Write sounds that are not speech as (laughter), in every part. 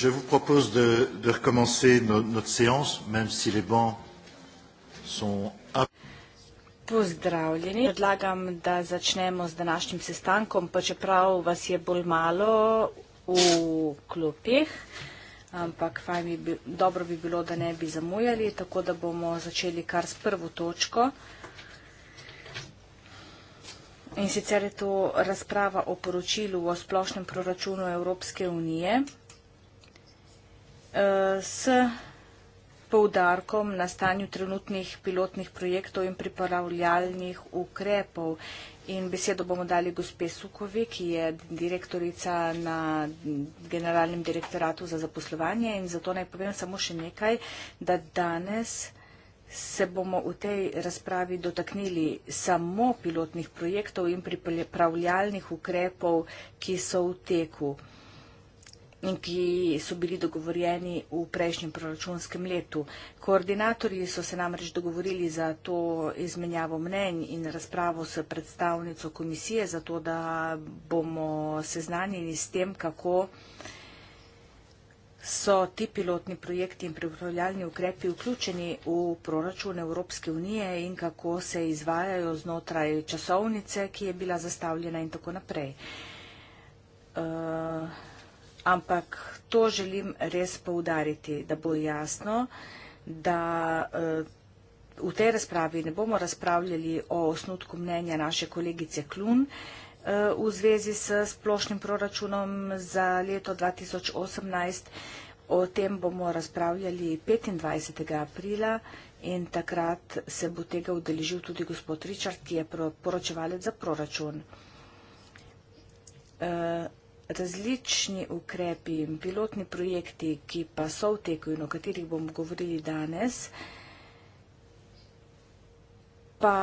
je vous propose de, de recommencer no, notre séance, même si les bancs sont à... Pozdravljeni. Predlagam, da začnemo s današnjim sestankom, pa čeprav vas je bolj malo v klopih, ampak fajn bi, dobro bi bilo, da ne bi zamujali, tako da bomo začeli kar s prvo točko. In sicer je to razprava o poročilu o splošnem proračunu Evropske unije. Eh, s poudarkom na stanju trenutnih pilotnih projektov in pripravljalnih ukrepov. In besedo bomo dali gospe Sukovi, ki je direktorica na Generalnem direktoratu za zaposlovanje. In zato naj povem samo še nekaj, da danes se bomo v tej razpravi dotaknili samo pilotnih projektov in pripravljalnih ukrepov, ki so v teku in ki so bili dogovorjeni v prejšnjem proračunskem letu. Koordinatorji so se namreč dogovorili za to izmenjavo mnenj in razpravo s predstavnico komisije, zato da bomo seznanjeni s tem, kako so ti pilotni projekti in pripravljalni ukrepi vključeni v proračun Evropske unije in kako se izvajajo znotraj časovnice, ki je bila zastavljena in tako naprej. Uh, ampak to želim res poudariti, da bo jasno, da eh, v tej razpravi ne bomo razpravljali o osnutku mnenja naše kolegice Klun eh, v zvezi s splošnim proračunom za leto 2018. O tem bomo razpravljali 25. aprila in takrat se bo tega udeležil tudi gospod Richard, ki je poročevalec za proračun. Eh, različni ukrepi in pilotni projekti, ki pa so v teku in o katerih bom govorili danes, pa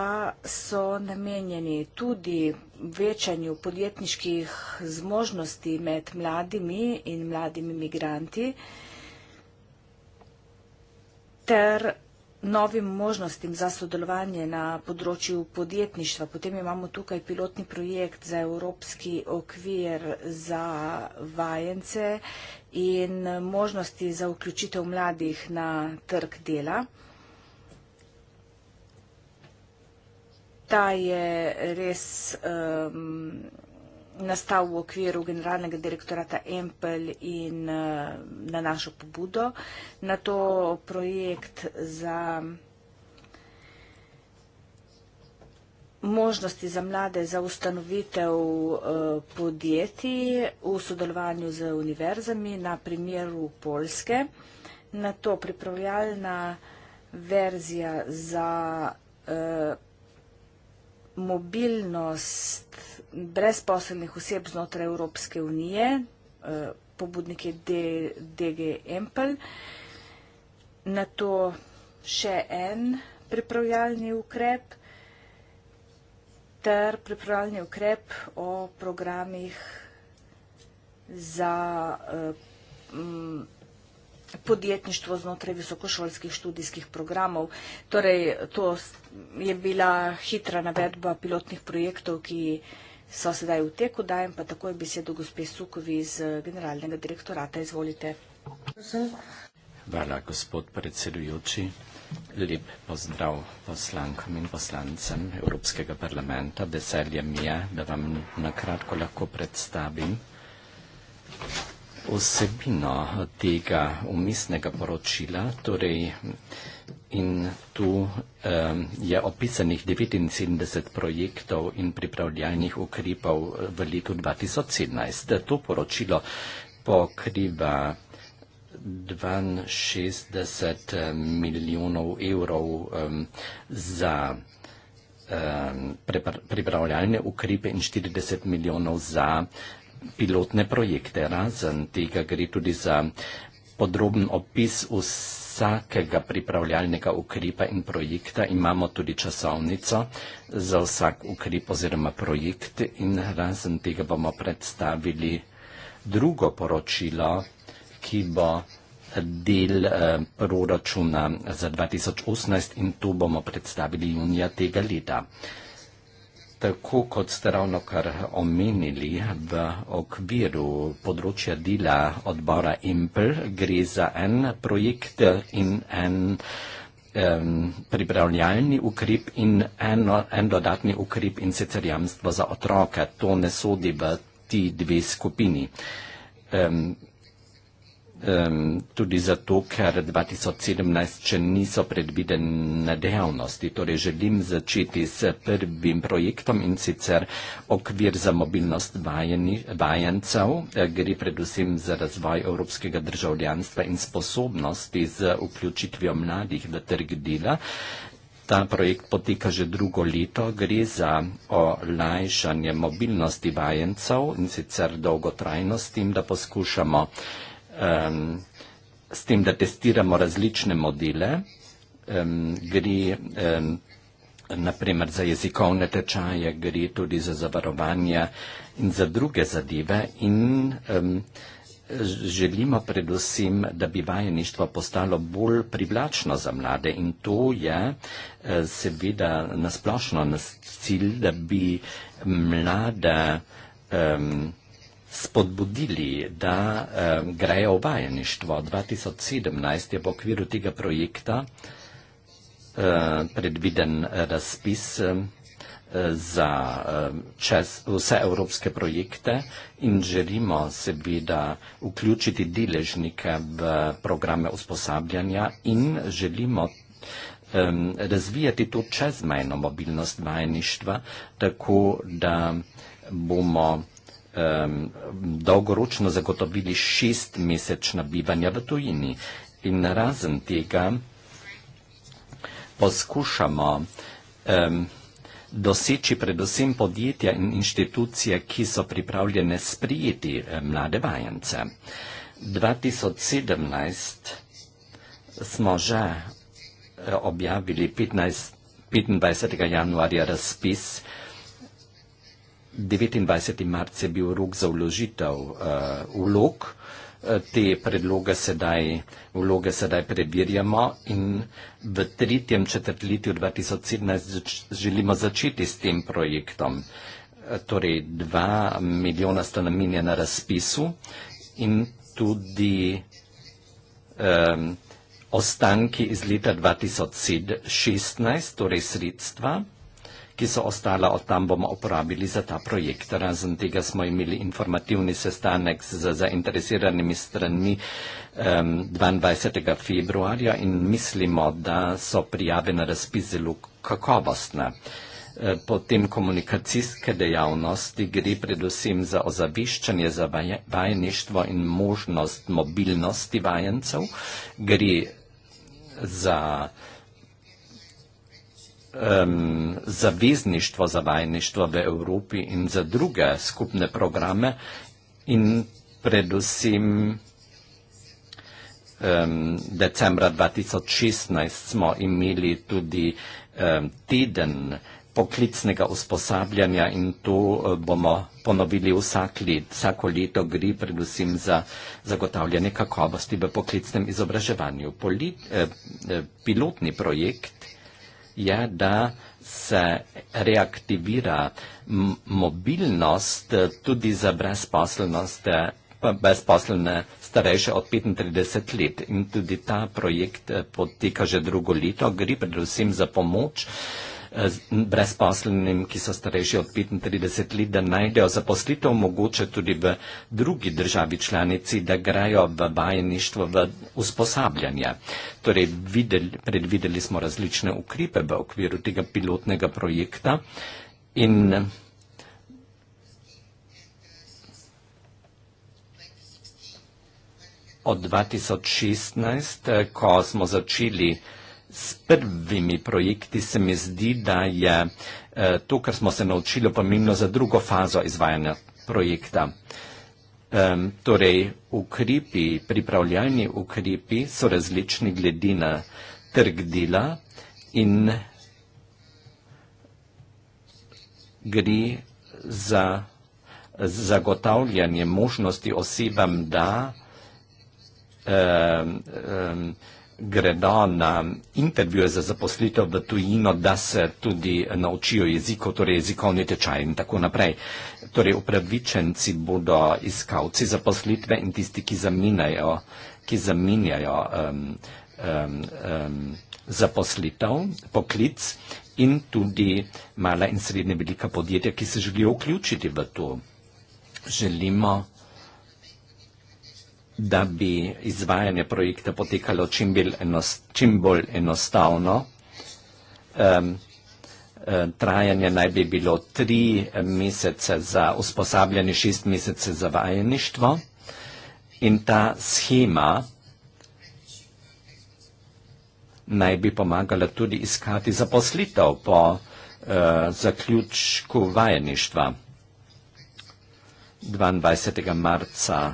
so namenjeni tudi večanju podjetniških zmožnosti med mladimi in mladimi migranti ter novim možnostim za sodelovanje na področju podjetništva. Potem imamo tukaj pilotni projekt za evropski okvir za vajence in možnosti za vključitev mladih na trg dela. Ta je res um, nastal v okviru generalnega direktorata EMPL in eh, na našo pobudo. Na to projekt za možnosti za mlade za ustanovitev eh, podjetij v sodelovanju z univerzami na primeru Polske. Na to pripravljalna verzija za eh, mobilnost brezposelnih oseb znotraj Evropske unije, eh, pobudnike DG Empel. Na to še en pripravljalni ukrep ter pripravljalni ukrep o programih za eh, podjetništvo znotraj visokošolskih študijskih programov. Torej, to je bila hitra navedba pilotnih projektov, ki je so sedaj v teku, dajem pa takoj besedo gospe Sukovi iz eh, generalnega direktorata. Izvolite. Hvala, gospod predsedujoči. Lep pozdrav poslankam in poslancem Evropskega parlamenta. Veselje mi je, da vam nakratko lahko predstavim osebino tega umisnega poročila. Torej, In tu um, je opisanih 79 projektov in pripravljalnih ukrepov v letu 2017. To poročilo pokriva 62 milijonov evrov um, za um, pripravljalne ukrepe in 40 milijonov za pilotne projekte. Razen tega gre tudi za podroben opis vseh vsakega pripravljalnega ukripa in projekta imamo tudi časovnico za vsak ukrip oziroma projekt in razen tega bomo predstavili drugo poročilo, ki bo del eh, proračuna za 2018 in to bomo predstavili junija tega leta tako kot ste ravno kar omenili, v okviru področja dela odbora Impel gre za en projekt in en um, pripravljalni ukrep in eno, en dodatni ukrep in sicer jamstvo za otroke. To ne sodi v ti dve skupini. Um, um, tudi zato, ker 2017 še niso predvidene dejavnosti. Torej želim začeti s prvim projektom in sicer okvir za mobilnost vajeni, vajencev. E, gre predvsem za razvoj evropskega državljanstva in sposobnosti z vključitvijo mladih v trg dela. Ta projekt poteka že drugo leto, gre za olajšanje mobilnosti vajencev in sicer dolgotrajnost s tem, da poskušamo uh, um, s tem, da testiramo različne modele, um, gre um, naprimer za jezikovne tečaje, gre tudi za zavarovanja in za druge zadeve in um, želimo predvsem, da bi vajeništvo postalo bolj privlačno za mlade in to je e, seveda nasplošno nas cilj, da bi mlade um, spodbudili, da eh, grejo v vajeništvo. 2017 je v okviru tega projekta eh, predviden razpis eh, za eh, čez, vse evropske projekte in želimo seveda vključiti deležnike v programe usposabljanja in želimo razvijati to čezmejno mobilnost vajeništva, tako da bomo um, dolgoročno zagotovili šest mesečna bivanja v tujini. In razen tega poskušamo um, doseči predvsem podjetja in inštitucije, ki so pripravljene sprijeti mlade vajence. 2017 smo že eh, objavili 15, 25. januarja razpis uh, 29. marca je bil rok za vložitev uh, vlog. Eh, te predloge sedaj, vloge sedaj preverjamo in v tretjem četrtletju 2017 želimo začeti s tem projektom. Eh, torej, dva milijona sta namenjena razpisu in tudi um, ostanki iz leta 2016, torej sredstva ki so ostala od tam, bomo uporabili za ta projekt. Razen tega smo imeli informativni sestanek z zainteresiranimi strani um, 22. februarja in mislimo, da so prijave na razpis zelo kakovostne. E, potem komunikacijske dejavnosti gre predvsem za ozaviščanje za vajeništvo in možnost mobilnosti vajencev, gre za uh, um, zavezništvo za vajništvo v Evropi in za druge skupne programe in predvsem um, decembra 2016 smo imeli tudi um, teden poklicnega usposabljanja in to uh, bomo ponovili vsak let. Vsako leto gre predvsem za zagotavljanje kakovosti v poklicnem izobraževanju. Polit, eh, eh pilotni projekt je, da se reaktivira mobilnost tudi za brezposelnost brezposelne starejše od 35 let. In tudi ta projekt eh, poteka že drugo leto, gre predvsem za pomoč uh, Eh, brezposlenim, ki so starejši od 35 let, da najdejo zaposlitev, mogoče tudi v drugi državi članici, da grajo v vajeništvo, v usposabljanje. Torej, videli, predvideli smo različne ukripe v okviru tega pilotnega projekta in od 2016, eh, ko smo začeli s prvimi projekti se mi zdi, da je eh, to, kar smo se naučili, pomembno za drugo fazo izvajanja projekta. Torej, ukrepi, pripravljalni ukrepi so različni glede na trg dela in gre za zagotavljanje možnosti osebam, da eh, eh, gredo na intervjuje za zaposlitev v tujino, da se tudi naučijo jezikov, torej jezikovni tečaj in tako naprej. Torej upravičenci bodo iskalci zaposlitve in tisti, ki zaminjajo, ki zaminjajo um, um, um, zaposlitev, poklic in tudi mala in srednja velika podjetja, ki se želijo vključiti v to. Želimo da bi izvajanje projekta potekalo čim bolj, enost, čim bolj enostavno. Um, trajanje naj bi bilo tri mesece za usposabljanje, šest mesece za vajeništvo. In ta schema naj bi pomagala tudi iskati zaposlitev po uh, zaključku vajeništva 22. marca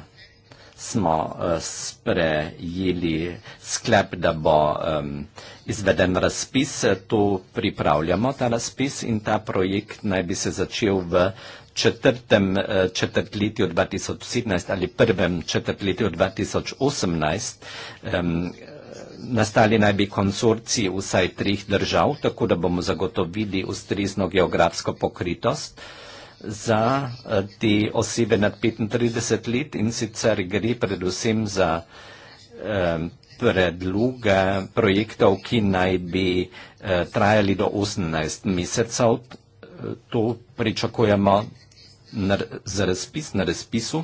smo eh, sprejeli sklep, da bo izveden razpis. Tu pripravljamo ta razpis in ta projekt naj bi se začel v četrtem eh, četrtletju 2017 ali prvem četrtletju 2018. Nastali naj bi konsorciji vsaj treh držav, tako da bomo zagotovili ustrezno geografsko pokritost za eh, te osebe nad 35 let in sicer gre predvsem za eh, predloge projektov, ki naj bi eh, trajali do 18 mesecev. To pričakujemo za razpis na razpisu.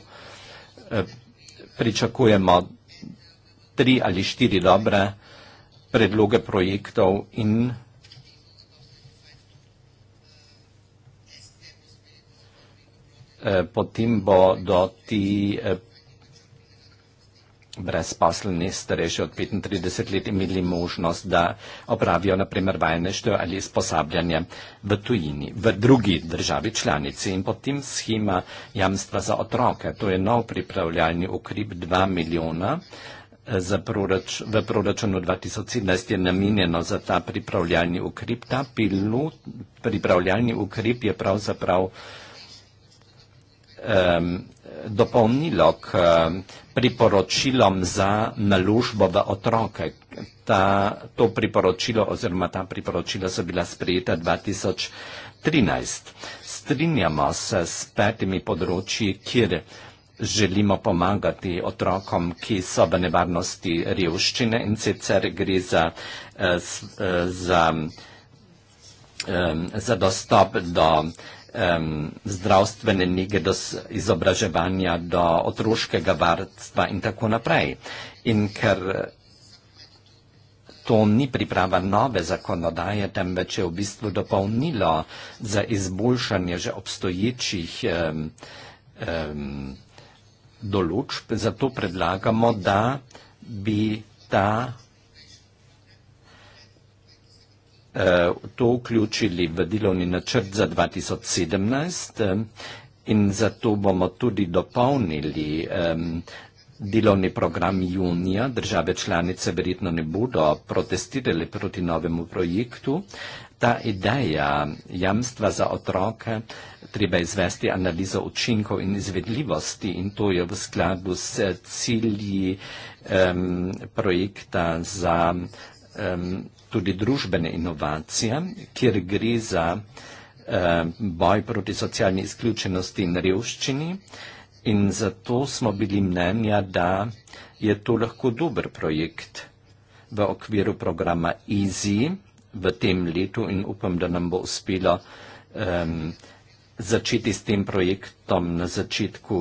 Pričakujemo tri ali štiri dobre predloge projektov in projektov. Eh, potem bo do ti eh, brezposleni starejši od 35 let imeli možnost, da opravijo naprimer vajneštvo ali sposabljanje v tujini, v drugi državi članici. In potem schema jamstva za otroke, to je nov pripravljalni ukrep 2 milijona. Eh, Proruč, v proračunu 2017 je namenjeno za ta pripravljalni ukrep. Ta pilot, pripravljalni ukrep je pravzaprav prav eh, dopolnilo k eh, priporočilom za naložbo v otroke. Ta, to priporočilo oziroma ta priporočila so bila sprejeta 2013. Strinjamo se s petimi področji, kjer želimo pomagati otrokom, ki so v nevarnosti revščine in sicer gre za, eh, eh za, eh, za dostop do eh, um, zdravstvene nege do izobraževanja, do otroškega varstva in tako naprej. In ker to ni priprava nove zakonodaje, temveč je v bistvu dopolnilo za izboljšanje že obstoječih um, um, določb, zato predlagamo, da bi ta Eh, to vključili v delovni načrt za 2017 eh, in zato bomo tudi dopolnili eh, delovni program junija. Države članice verjetno ne bodo protestirali proti novemu projektu. Ta ideja jamstva za otroke treba izvesti analizo učinkov in izvedljivosti in to je v skladu s cilji um, projekta za um, tudi družbene inovacije, kjer gre za um, boj proti socialni izključenosti in revščini. In zato smo bili mnenja, da je to lahko dober projekt v okviru programa EASY v tem letu in upam, da nam bo uspelo um, začeti s tem projektom na začetku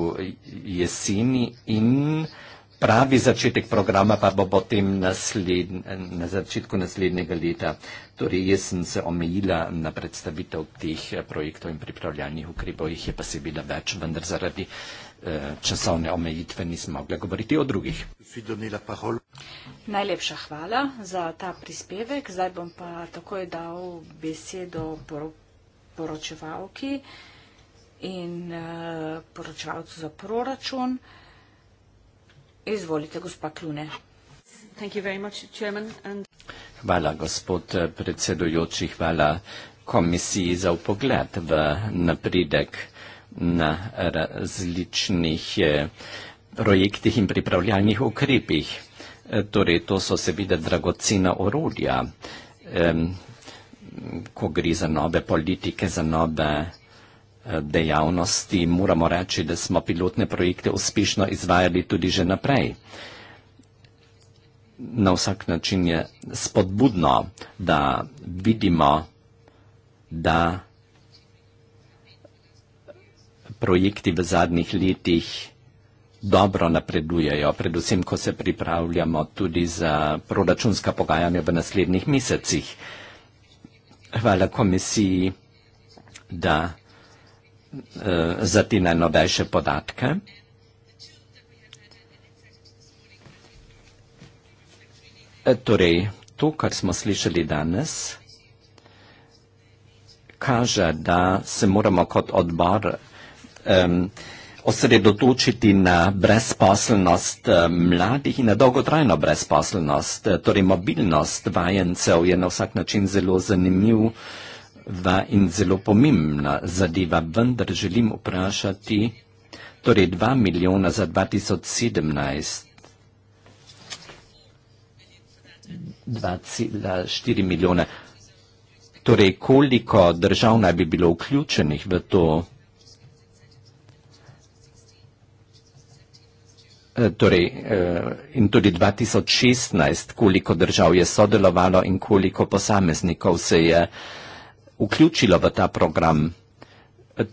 jeseni in uh, pravi začetek programa pa bo potem nasled, na začetku naslednjega leta. Torej, jaz sem se omejila na predstavitev teh eh, projektov in pripravljalnih ukrepov, jih je pa seveda več, vendar zaradi eh, časovne omejitve nismo mogli govoriti o drugih. Najlepša hvala za ta prispevek. Zdaj bom pa takoj dal besedo por poročevalki in eh, poročevalcu za proračun. Izvolite, gospa Klune. Hvala, gospod eh, predsedujoči, hvala komisiji za upogled v napredek na različnih eh, projektih in pripravljalnih ukrepih. Eh, torej, to so seveda dragocena orodja, ko gre za nove politike, za nove projekte, dejavnosti, moramo reči, da smo pilotne projekte uspešno izvajali tudi že naprej. Na vsak način je spodbudno, da vidimo, da projekti v zadnjih letih dobro napredujejo, predvsem, ko se pripravljamo tudi za proračunska pogajanja v naslednjih mesecih. Hvala komisiji, da Eh, za te najnovejše podatke. Eh, torej, to, kar smo slišali danes, kaže, da se moramo kot odbor um, osredotočiti na brezposelnost mladih in na dolgotrajno brezposelnost. Torej, mobilnost vajencev je na vsak način zelo zanimiv uh, prva in zelo pomembna zadeva, vendar želim vprašati, torej 2 milijona za 2017, 2,4 milijona, torej koliko držav naj bi bilo vključenih v to, e, torej e, in tudi 2016, koliko držav je sodelovalo in koliko posameznikov se je vključilo vključilo v ta program.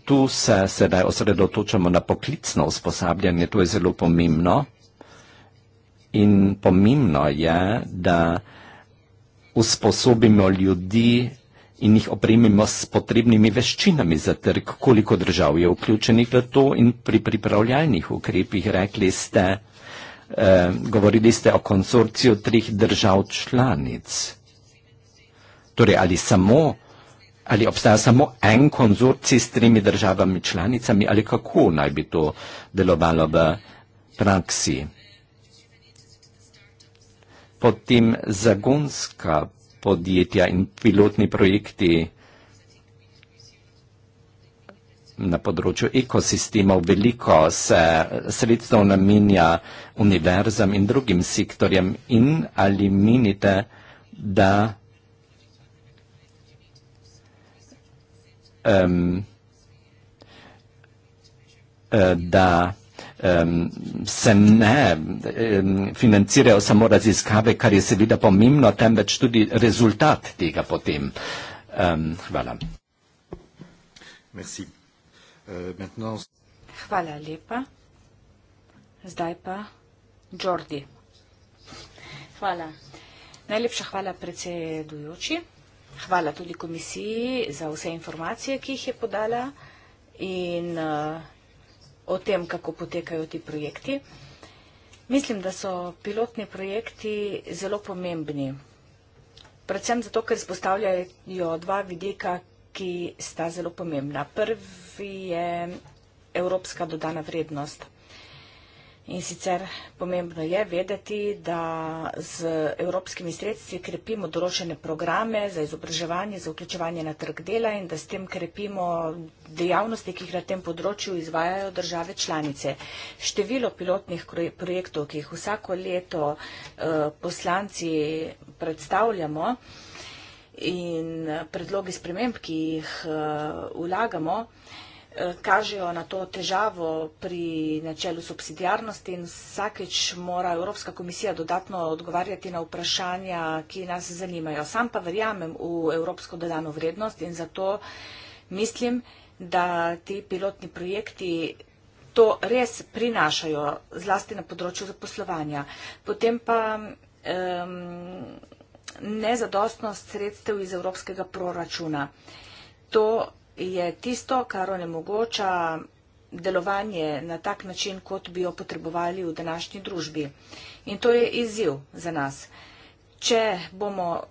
Tu se sedaj osredotočamo na poklicno usposabljanje, to je zelo pomembno. In pomembno je, da usposobimo ljudi in jih opremimo s potrebnimi veščinami za trg, koliko držav je vključenih v to in pri pripravljalnih ukrepih rekli ste, eh, govorili ste o konsorciju treh držav članic. Torej, ali samo Ali obstaja samo en konzorcij s tremi državami članicami ali kako naj bi to delovalo v praksi? Potem zagonska podjetja in pilotni projekti na področju ekosistemov veliko se sredstvo namenja univerzam in drugim sektorjem in ali menite, da E, da se ne financirajo samo raziskave, kar je seveda pomembno, temveč tudi rezultat tega potem. Hvala. E, hvala lepa. Zdaj pa Jordi. Hvala. Najlepša hvala predsedujoči hvala tudi komisiji za vse informacije, ki jih je podala in eh, o tem, kako potekajo ti projekti. Mislim, da so pilotni projekti zelo pomembni. Predvsem zato, ker spostavljajo dva vidika, ki sta zelo pomembna. Prvi je evropska dodana vrednost. In sicer pomembno je vedeti, da z evropskimi sredstvi krepimo določene programe za izobraževanje, za vključevanje na trg dela in da s tem krepimo dejavnosti, ki jih na tem področju izvajajo države članice. Število pilotnih projektov, ki jih vsako leto eh, poslanci predstavljamo in eh, predlogi sprememb, ki jih eh, vlagamo, Eh, kažejo na to težavo pri načelu subsidijarnosti in vsakeč mora Evropska komisija dodatno odgovarjati na vprašanja, ki nas zanimajo. Sam pa verjamem v evropsko dodano vrednost in zato mislim, da ti pilotni projekti to res prinašajo, zlasti na področju zaposlovanja. Potem pa um, nezadostnost sredstev iz evropskega proračuna. To je tisto, kar onemogoča delovanje na tak način, kot bi jo potrebovali v današnji družbi. In to je izziv za nas. Če bomo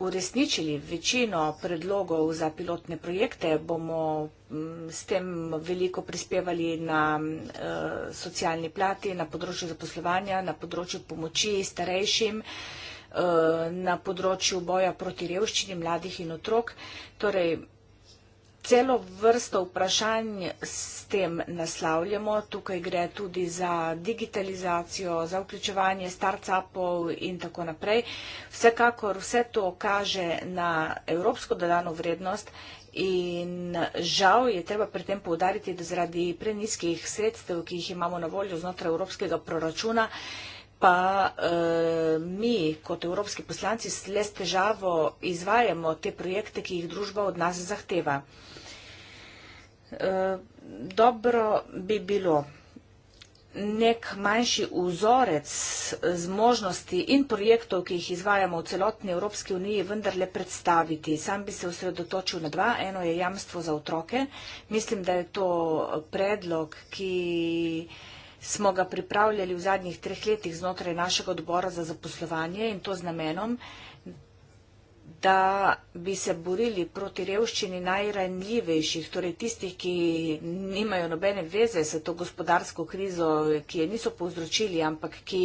uresničili večino predlogov za pilotne projekte, bomo mm, s tem veliko prispevali na uh, socialni plati, na področju zaposlovanja, na področju pomoči starejšim, uh, na področju boja proti revščini mladih in otrok. Torej, Celo vrsto vprašanj s tem naslavljamo. Tukaj gre tudi za digitalizacijo, za vključevanje start-upov in tako naprej. Vsekakor vse to kaže na evropsko dodano vrednost in žal je treba pri tem povdariti, da zaradi preniskih sredstev, ki jih imamo na voljo znotraj evropskega proračuna, pa eh, mi kot evropski poslanci le s težavo izvajamo te projekte, ki jih družba od nas zahteva. Eh, dobro bi bilo nek manjši vzorec zmožnosti in projektov, ki jih izvajamo v celotni Evropski uniji, vendarle predstaviti. Sam bi se osredotočil na dva. Eno je jamstvo za otroke. Mislim, da je to predlog, ki smo ga pripravljali v zadnjih treh letih znotraj našega odbora za zaposlovanje in to z namenom, da bi se borili proti revščini najranljivejših, torej tistih, ki nimajo nobene veze s to gospodarsko krizo, ki je niso povzročili, ampak ki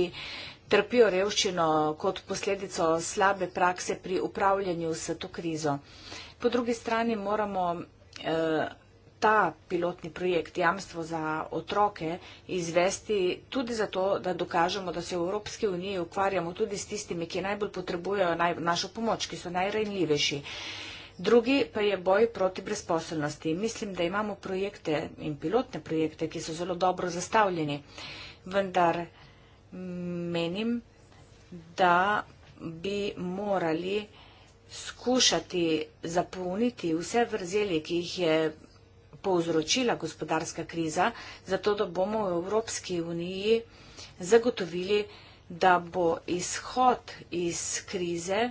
trpijo revščino kot posledico slabe prakse pri upravljanju s to krizo. Po drugi strani moramo eh, ta pilotni projekt Jamstvo za otroke izvesti tudi zato, da dokažemo, da se v Evropski uniji ukvarjamo tudi s tistimi, ki najbolj potrebujejo naj, našo pomoč, ki so najranljivejši. Drugi pa je boj proti brezposelnosti. Mislim, da imamo projekte in pilotne projekte, ki so zelo dobro zastavljeni, vendar menim, da bi morali skušati zapolniti vse vrzeli, ki jih je povzročila gospodarska kriza, zato da bomo v Evropski uniji zagotovili, da bo izhod iz krize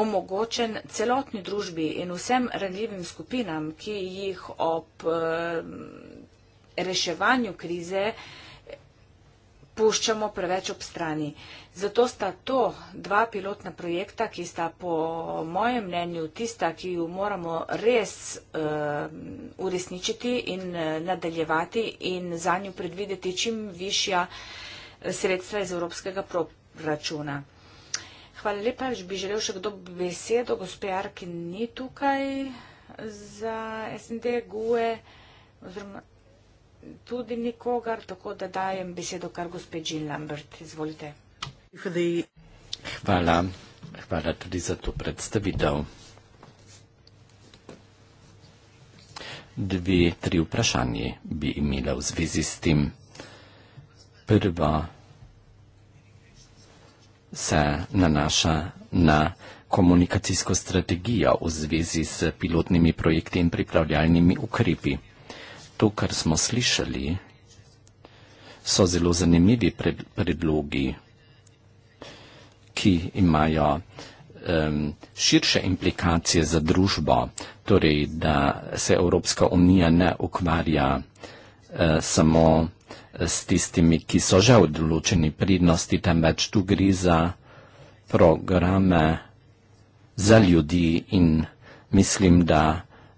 omogočen celotni družbi in vsem ranljivim skupinam, ki jih ob eh, reševanju krize puščamo preveč ob strani. Zato sta to dva pilotna projekta, ki sta po mojem mnenju tista, ki ju moramo res uh, uresničiti in eh, nadaljevati in za njo predvideti čim višja eh, sredstva iz evropskega proračuna. Hvala lepa, če bi želel še kdo besedo, gospod Jarki ni tukaj za SND, GUE. Oziroma, tudi nikogar, tako da dajem besedo kar gospod Jean Lambert. Izvolite. Hvala. Hvala tudi za to predstavitev. Dve, tri vprašanje bi imela v zvezi s tem. Prva se nanaša na komunikacijsko strategijo v zvezi s pilotnimi projekti in pripravljalnimi ukrepi to, kar smo slišali, so zelo zanimivi pred, predlogi, ki imajo um, širše implikacije za družbo, torej da se Evropska unija ne ukvarja uh, samo e, s tistimi, ki so že v določeni pridnosti, temveč tu gre za programe za ljudi in mislim, da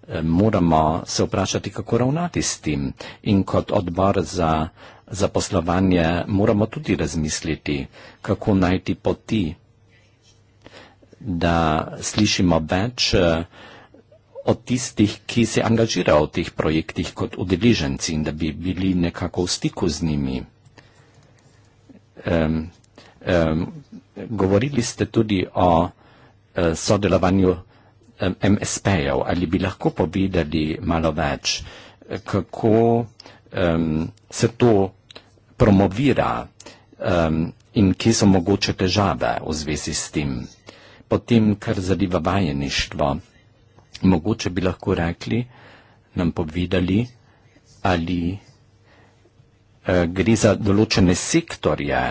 Eh, moramo se vprašati, kako ravnati s tem. In kot odbor za zaposlovanje moramo tudi razmisliti, kako najti poti, da slišimo več eh, od tistih, ki se angažirajo v teh projektih kot udeleženci in da bi bili nekako v stiku z njimi. Um, um, govorili ste tudi o uh, sodelovanju MSP-jev. Ali bi lahko povedali malo več, kako um, se to promovira um, in kje so mogoče težave v zvezi s tim? Potem, kar zadeva vajeništvo, mogoče bi lahko rekli, nam povedali, ali uh, gre za določene sektorje.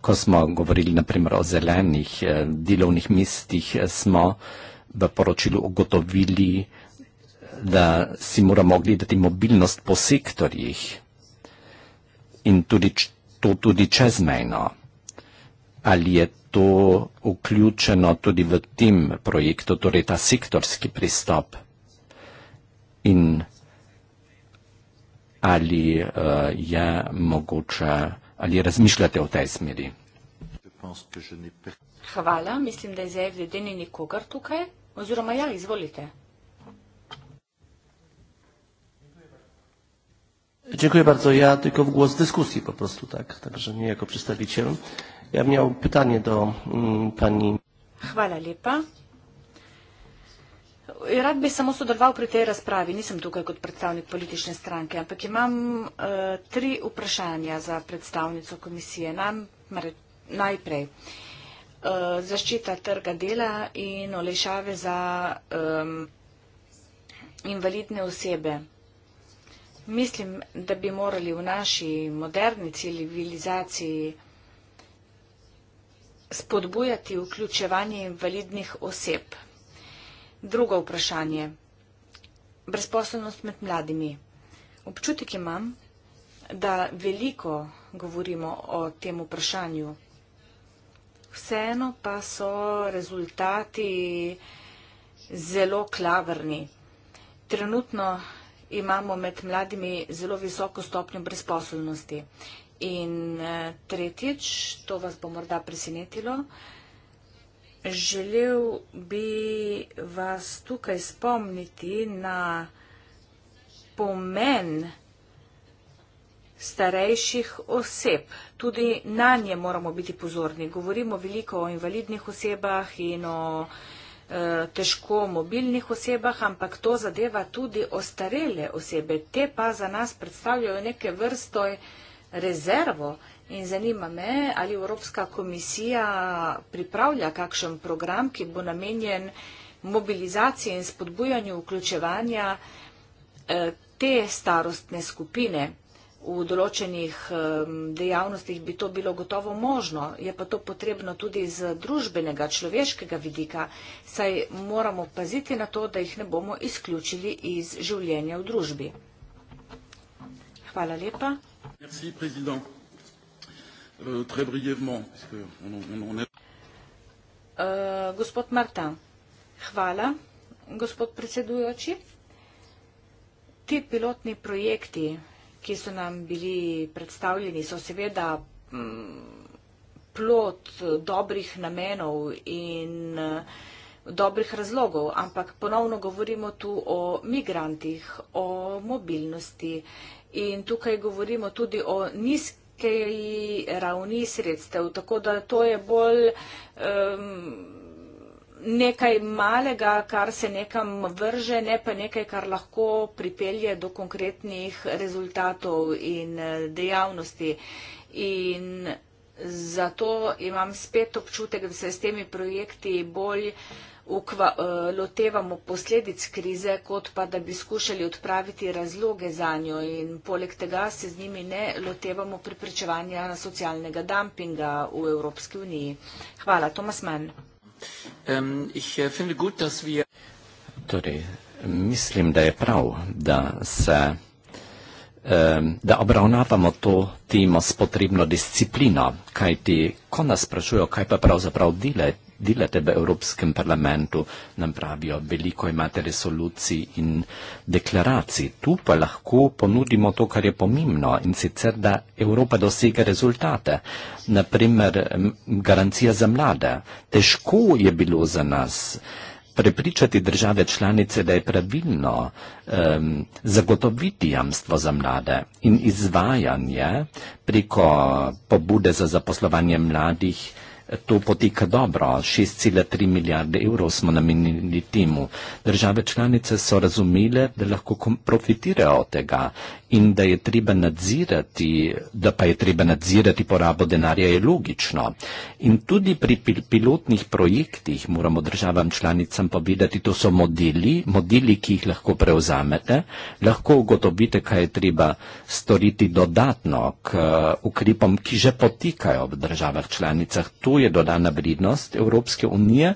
Ko smo govorili naprimer o zelenih eh, delovnih mestih, eh, smo uh, v poročilu ugotovili, da si moramo gledati mobilnost po sektorjih in tudi to tudi čezmejno. Ali je to vključeno tudi v tem projektu, torej ta sektorski pristop in ali uh, je mogoče, ali razmišljate v tej smeri? Hvala, mislim, da je zdaj vreden nikogar tukaj. Oziroma, ja, izvolite. Dziękuję bardzo. Ja tylko w głos dyskusji po prostu, tak, także nie jako przedstawiciel. Ja miał pytanie do mm, pani. Hvala lepa. Rad bi samo sodeloval pri tej razpravi. Nisem tukaj kot predstavnik politične stranke, ampak imam uh, tri vprašanja za predstavnico komisije. Nam, mar, najprej. Uh, Eh, zaščita trga dela in olejšave za um, invalidne osebe. Mislim, da bi morali v naši moderni civilizaciji spodbujati vključevanje invalidnih oseb. Drugo vprašanje. Brezposobnost med mladimi. Občutek imam, da veliko govorimo o tem vprašanju vseeno pa so rezultati zelo klavrni. Trenutno imamo med mladimi zelo visoko stopnjo brezposobnosti. In eh, tretjič, to vas bo morda presenetilo, želel bi vas tukaj spomniti na pomen starejših oseb tudi na nje moramo biti pozorni. Govorimo veliko o invalidnih osebah in o eh, težko mobilnih osebah, ampak to zadeva tudi ostarele osebe. Te pa za nas predstavljajo neke vrsto rezervo in zanima me, ali Evropska komisija pripravlja kakšen program, ki bo namenjen mobilizaciji in spodbujanju vključevanja eh, te starostne skupine v določenih dejavnostih bi to bilo gotovo možno, je pa to potrebno tudi z družbenega, človeškega vidika, saj moramo paziti na to, da jih ne bomo izključili iz življenja v družbi. Hvala lepa. Euh, euh, gospod Marta, hvala, gospod predsedujoči. Ti pilotni projekti ki so nam bili predstavljeni, so seveda mm, plot dobrih namenov in eh, dobrih razlogov, ampak ponovno govorimo tu o migrantih, o mobilnosti in tukaj govorimo tudi o nizkej ravni sredstev, tako da to je bolj um, nekaj malega, kar se nekam vrže, ne pa nekaj, kar lahko pripelje do konkretnih rezultatov in eh, dejavnosti. In zato imam spet občutek, da se s temi projekti bolj ukva, eh, lotevamo posledic krize, kot pa da bi skušali odpraviti razloge za njo. In poleg tega se z njimi ne lotevamo preprečevanja socialnega dumpinga v Evropski uniji. Hvala, Tomas Mann. Ähm, äh, torej, mislim, da je prav, da, se, ähm, da obravnavamo to temo s potrebno disciplino, kajti ko nas sprašujejo, kaj pa pravzaprav delati, delate v Evropskem parlamentu, nam pravijo, veliko imate resolucij in deklaracij. Tu pa lahko ponudimo to, kar je pomembno in sicer, da Evropa dosega rezultate. Naprimer, garancija za mlade. Težko je bilo za nas prepričati države članice, da je pravilno um, zagotoviti jamstvo za mlade in izvajanje preko pobude za zaposlovanje mladih. To poteka dobro. 6,3 milijarde evrov smo namenili temu. Države članice so razumele, da lahko profitirajo od tega in da je treba nadzirati, da pa je treba nadzirati porabo denarja, je logično. In tudi pri pilotnih projektih moramo državam članicam povedati, to so modeli, modeli, ki jih lahko prevzamete, lahko ugotovite, kaj je treba storiti dodatno k uh, ukrepom, ki že potikajo v državah članicah. To je dodana vrednost Evropske unije,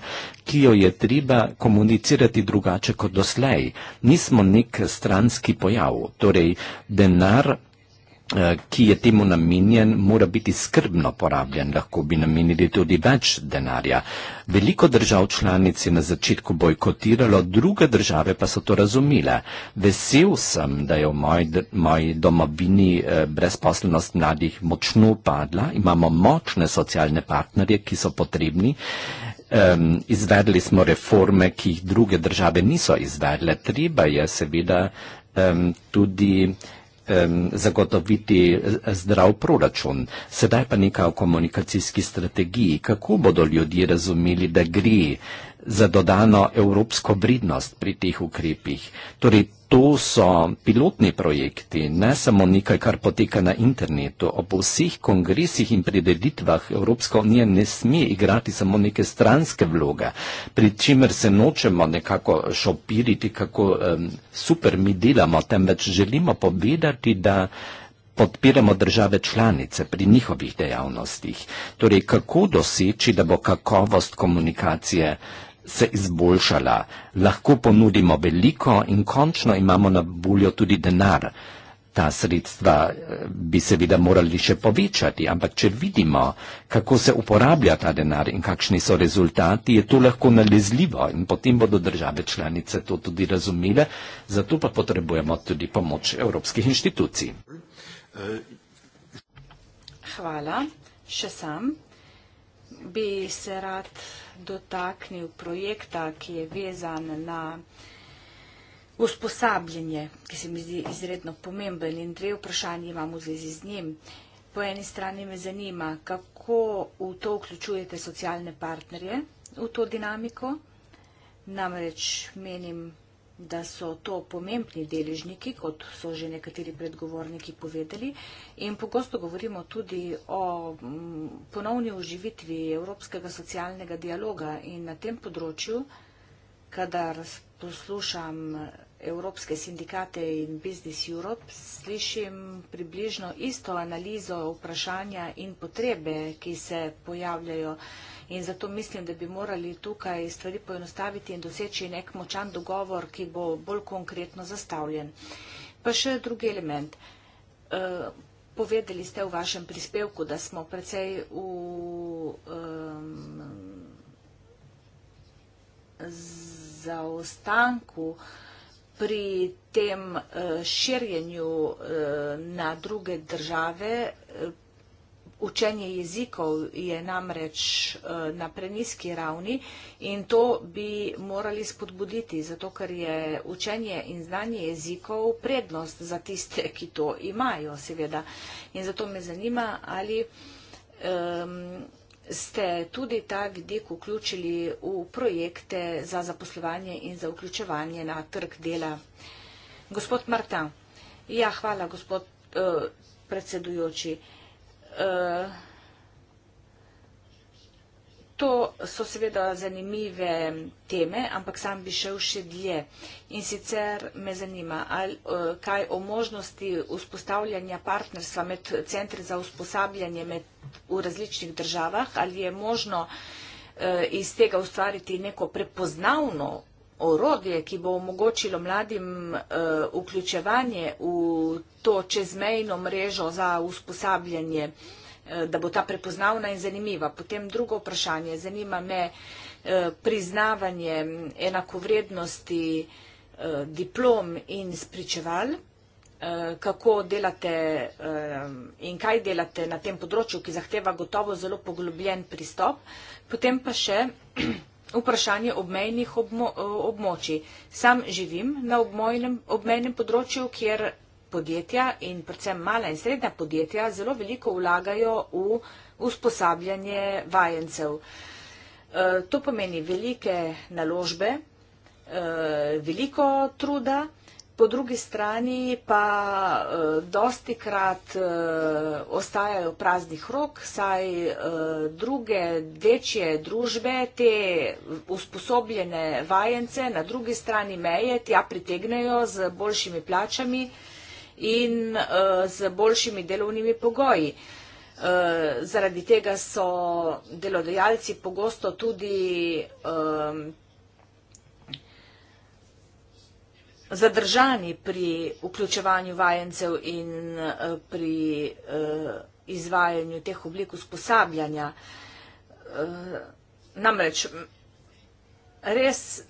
ki jo je treba komunicirati drugače kot doslej. Nismo nek stranski pojav, torej denar ki je temu namenjen, mora biti skrbno porabljen, lahko bi namenili tudi več denarja. Veliko držav članic je na začetku bojkotiralo, druge države pa so to razumile. Vesel sem, da je v moj, moji domovini eh, brezposlenost mladih močno upadla, imamo močne socialne partnerje, ki so potrebni. Um, izvedli smo reforme, ki jih druge države niso izvedle. Treba je seveda um, tudi zagotoviti eh, zdrav proračun. Sedaj pa nekaj o komunikacijski strategiji. Kako bodo ljudje razumeli, da gre za dodano evropsko vrednost pri teh ukrepih? Torej, to so pilotni projekti, ne samo nekaj, kar poteka na internetu. Ob vseh kongresih in prededitvah Evropska unija ne sme igrati samo neke stranske vloge, pri čemer se nočemo nekako šopiriti, kako um, super mi delamo, temveč želimo povedati, da podpiramo države članice pri njihovih dejavnostih. Torej, kako doseči, da bo kakovost komunikacije uh, se izboljšala, lahko ponudimo veliko in končno imamo na voljo tudi denar. Ta sredstva eh, bi seveda morali še povečati, ampak če vidimo, kako se uporablja ta denar in kakšni so rezultati, je to lahko nalezljivo in potem bodo države članice to tudi razumele, zato pa potrebujemo tudi pomoč evropskih inštitucij. Hvala. Še sam bi se rad dotaknil projekta, ki je vezan na usposabljanje, ki se mi zdi izredno pomemben in dve vprašanje imam v zvezi z njim. Po eni strani me zanima, kako v to vključujete socialne partnerje v to dinamiko. Namreč menim, da so to pomembni deležniki, kot so že nekateri predgovorniki povedali. In pogosto govorimo tudi o mm, ponovni oživitvi Evropskega socialnega dialoga in na tem področju, kadar poslušam Evropske sindikate in Business Europe, slišim približno isto analizo vprašanja in potrebe, ki se pojavljajo. In zato mislim, da bi morali tukaj stvari poenostaviti in doseči nek močan dogovor, ki bo bolj konkretno zastavljen. Pa še drugi element. E, povedali ste v vašem prispevku, da smo precej v. Um, zaostanku pri tem eh, širjenju eh, na druge države, učenje jezikov je namreč eh, na preniski ravni in to bi morali spodbuditi, zato ker je učenje in znanje jezikov prednost za tiste, ki to imajo, seveda. In zato me zanima, ali um, ste tudi ta vidik vključili v projekte za zaposlovanje in za vključevanje na trg dela. Gospod Marta, ja, hvala, gospod uh, predsedujoči. Uh, Eh, to so seveda zanimive teme, ampak sam bi šel še dlje. In sicer me zanima, ali, eh, kaj o možnosti vzpostavljanja partnerstva med centri za usposabljanje med, v različnih državah, ali je možno eh, iz tega ustvariti neko prepoznavno orodje, ki bo omogočilo mladim uh, vključevanje v to čezmejno mrežo za usposabljanje, uh, da bo ta prepoznavna in zanimiva. Potem drugo vprašanje. Zanima me uh, priznavanje enakovrednosti uh, diplom in spričeval. Kako delate in kaj delate na tem področju, ki zahteva gotovo zelo poglobljen pristop. Potem pa še (clears throat) vprašanje obmejnih obmo, območij. Sam živim na obmojnem, obmejnem področju, kjer podjetja in predvsem mala in srednja podjetja zelo veliko vlagajo v usposabljanje vajencev. E, to pomeni velike naložbe, e, veliko truda. Po drugi strani pa uh, eh, dosti krat uh, eh, ostajajo praznih rok, saj uh, druge večje družbe, te usposobljene vajence na drugi strani meje tja pritegnejo z boljšimi plačami in uh, z boljšimi delovnimi pogoji. Uh, zaradi tega so delodajalci pogosto tudi um, zadržani pri vključevanju vajencev in eh, pri eh, izvajanju teh oblik usposabljanja. Eh, namreč, res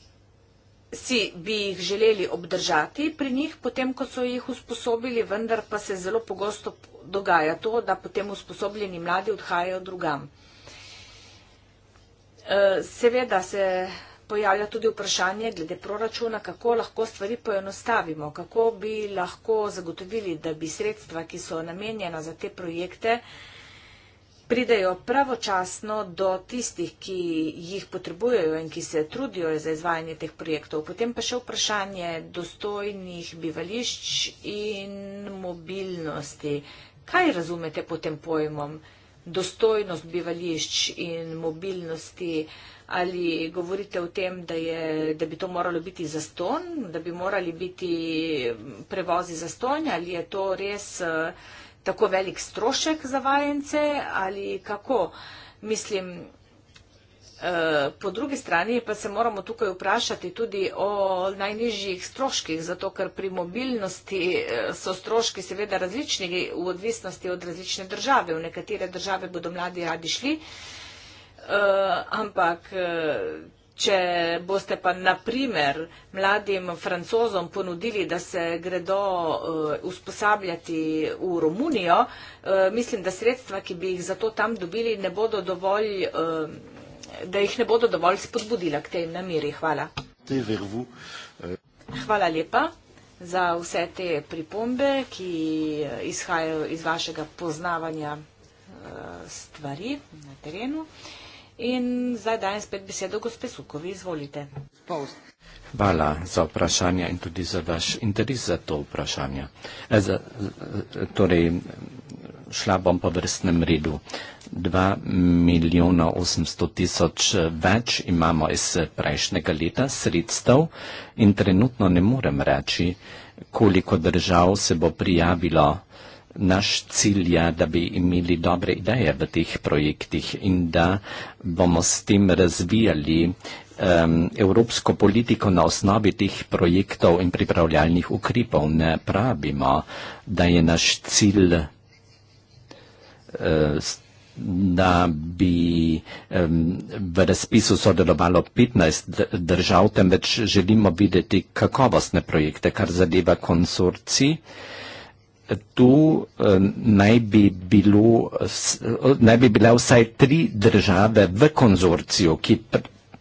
si bi jih želeli obdržati pri njih, potem ko so jih usposobili, vendar pa se zelo pogosto dogaja to, da potem usposobljeni mladi odhajajo drugam. Seveda se pojavlja tudi vprašanje glede proračuna, kako lahko stvari poenostavimo, kako bi lahko zagotovili, da bi sredstva, ki so namenjena za te projekte, pridejo pravočasno do tistih, ki jih potrebujejo in ki se trudijo za izvajanje teh projektov. Potem pa še vprašanje dostojnih bivališč in mobilnosti. Kaj razumete po tem pojmom? Dostojnost bivališč in mobilnosti. Uh, ali govorite o tem, da, je, da bi to moralo biti zaston, da bi morali biti prevozi zaston, ali je to res eh, tako velik strošek za vajence ali kako. Mislim, eh, po drugi strani pa se moramo tukaj vprašati tudi o najnižjih stroških, zato ker pri mobilnosti eh, so stroški seveda različni v odvisnosti od različne države. V nekatere države bodo mladi radi šli, Eh, ampak eh, če boste pa naprimer mladim francozom ponudili, da se gredo uh, usposabljati v Romunijo, uh, mislim, da sredstva, ki bi jih za to tam dobili, ne bodo dovolj. Uh, da jih ne bodo dovolj spodbudila k tej namiri. Hvala. Hvala lepa za vse te pripombe, ki izhajajo iz vašega poznavanja stvari na terenu. In zdaj dajem spet besedo gospe Sukovi, izvolite. Hvala za vprašanje in tudi za vaš interes za to vprašanje. E, za, eh, torej, šla bom po vrstnem redu. 2 milijona 800 tisoč eh, več imamo iz prejšnjega leta sredstev in trenutno ne morem reči, koliko držav se bo prijavilo naš cilj je, da bi imeli dobre ideje v teh projektih in da bomo s tem razvijali um, evropsko politiko na osnovi teh projektov in pripravljalnih ukrepov. Ne pravimo, da je naš cilj. Uh, da bi um, v razpisu sodelovalo 15 držav, temveč želimo videti kakovostne projekte, kar zadeva konsorci tu eh, naj bi, bilo, eh, naj bi bile vsaj tri države v konzorciju, ki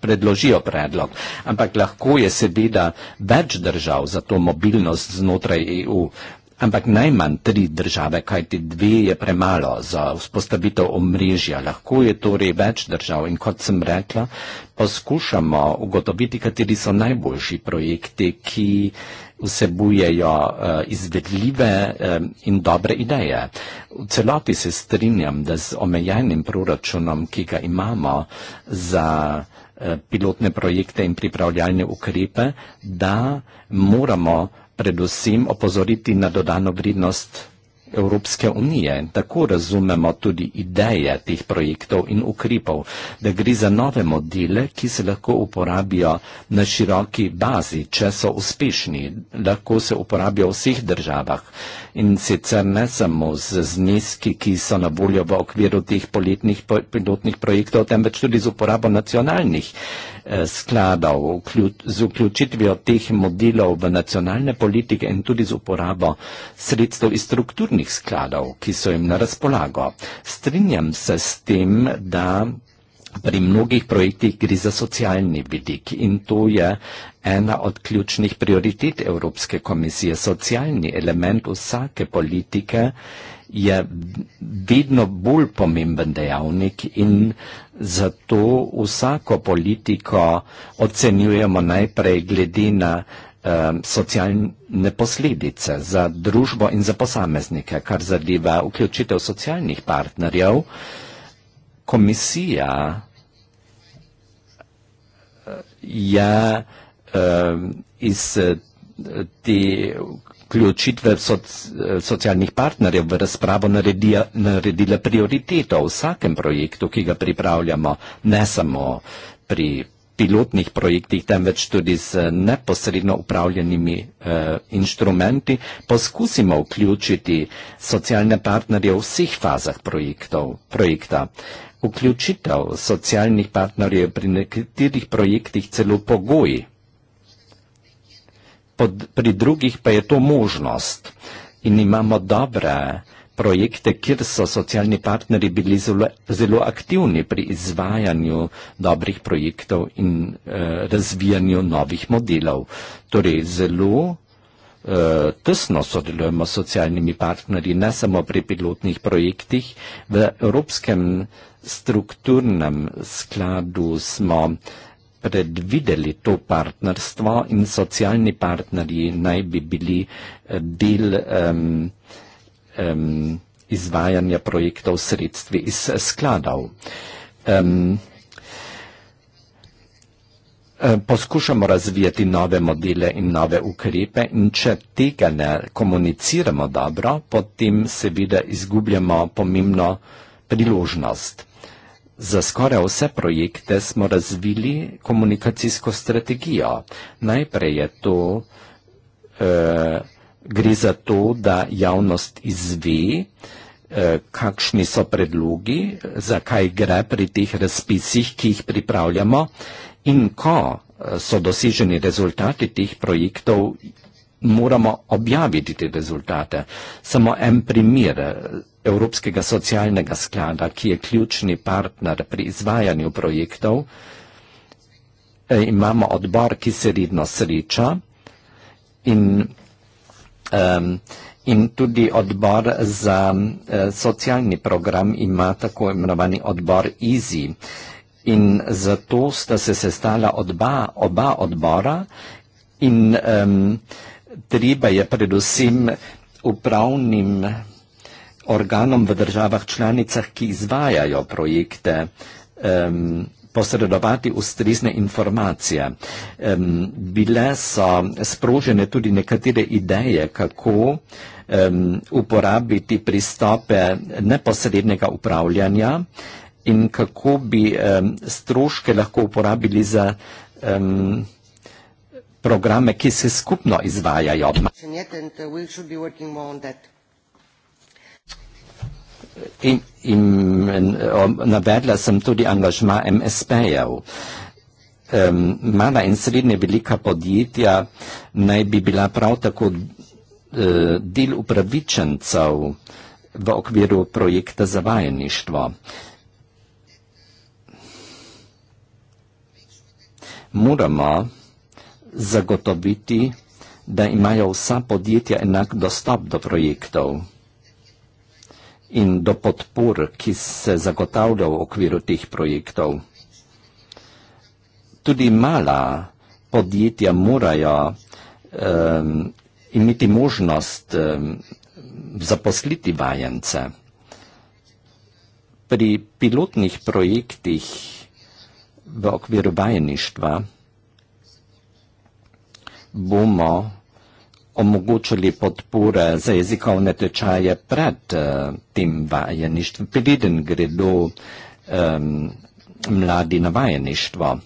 predložijo predlog. Ampak lahko je seveda več držav za to mobilnost znotraj EU. Ampak najmanj tri države, kajti dve je premalo za vzpostavitev omrežja. Lahko je torej več držav in kot sem rekla, poskušamo ugotoviti, kateri so najboljši projekti, ki vsebujejo eh, izvedljive eh, in dobre ideje. V celoti se strinjam, da z omejenim proračunom, ki ga imamo za eh, pilotne projekte in pripravljalne ukrepe, da moramo predvsem opozoriti na dodano vrednost Evropske unije. Tako razumemo tudi ideje teh projektov in ukrepov, da gre za nove modele, ki se lahko uporabijo na široki bazi, če so uspešni, lahko se uporabijo v vseh državah in sicer ne samo z zneski, ki so na voljo v okviru teh poletnih pilotnih projektov, temveč tudi z uporabo nacionalnih Eh, skladov z vključitvijo teh modilov v nacionalne politike in tudi z uporabo sredstev iz strukturnih skladov, ki so jim na razpolago. Strinjam se s tem, da pri mnogih projektih gre za socialni vidik in to je ena od ključnih prioritet Evropske komisije, socialni element vsake politike je vidno bolj pomemben dejavnik in zato vsako politiko ocenjujemo najprej glede na eh, socialne posledice za družbo in za posameznike, kar zadeva vključitev socialnih partnerjev. Komisija eh, je eh, iz te vključitve soc, socialnih partnerjev v razpravo naredija, naredila prioriteto v vsakem projektu, ki ga pripravljamo, ne samo pri pilotnih projektih, temveč tudi z neposredno upravljenimi eh, inštrumenti, poskusimo vključiti socialne partnerje v vseh fazah projektov, projekta. Vključitev socialnih partnerjev pri nekaterih projektih celo pogoji pod, pri drugih pa je to možnost. In imamo dobre projekte, kjer so socialni partneri bili zelo, zelo aktivni pri izvajanju dobrih projektov in eh, razvijanju novih modelov. Torej zelo eh, tesno sodelujemo s socialnimi partnerji, ne samo pri pilotnih projektih. V Evropskem strukturnem skladu smo eh, predvideli to partnerstvo in socialni partnerji naj bi bili eh, del um, um, izvajanja projektov sredstvi iz eh, skladov. Um, Poskušamo razvijati nove modele in nove ukrepe in če tega ne komuniciramo dobro, potem seveda izgubljamo pomembno priložnost. Za skoraj vse projekte smo razvili komunikacijsko strategijo. Najprej je to, eh, gre za to, da javnost izve, eh, kakšni so predlogi, zakaj gre pri teh razpisih, ki jih pripravljamo in ko eh, so doseženi rezultati teh projektov, moramo objaviti te rezultate. Samo en primer. Eh, Evropskega socialnega sklada, ki je ključni partner pri izvajanju projektov, e, imamo odbor, ki se redno sreča in, um, in tudi odbor za uh, socialni program ima tako imenovani odbor EASY. In zato sta se sestala odba, oba odbora in um, treba je predvsem upravnim organom v državah članicah, ki izvajajo projekte, um, posredovati ustrezne informacije. Um, bile so sprožene tudi nekatere ideje, kako um, uporabiti pristope neposrednega upravljanja in kako bi um, stroške lahko uporabili za um, programe, ki se skupno izvajajo in, in, in, navedla sem tudi angažma MSP-jev. Um, mala in srednje velika podjetja naj bi bila prav tako uh, del upravičencev v okviru projekta za vajeništvo. Moramo zagotoviti, da imajo vsa podjetja enak dostop do projektov in do podpor, ki se zagotavlja v okviru teh projektov. Tudi mala podjetja morajo um, imeti možnost um, zaposliti vajence. Pri pilotnih projektih v okviru vajeništva bomo omogočili podpore za jezikovne tečaje pred uh, tem vajeništvom, preden gredo um, mladi na vajeništvo.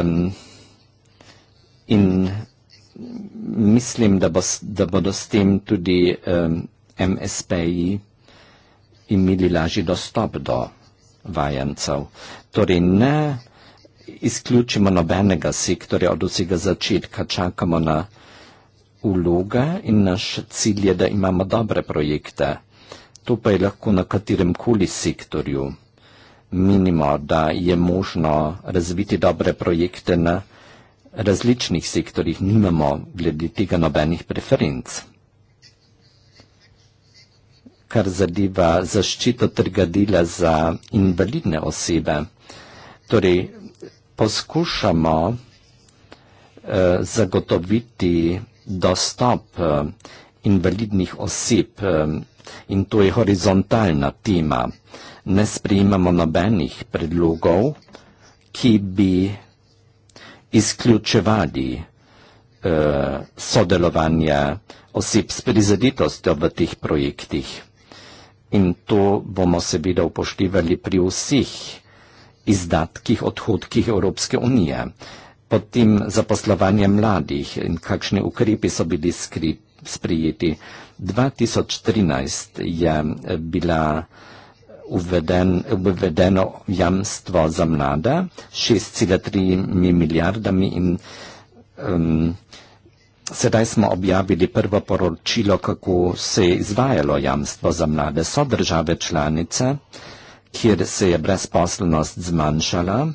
Um, in mislim, da, bo, da bodo s tem tudi um, MSP-ji imeli lažji dostop do vajencev. Torej ne izključimo nobenega sektorja od vsega začetka, čakamo na vloga in naš cilj je, da imamo dobre projekte. To pa je lahko na katerem koli sektorju. Minimo, da je možno razviti dobre projekte na različnih sektorjih, nimamo glede tega nobenih preferenc. Kar zadeva zaščito trga dela za invalidne osebe. Torej, poskušamo eh, zagotoviti dostop eh, invalidnih oseb eh, in to je horizontalna tema. Ne sprejemamo nobenih predlogov, ki bi izključevali eh, sodelovanje oseb s prizadetostjo v teh projektih. In to bomo seveda upoštevali pri vseh izdatkih, odhodkih Evropske unije pod tem zaposlovanjem mladih in kakšni ukrepi so bili skri, sprijeti. 2013 je bila uveden, uvedeno jamstvo za mlade 6,3 milijardami in um, Sedaj smo objavili prvo poročilo, kako se je izvajalo jamstvo za mlade. So države članice, kjer se je brezposlenost zmanjšala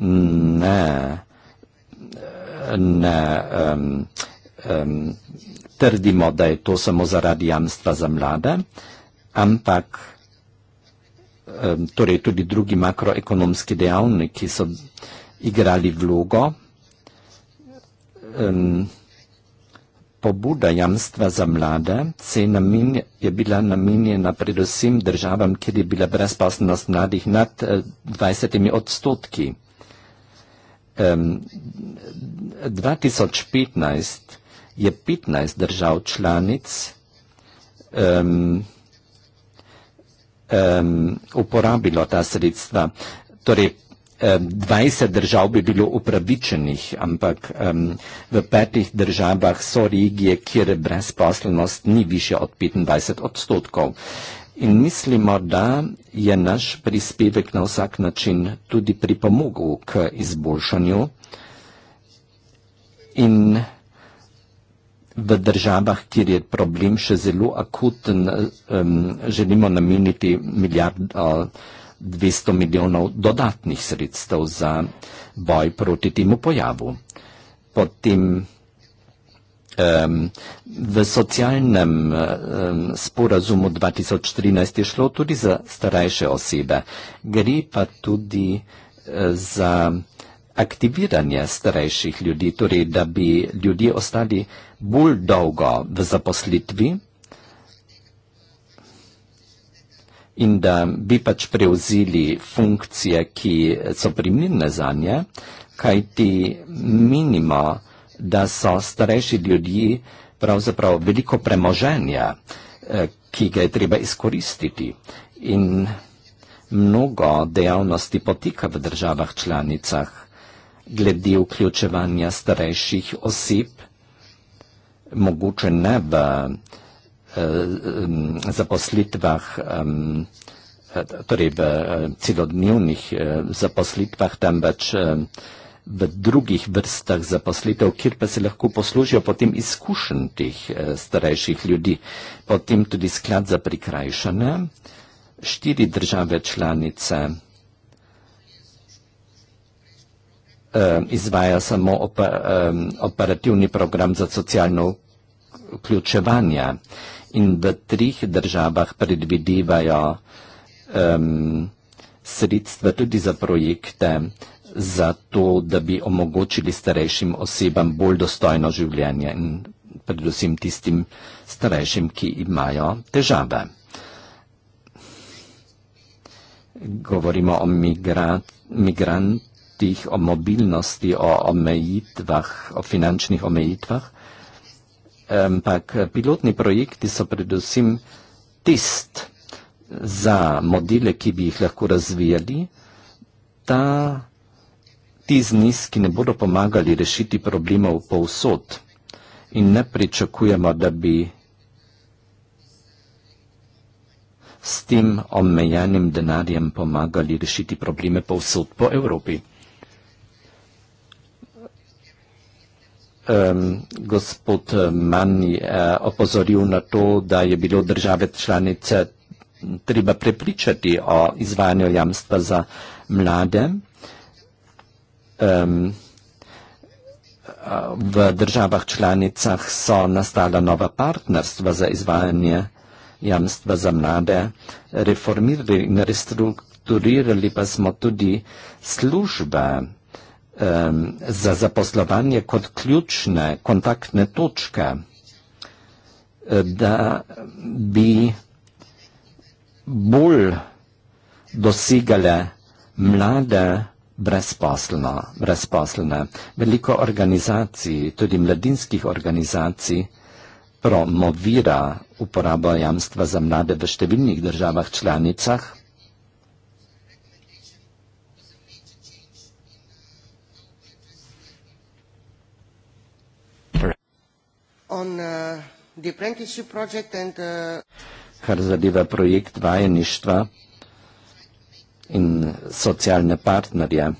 na, na um, um, trdimo, da je to samo zaradi jamstva za mlade, ampak um, torej tudi drugi makroekonomski dejavniki so igrali vlogo. Um, pobuda jamstva za mlade se je, namen, je bila namenjena predvsem državam, kjer je bila brezposobnost mladih nad 20 eh, odstotki. Um, 2015 je 15 držav članic um, um, uporabilo ta sredstva. Torej, 20 držav bi bilo upravičenih, ampak um, v petih državah so regije, kjer brezposlenost ni više od 25 odstotkov. In mislimo, da je naš prispevek na vsak način tudi pripomogel k izboljšanju in v državah, kjer je problem še zelo akuten, um, želimo nameniti milijardo 200 milijonov dodatnih sredstev za boj proti temu pojavu. Potem um, v socialnem um, sporazumu 2014 je šlo tudi za starejše osebe. Gre pa tudi uh, za aktiviranje starejših ljudi, torej da bi ljudje ostali bolj dolgo v zaposlitvi in da bi pač prevzeli funkcije, ki so primirne za nje, kajti minimo, da so starejši ljudje pravzaprav veliko premoženja, eh, ki ga je treba izkoristiti. In mnogo dejavnosti potika v državah članicah glede vključevanja starejših oseb, mogoče ne v eh, zaposlitvah, eh, torej v celodnevnih zaposlitvah, temveč v v drugih vrstah zaposlitev, kjer pa se lahko poslužijo potem izkušenj teh eh, starejših ljudi. Potem tudi sklad za prikrajšane, štiri države članice eh, izvaja samo opa, eh, operativni program za socialno vključevanje in v trih državah predvidevajo eh, sredstva tudi za projekte zato, da bi omogočili starejšim osebam bolj dostojno življenje in predvsem tistim starejšim, ki imajo težave. Govorimo o migrantih, o mobilnosti, o omejitvah, o finančnih omejitvah, ampak pilotni projekti so predvsem test za modele, ki bi jih lahko razvijali. Ta ti zniski ne bodo pomagali rešiti problemov povsod in ne pričakujemo, da bi s tem omejenim denarjem pomagali rešiti probleme povsod po Evropi. Um, gospod Mann je eh, opozoril na to, da je bilo države članice treba prepričati o izvajanju jamstva za mlade um, v državah članicah so nastala nova partnerstva za izvajanje jamstva za mlade, reformirali in restrukturirali pa smo tudi službe um, za zaposlovanje kot ključne kontaktne točke, da bi bolj dosegale mlade brezposelno, brezposelne. Veliko organizacij, tudi mladinskih organizacij, promovira uporabo jamstva za mlade v številnih državah članicah. On, uh, the apprenticeship project and, uh... Kar zadeva projekt vajeništva, in socialne partnerje.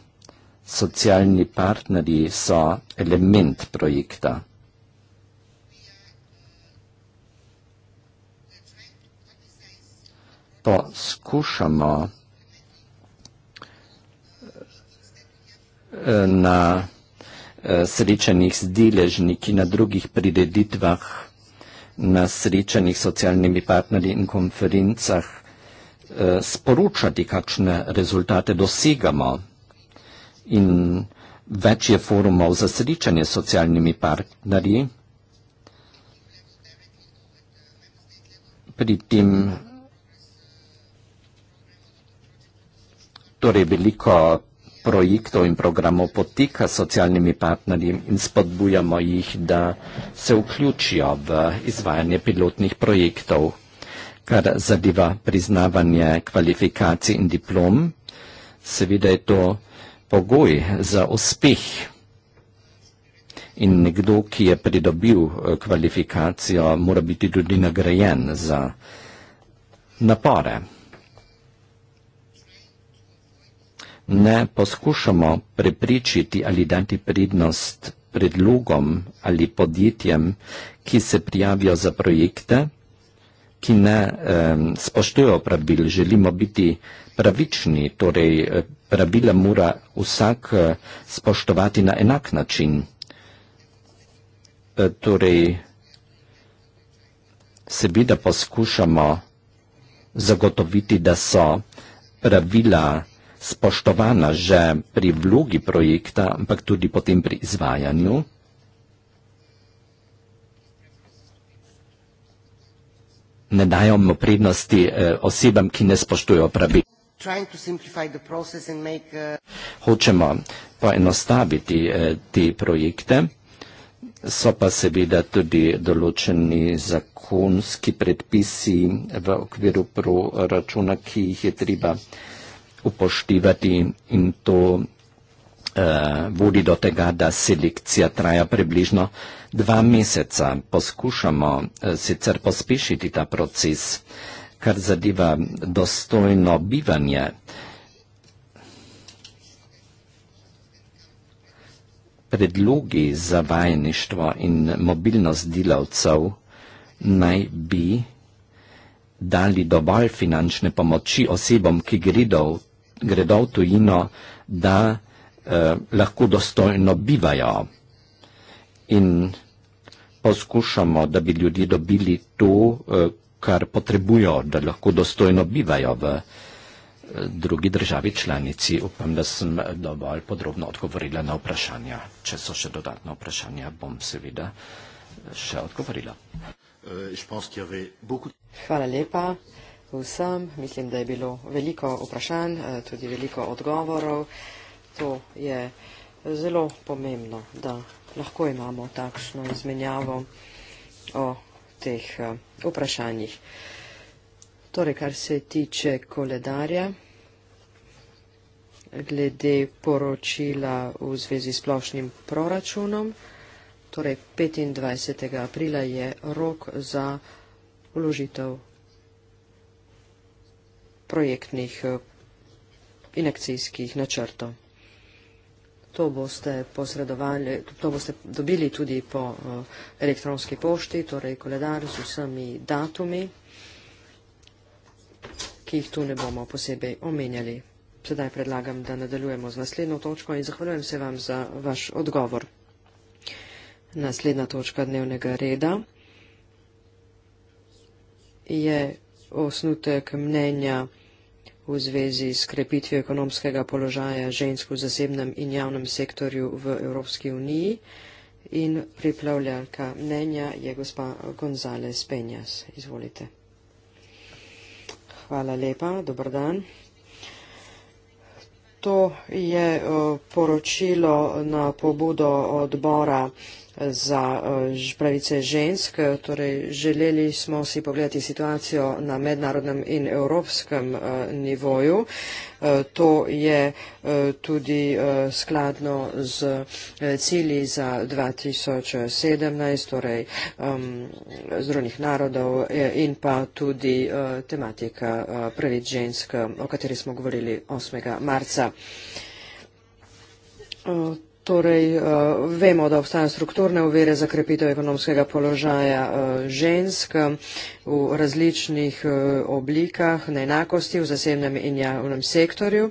Socialni partnerji so element projekta. Poskušamo eh, na eh, srečanjih z deležniki, na drugih prireditvah, na srečanjih s socialnimi partnerji in konferencah Eh, sporočati, kakšne rezultate dosegamo. In več je forumov za srečanje s socialnimi partnerji. Pri tem torej veliko projektov in programov poteka s socialnimi partnerji in spodbujamo jih, da se vključijo v izvajanje pilotnih projektov kar zadeva priznavanje kvalifikacij in diplom. Seveda je to pogoj za uspeh. In nekdo, ki je pridobil eh, kvalifikacijo, mora biti tudi nagrajen za napore. Ne poskušamo prepričiti ali dati prednost predlogom ali podjetjem, ki se prijavijo za projekte ki ne eh, spoštujejo pravil, želimo biti pravični, torej eh, pravila mora vsak eh, spoštovati na enak način. Eh, torej, seveda poskušamo zagotoviti, da so pravila spoštovana že pri vlogi projekta, ampak tudi potem pri izvajanju. ne dajemo prednosti eh, osebam, ki ne spoštujejo pravil. Eh, Hočemo poenostaviti eh, te projekte, so pa seveda tudi določeni zakonski predpisi v okviru proračuna, ki jih je treba upoštevati in to eh, vodi do tega, da selekcija traja približno dva meseca. Poskušamo eh, sicer pospešiti ta proces, kar zadeva dostojno bivanje. Predlogi za vajeništvo in mobilnost delavcev naj bi dali dovolj finančne pomoči osebom, ki gredo, gredo v tujino, da Eh, lahko dostojno bivajo in poskušamo, da bi ljudje dobili to, eh, kar potrebujo, da lahko dostojno bivajo v eh, drugi državi članici. Upam, da sem dovolj podrobno odgovorila na vprašanja. Če so še dodatna vprašanja, bom seveda še odgovorila. Hvala lepa vsem. Mislim, da je bilo veliko vprašanj, tudi veliko odgovorov to je zelo pomembno, da lahko imamo takšno izmenjavo o teh eh, vprašanjih. Torej, kar se tiče koledarja, glede poročila v zvezi s splošnim proračunom, torej 25. aprila je rok za uložitev projektnih eh, in akcijskih načrtov. To boste, to boste dobili tudi po eh, elektronski pošti, torej koledar z vsemi datumi, ki jih tu ne bomo posebej omenjali. Sedaj predlagam, da nadaljujemo z naslednjo točko in zahvaljujem se vam za vaš odgovor. Naslednja točka dnevnega reda je osnutek mnenja v zvezi s krepitvijo ekonomskega položaja žensk v zasebnem in javnem sektorju v Evropski uniji. In pripravljalka mnenja je gospa González Penjas. Izvolite. Hvala lepa, dobr dan. To je eh, poročilo na pobudo odbora za eh, pravice žensk. Torej, želeli smo si pogledati situacijo na mednarodnem in evropskem eh, nivoju. Eh, to je tudi skladno z cilji za 2017, torej Združenih narodov in pa tudi tematika pravic žensk, o kateri smo govorili 8. marca. Torej, eh, vemo, da obstajajo strukturne uvere za krepitev ekonomskega položaja eh, žensk eh, v različnih oblikah neenakosti v zasebnem in javnem sektorju.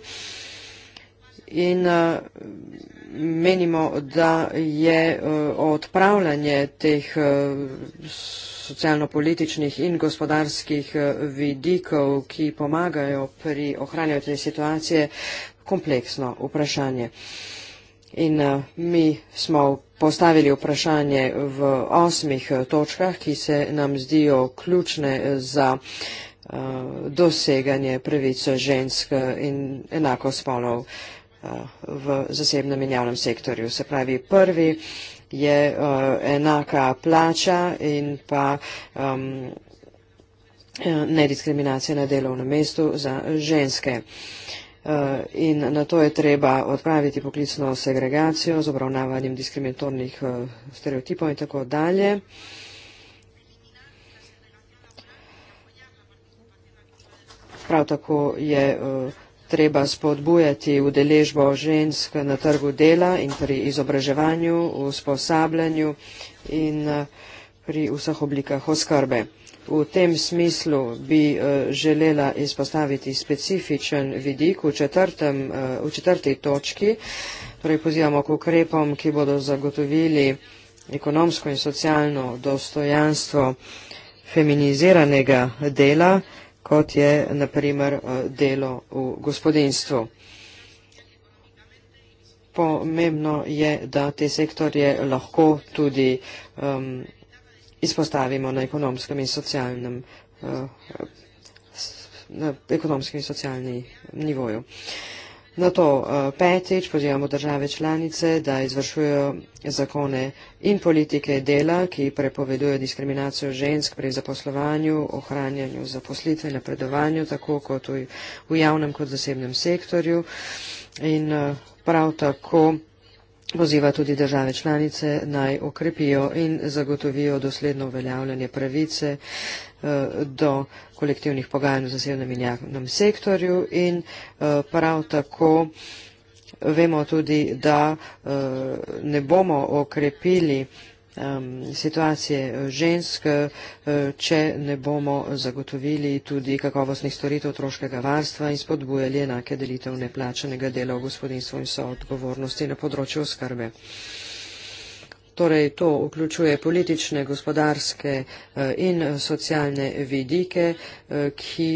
In menimo, da je odpravljanje teh socialno-političnih in gospodarskih vidikov, ki pomagajo pri ohranjanju te situacije, kompleksno vprašanje. Uh, In eh, mi smo postavili vprašanje v osmih eh, točkah, ki se nam zdijo ključne eh, za doseganje pravic žensk in enako spolov v zasebnem in javnem sektorju. Se pravi, prvi je enaka plača in pa um, nediskriminacija na delovnem mestu za ženske. Uh, Eh, in na to je treba odpraviti poklicno segregacijo z obravnavanjem diskriminatornih eh, stereotipov in tako dalje. Prav tako je eh, treba spodbujati udeležbo žensk na trgu dela in pri izobraževanju, usposabljanju in pri vseh oblikah oskrbe. V tem smislu bi eh, želela izpostaviti specifičen vidik v, četrtem, eh, v četrti točki, torej pozivamo k ukrepom, ki bodo zagotovili ekonomsko in socialno dostojanstvo feminiziranega dela, kot je naprimer eh, delo v gospodinstvu. Pomembno je, da te sektorje lahko tudi um, izpostavimo na ekonomskem in socialnem, eh, eh, na ekonomskem in socialnem nivoju. Na to eh, petič pozivamo države članice, da izvršujo zakone in politike dela, ki prepovedujo diskriminacijo žensk pri zaposlovanju, ohranjanju zaposlitve, napredovanju, tako kot v javnem kot zasebnem sektorju in prav tako Poziva tudi države članice naj okrepijo in zagotovijo dosledno uveljavljanje pravice eh, do kolektivnih pogajanj v zasebnem in javnem sektorju in eh, prav tako eh, vemo tudi, da ne bomo okrepili situacije eh, žensk, eh, če ne bomo zagotovili tudi kakovostnih storitev otroškega varstva in spodbujali enake delitev neplačanega dela v gospodinstvu in so odgovornosti na področju oskrbe. Torej, to vključuje politične, gospodarske eh, in socialne vidike, ki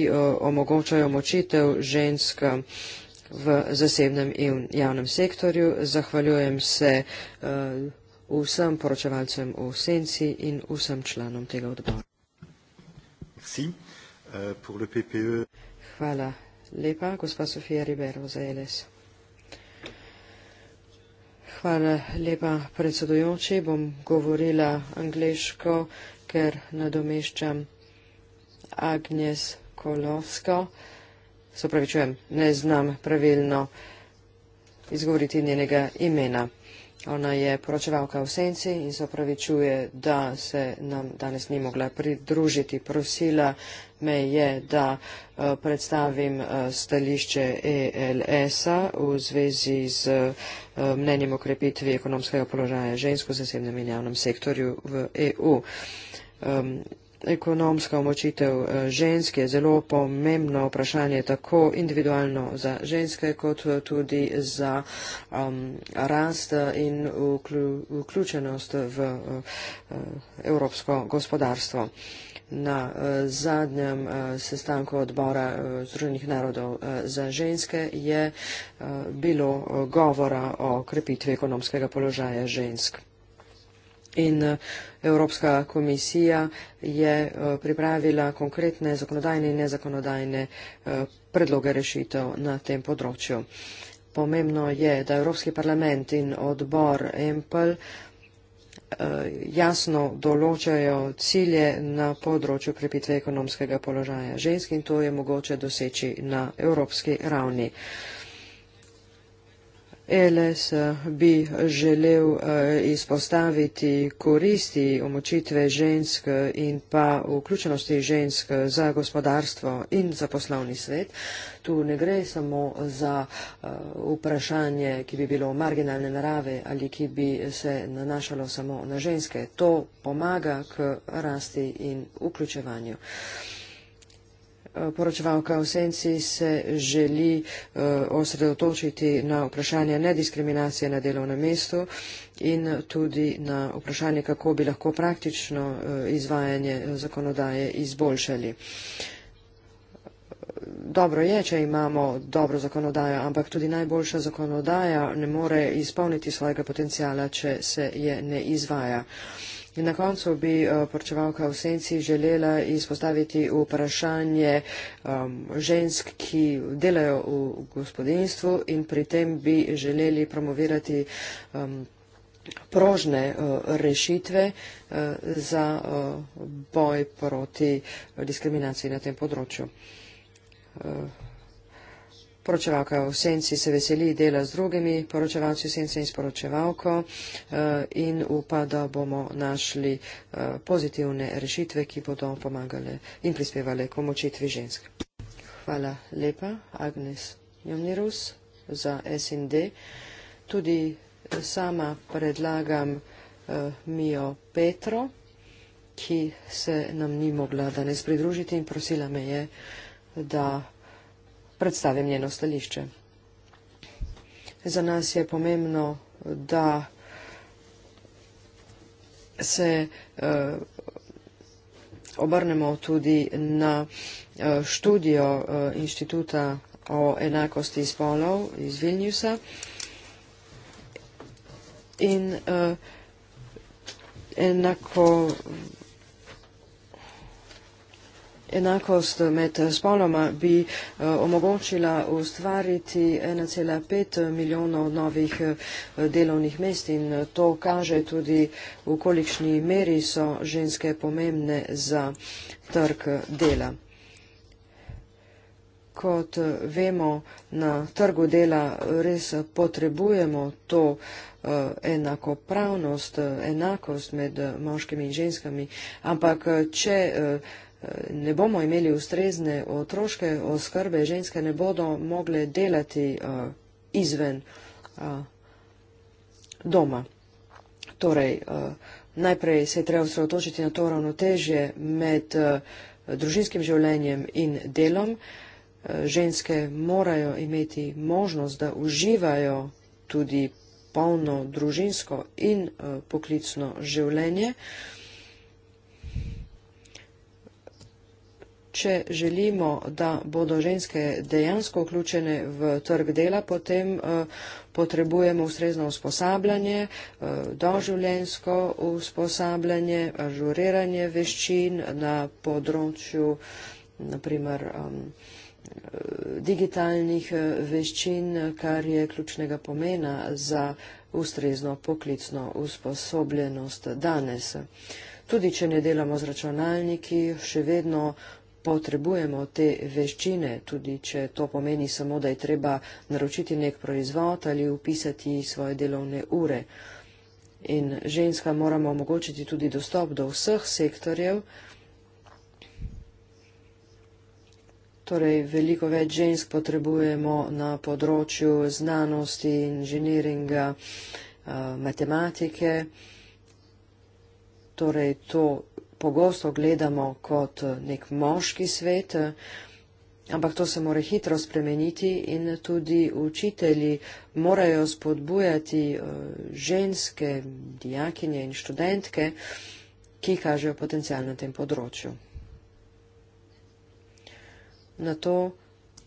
omogočajo močitev žensk v zasebnem in javnem sektorju. Zahvaljujem se vsem poročevalcem v senci in vsem članom tega odbora. Uh, e. Hvala lepa, gospa Sofija Ribero za LS. Hvala lepa, predsedujoči. Bom govorila angliško, ker nadomeščam Agnes Kolovsko. Se pravi, čujem, ne znam pravilno izgovoriti njenega imena. Ona je poročevalka v senci in se opravičuje, da se nam danes ni mogla pridružiti. Prosila me je, da eh, predstavim eh, stališče ELS-a v zvezi z eh, mnenjem o krepitvi ekonomskega položaja žensko zasebnem in javnem sektorju v EU ekonomska omočitev eh, žensk je zelo pomembno vprašanje, tako individualno za ženske, kot tudi za um, rast in vklju, vključenost v uh, evropsko gospodarstvo. Na uh, zadnjem uh, sestanku odbora uh, Združenih narodov uh, za ženske je uh, bilo uh, govora o krepitvi ekonomskega položaja žensk. In eh, Evropska komisija je eh, pripravila konkretne zakonodajne in nezakonodajne eh, predloge rešitev na tem področju. Pomembno je, da Evropski parlament in odbor EMPL jasno določajo cilje na področju krepitve ekonomskega položaja žensk in to je mogoče doseči na evropski ravni. LS bi želel eh, izpostaviti koristi omočitve žensk in pa vključenosti žensk za gospodarstvo in za poslovni svet. Tu ne gre samo za eh, vprašanje, ki bi bilo marginalne narave ali ki bi se nanašalo samo na ženske. To pomaga k rasti in vključevanju. Eh, poročevalka v senci se želi eh, osredotočiti na vprašanje nediskriminacije na delovnem mestu in tudi na vprašanje, kako bi lahko praktično eh, izvajanje zakonodaje izboljšali. Dobro je, če imamo dobro zakonodajo, ampak tudi najboljša zakonodaja ne more izpolniti svojega potencijala, če se je ne izvaja. In na koncu bi eh, porčevalka v senci želela izpostaviti vprašanje um, žensk, ki delajo v gospodinstvu in pri tem bi želeli promovirati um, prožne uh, rešitve uh, za uh, boj proti diskriminaciji na tem področju. Uh, Poročevalka v senci se veseli dela z drugimi poročevalci v senci in sporočevalko eh, in upa, da bomo našli eh, pozitivne rešitve, ki bodo pomagale in prispevale k omočitvi žensk. Hvala lepa, Agnes Jomnirus za SND. Tudi sama predlagam eh, Mijo Petro, ki se nam ni mogla danes pridružiti in prosila me je, da predstavim njeno stališče. Za nas je pomembno, da se eh, obrnemo tudi na eh, študijo eh, inštituta o enakosti spolov iz Vilniusa in enako enakost med spoloma bi eh, omogočila ustvariti 1,5 milijonov novih eh, delovnih mest in eh, to kaže tudi, v kolikšni meri so ženske pomembne za trg dela. Kot vemo, na trgu dela res potrebujemo to enakopravnost, enakost med moškimi in ženskami, ampak če ne bomo imeli ustrezne otroške oskrbe, ženske ne bodo mogle delati uh, izven uh, doma. Torej, uh, najprej se je treba osredotočiti na to ravnotežje med uh, družinskim življenjem in delom. Uh, ženske morajo imeti možnost, da uživajo tudi polno družinsko in uh, poklicno življenje. Uh, Če želimo, da bodo ženske dejansko vključene v trg dela, potem eh, potrebujemo ustrezno usposabljanje, eh, doživljensko usposabljanje, ažuriranje veščin na področju naprimer digitalnih eh, veščin, kar je ključnega pomena za ustrezno poklicno usposobljenost danes. Tudi, če ne delamo z računalniki, še vedno potrebujemo te veščine, tudi če to pomeni samo, da je treba naročiti nek proizvod ali upisati svoje delovne ure. In ženska moramo omogočiti tudi dostop do vseh sektorjev. Torej, veliko več žensk potrebujemo na področju znanosti, inženiringa, eh, matematike. Torej, to pogosto gledamo kot eh, nek moški svet, eh, ampak to se more hitro spremeniti in tudi učitelji morajo spodbujati eh, ženske, dijakinje in študentke, ki kažejo potencijal na tem področju. Na to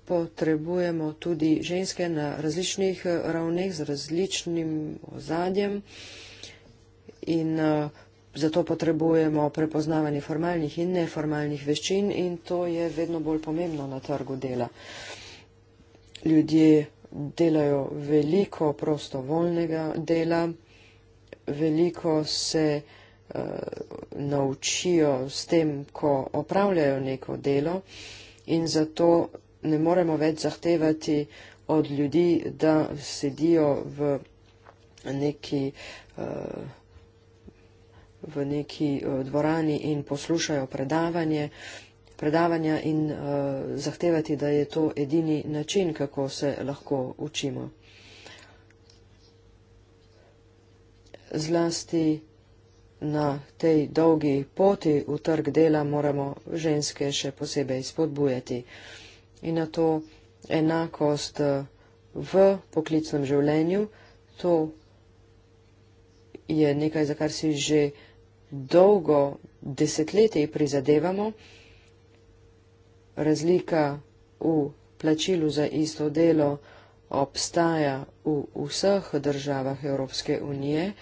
potrebujemo tudi ženske na različnih ravneh z različnim ozadjem in uh, Zato potrebujemo prepoznavanje formalnih in neformalnih veščin in to je vedno bolj pomembno na trgu dela. Ljudje delajo veliko prostovoljnega dela, veliko se uh, naučijo s tem, ko opravljajo neko delo in zato ne moremo več zahtevati od ljudi, da sedijo v neki. Uh, v neki eh, dvorani in poslušajo predavanje, predavanja in uh, zahtevati, da je to edini način, kako se lahko učimo. Zlasti na tej dolgi poti v trg dela moramo ženske še posebej spodbujati. In na to enakost eh, v poklicnem življenju, to je nekaj, za kar si že dolgo desetletje prizadevamo. Razlika v plačilu za isto delo obstaja v vseh državah Evropske unije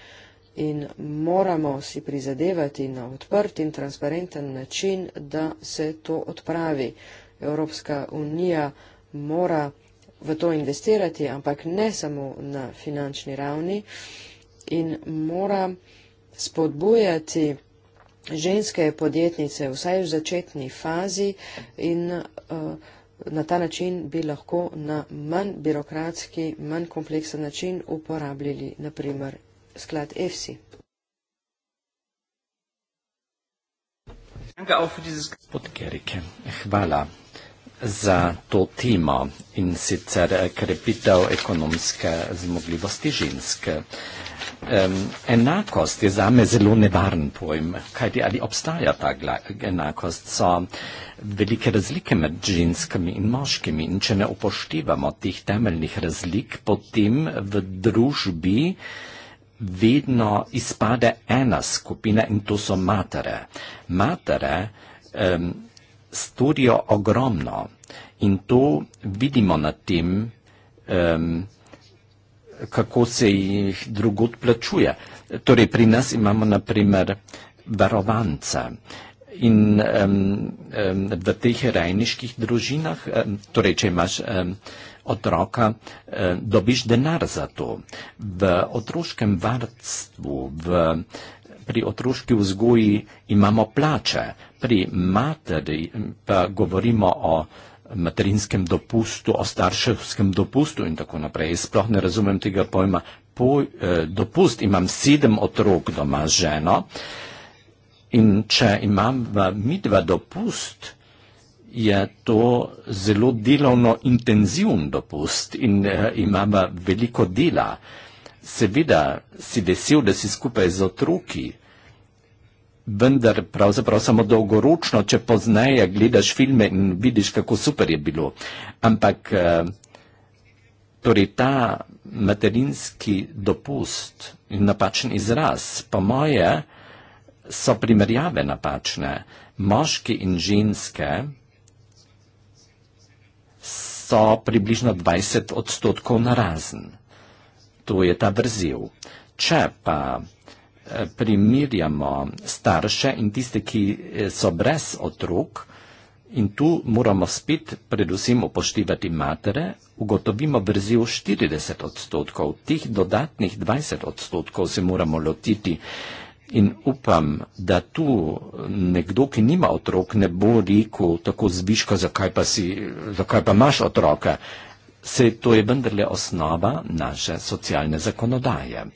in moramo si prizadevati na odprt in transparenten način, da se to odpravi. Evropska unija mora v to investirati, ampak ne samo na finančni ravni. Uh, in mora spodbujati ženske podjetnice vsaj v začetni fazi in uh, na ta način bi lahko na manj birokratski, manj kompleksen način uporabljali naprimer sklad EFSI. Hvala za to temo in sicer eh, krepitev ekonomske zmogljivosti ženske. Um, enakost je zame zelo nevaren pojem, kajti ali obstaja ta enakost, so velike razlike med ženskami in moškimi in če ne upoštevamo teh temeljnih razlik, potem v družbi vedno izpade ena skupina in to so matere. Matere um, storijo ogromno in to vidimo na tem, um, kako se jih drugot plačuje. Torej, pri nas imamo naprimer varovanca in um, um, v teh rejniških družinah, um, torej, če imaš um, otroka, um, dobiš denar za to. V otroškem varstvu, v pri otroški vzgoji imamo plače, pri materi pa govorimo o materinskem dopustu, o starševskem dopustu in tako naprej. Sploh ne razumem tega pojma. Po, eh, dopust imam sedem otrok doma z ženo in če imam midva dopust, je to zelo delovno intenzivn dopust in eh, imam veliko dela. Eh, seveda si vesel, da si skupaj z otroki, vendar pravzaprav samo dolgoročno, če poznaje gledaš filme in vidiš, kako super je bilo. Ampak eh, torej ta materinski dopust in napačen izraz, po moje, so primerjave napačne. Moški in ženske so približno 20 odstotkov narazen to je ta vrzel. Če pa eh, primirjamo starše in tiste, ki eh, so brez otrok, in tu moramo spet predvsem upoštevati matere, ugotovimo vrzel 40 odstotkov. Tih dodatnih 20 odstotkov se moramo lotiti. In upam, da tu nekdo, ki nima otrok, ne bo rekel tako zviška, zakaj pa, si, zakaj pa imaš otroka se to je vendarle osnova naše socialne zakonodaje.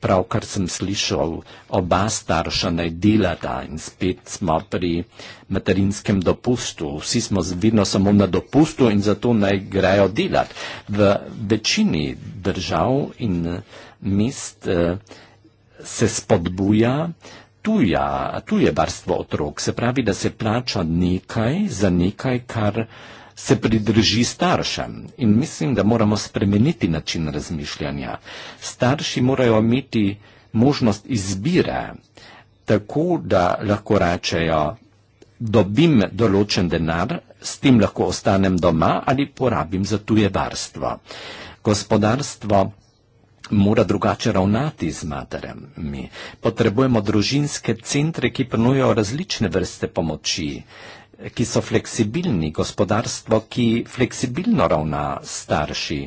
Pravkar sem slišal, oba starša naj delata in spet smo pri materinskem dopustu. Vsi smo vidno samo na dopustu in zato naj grejo delati. V večini držav in mest eh, se spodbuja tuja, tuje varstvo otrok. Se pravi, da se plača nekaj za nekaj, kar se pridrži staršem in mislim, da moramo spremeniti način razmišljanja. Starši morajo imeti možnost izbire, tako da lahko rečejo, dobim določen denar, s tem lahko ostanem doma ali porabim za tuje varstvo. Gospodarstvo mora drugače ravnati z materami. Potrebujemo družinske centre, ki ponujajo različne vrste pomoči ki so fleksibilni, gospodarstvo, ki fleksibilno ravna starši.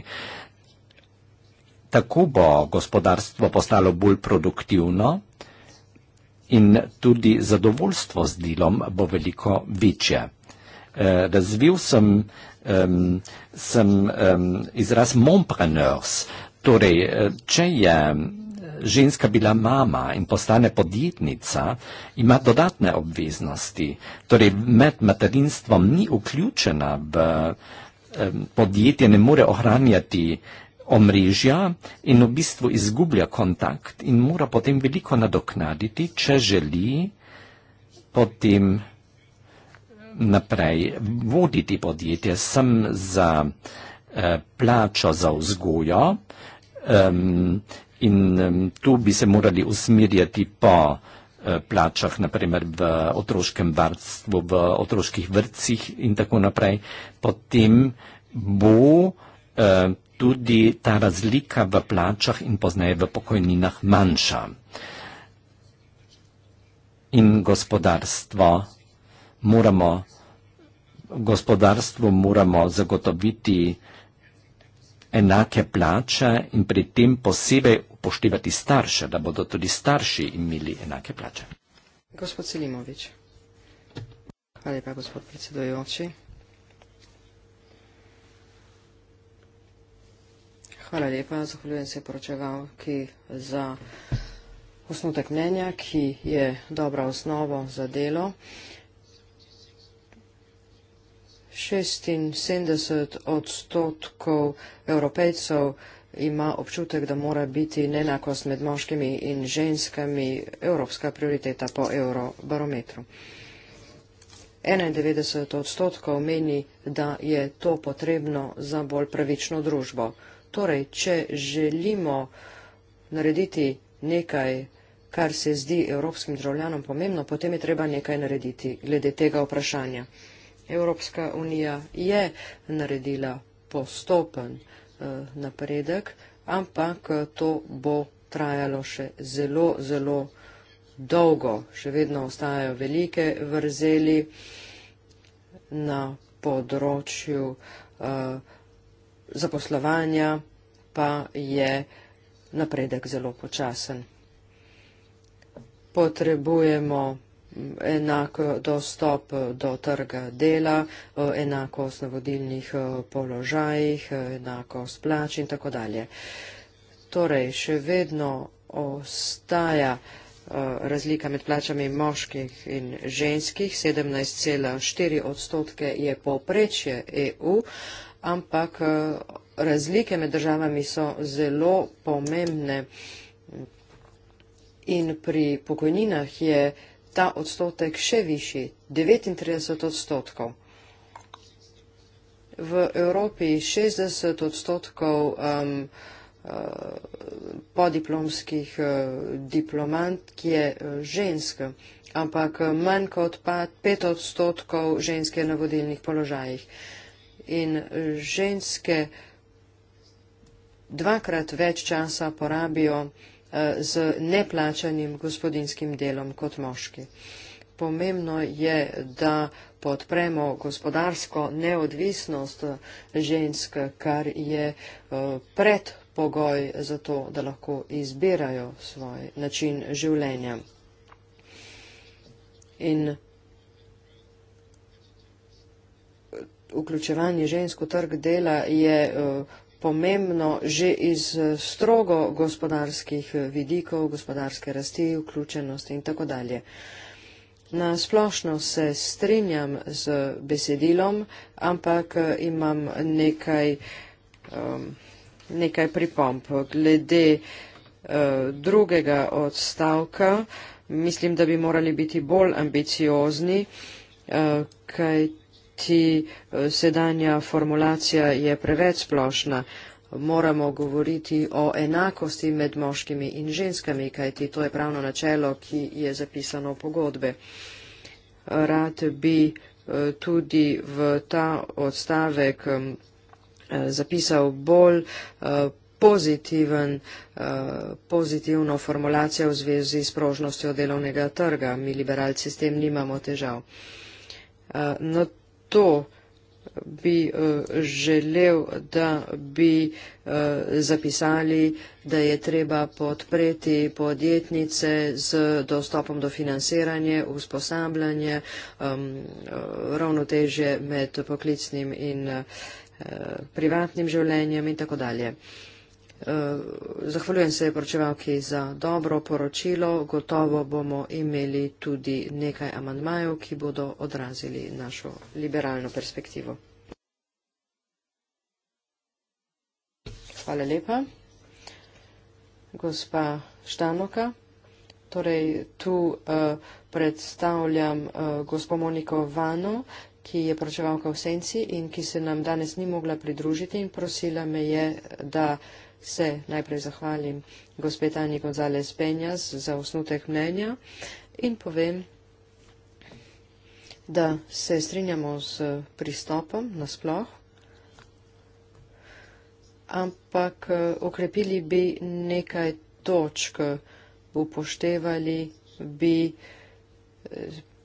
Tako bo gospodarstvo postalo bolj produktivno in tudi zadovoljstvo z delom bo veliko večje. Eh, razvil sem, sem izraz mompreneurs, torej eh, če je ženska bila mama in postane podjetnica, ima dodatne obveznosti. Torej, med materinstvom ni vključena v podjetje, ne more ohranjati omrežja in v bistvu izgublja kontakt in mora potem veliko nadoknaditi, če želi potem naprej voditi podjetje sem za eh, plačo za vzgojo. Um, in tu bi se morali usmerjati po eh, plačah, naprimer v otroškem varstvu, v otroških vrtcih in tako naprej, potem bo eh, tudi ta razlika v plačah in poznaje v pokojninah manjša. In gospodarstvo moramo, gospodarstvo moramo zagotoviti enake plače in pri tem posebej poštivati starše, da bodo tudi starši imeli enake plače. Gospod Selimovič. Hvala lepa, gospod predsedojoči. Hvala lepa, zahvaljujem se poročevalki za osnutek mnenja, ki je dobra osnova za delo. 76 odstotkov evropejcev ima občutek, da mora biti nenakost med moškimi in ženskami evropska prioriteta po eurobarometru. 91 odstotkov meni, da je to potrebno za bolj pravično družbo. Torej, če želimo narediti nekaj, kar se zdi evropskim državljanom pomembno, potem je treba nekaj narediti glede tega vprašanja. Evropska unija je naredila postopen. Eh, napredek, ampak eh, to bo trajalo še zelo, zelo dolgo. Še vedno ostajajo velike vrzeli na področju eh, zaposlovanja, pa je napredek zelo počasen. Potrebujemo enak dostop do trga dela, enakost na vodilnih položajih, enakost plač in tako dalje. Torej, še vedno ostaja razlika med plačami moških in ženskih, 17,4 odstotke je poprečje EU, ampak razlike med državami so zelo pomembne in pri pokojninah je ta odstotek še višji, 39 odstotkov. V Evropi 60 odstotkov um, uh, podiplomskih uh, diplomant, ki je uh, žensk, ampak uh, manj kot pa 5 odstotkov ženske na vodilnih položajih. In uh, ženske dvakrat več časa porabijo Eh, z neplačanim gospodinskim delom kot moški. Pomembno je, da podpremo gospodarsko neodvisnost žensk, kar je eh, predpogoj za to, da lahko izbirajo svoj način življenja. In eh, vključevanje žensko trg dela je uh, pomembno že iz eh, strogo gospodarskih eh, vidikov, gospodarske rasti, vključenosti in tako dalje. Na splošno se strinjam z besedilom, ampak eh, imam nekaj, um, nekaj pripomp. Glede uh, drugega odstavka mislim, da bi morali biti bolj ambiciozni, uh, kaj Hkrati eh, sedanja formulacija je preveč splošna. Moramo govoriti o enakosti med moškimi in ženskami, kajti to je pravno načelo, ki je zapisano v pogodbe. Rad bi eh, tudi v ta odstavek eh, zapisal bolj pozitiven, pozitivno formulacijo v zvezi s prožnostjo delovnega trga. Mi liberalci s tem nimamo težav. No, to bi eh, želel, da bi eh, zapisali, da je treba podpreti podjetnice z dostopom do financiranja, usposabljanje, um, eh, ravnoteže med poklicnim in privatnim življenjem in tako dalje. Zahvaljujem se poročevalki za dobro poročilo. Gotovo bomo imeli tudi nekaj amandmajev, ki bodo odrazili našo liberalno perspektivo. Hvala lepa. Gospa Štanoka, torej tu uh, predstavljam uh, gospo Moniko Vano, ki je poročevalka v Senci in ki se nam danes ni mogla pridružiti in prosila me je, da se najprej zahvalim gospe Tani Gonzalez Penjas za osnutek mnenja in povem, da se strinjamo s pristopom nasploh, ampak eh, okrepili bi nekaj točk, upoštevali bi eh,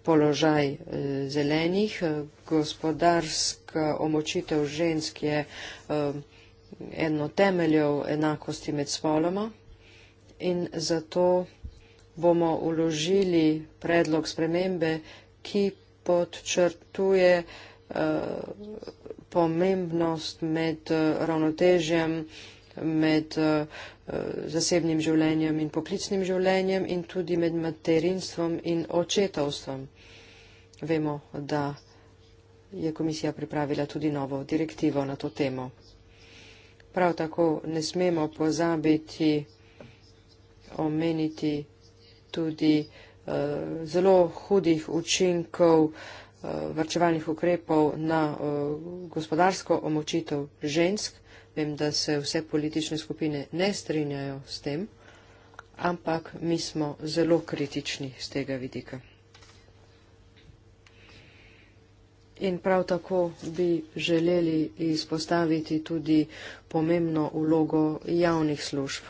položaj eh, zelenih, gospodarska omočitev žensk je vsega, eno temeljev enakosti med spoloma in zato bomo uložili predlog spremembe, ki podčrtuje eh, pomembnost med eh, ravnotežjem, med eh, zasebnim življenjem in poklicnim življenjem in tudi med materinstvom in očetovstvom. Vemo, da je komisija pripravila tudi novo direktivo na to temo. Prav tako ne smemo pozabiti omeniti tudi uh, zelo hudih učinkov uh, eh, vrčevalnih ukrepov na uh, gospodarsko omočitev žensk. Vem, da se vse politične skupine ne strinjajo s tem, ampak mi smo zelo kritični z tega vidika. In prav tako bi želeli izpostaviti tudi pomembno vlogo javnih služb.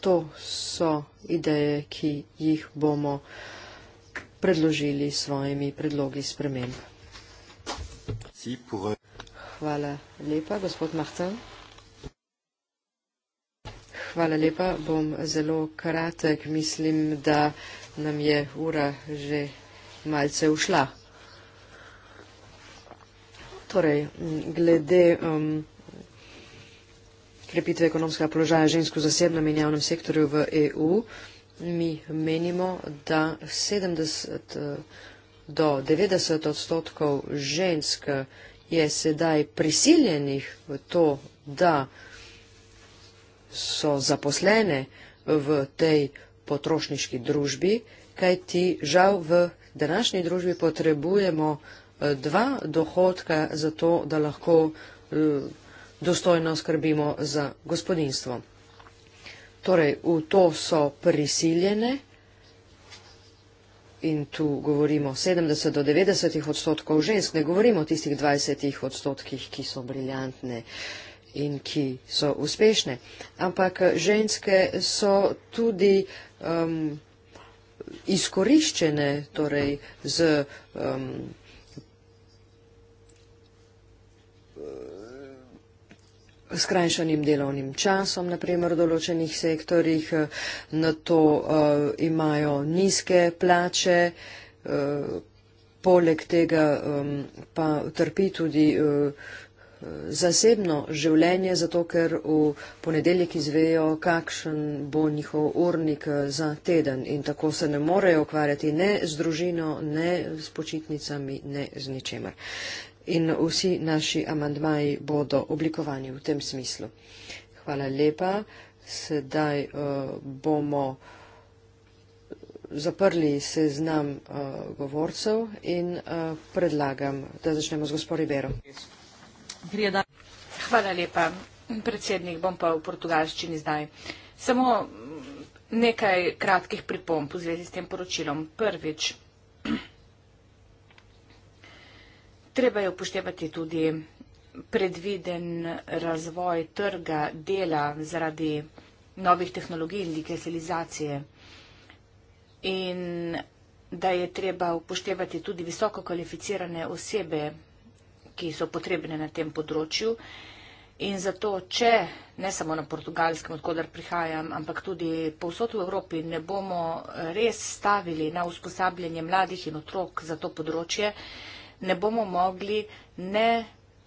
To so ideje, ki jih bomo predložili s svojimi predlogi sprememb. Hvala lepa, gospod Mahcan. Hvala lepa, bom zelo kratek. Mislim, da nam je ura že malce ušla. Torej, glede um, krepitve ekonomskega položaja žensk v zasebnem in javnem sektorju v EU, mi menimo, da 70 eh, do 90 odstotkov žensk je sedaj prisiljenih v to, da so zaposlene v tej potrošniški družbi, kaj ti žal v današnji družbi potrebujemo eh, dva dohodka za to, da lahko eh, dostojno skrbimo za gospodinstvo. Torej, v to so prisiljene in tu govorimo 70 do 90 odstotkov žensk, ne govorimo o tistih 20 odstotkih, ki so briljantne in ki so uspešne. Ampak eh, ženske so tudi um, izkoriščene torej z um, skrajšanim delovnim časom, naprimer v določenih sektorjih, na to uh, imajo nizke plače, uh, poleg tega um, pa trpi tudi uh, zasebno življenje, zato ker v ponedeljek izvejo, kakšen bo njihov urnik eh, za teden in tako se ne morejo ukvarjati ne z družino, ne s počitnicami, ne z ničemer. In vsi naši amandmaji bodo oblikovani v tem smislu. Hvala lepa. Sedaj uh, bomo zaprli seznam uh, govorcev in uh, predlagam, da začnemo z gospodi Bero. Yes. Hvala lepa. Predsednik, bom pa v portugalščini zdaj. Samo nekaj kratkih pripomp v zvezi s tem poročilom. Prvič, (clears throat) treba je upoštevati tudi predviden razvoj trga dela zaradi novih tehnologij in digitalizacije in da je treba upoštevati tudi visoko kvalificirane osebe ki so potrebne na tem področju. In zato, če ne samo na portugalskem, odkudar prihajam, ampak tudi povsod v Evropi ne bomo res stavili na usposabljanje mladih in otrok za to področje, ne bomo mogli ne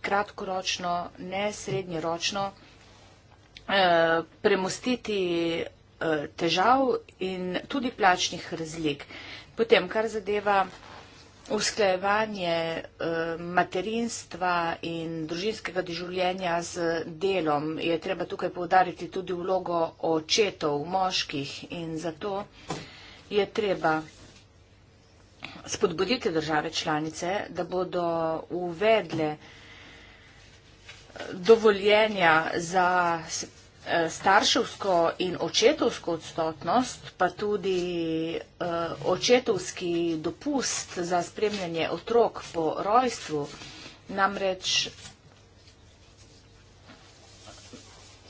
kratkoročno, ne srednjeročno eh, premostiti eh, težav in tudi plačnih razlik. Potem, kar zadeva usklajevanje eh, materinstva in družinskega življenja z delom je treba tukaj povdariti tudi vlogo očetov, moških in zato je treba spodbuditi države članice, da bodo uvedle dovoljenja za spodbuditi Eh, starševsko in očetovsko odsotnost, pa tudi eh, očetovski dopust za spremljanje otrok po rojstvu, namreč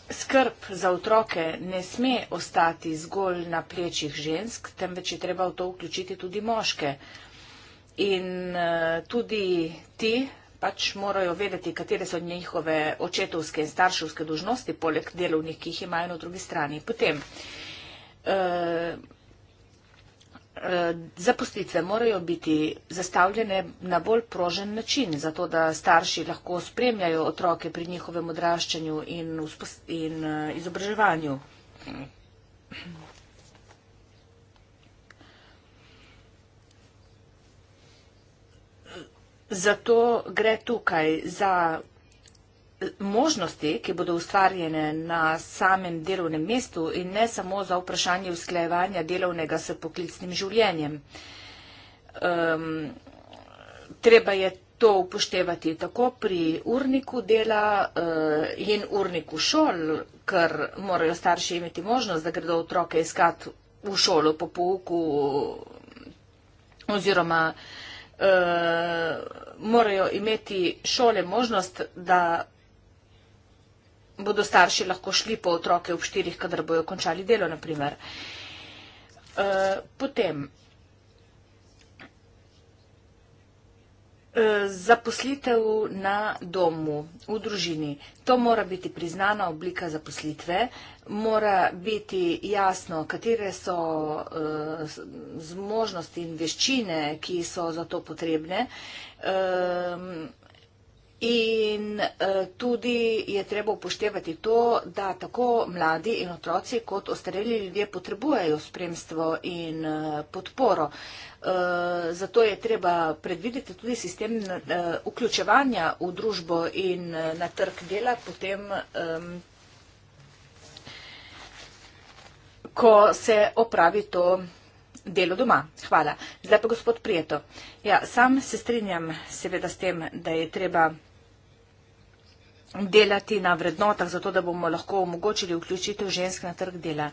skrb za otroke ne sme ostati zgolj na plečih žensk, temveč je treba v to vključiti tudi moške. In eh, tudi ti pač morajo vedeti, katere so njihove očetovske in starševske dožnosti, poleg delovnih, ki jih imajo na drugi strani. Potem, eh, eh, zapustitve morajo biti zastavljene na bolj prožen način, zato da starši lahko spremljajo otroke pri njihovem odraščanju in, in eh, izobraževanju. Hmm. Zato gre tukaj za možnosti, ki bodo ustvarjene na samem delovnem mestu in ne samo za vprašanje usklajevanja delovnega s poklicnim življenjem. Um, treba je to upoštevati tako pri urniku dela uh, in urniku šol, ker morajo starši imeti možnost, da gredo otroke iskat v šolo po pouku oziroma uh, Eh, morajo imeti šole možnost, da bodo starši lahko šli po otroke ob štirih, kadar bojo končali delo, naprimer. Eh, potem Eh, zaposlitev na domu, v družini, to mora biti priznana oblika zaposlitve, mora biti jasno, katere so eh, zmožnosti in veščine, ki so za to potrebne. Ehm, In eh, tudi je treba upoštevati to, da tako mladi in otroci kot ostareli ljudje potrebujejo spremstvo in eh, podporo. Eh, zato je treba predvideti tudi sistem vključevanja v družbo in na trg dela, potem ko se opravi to delo doma. Hvala. Zdaj pa gospod Prijeto. Ja, sam se strinjam seveda s tem, da je treba predvideti, delati na vrednotah, zato da bomo lahko omogočili vključitev žensk na trg dela.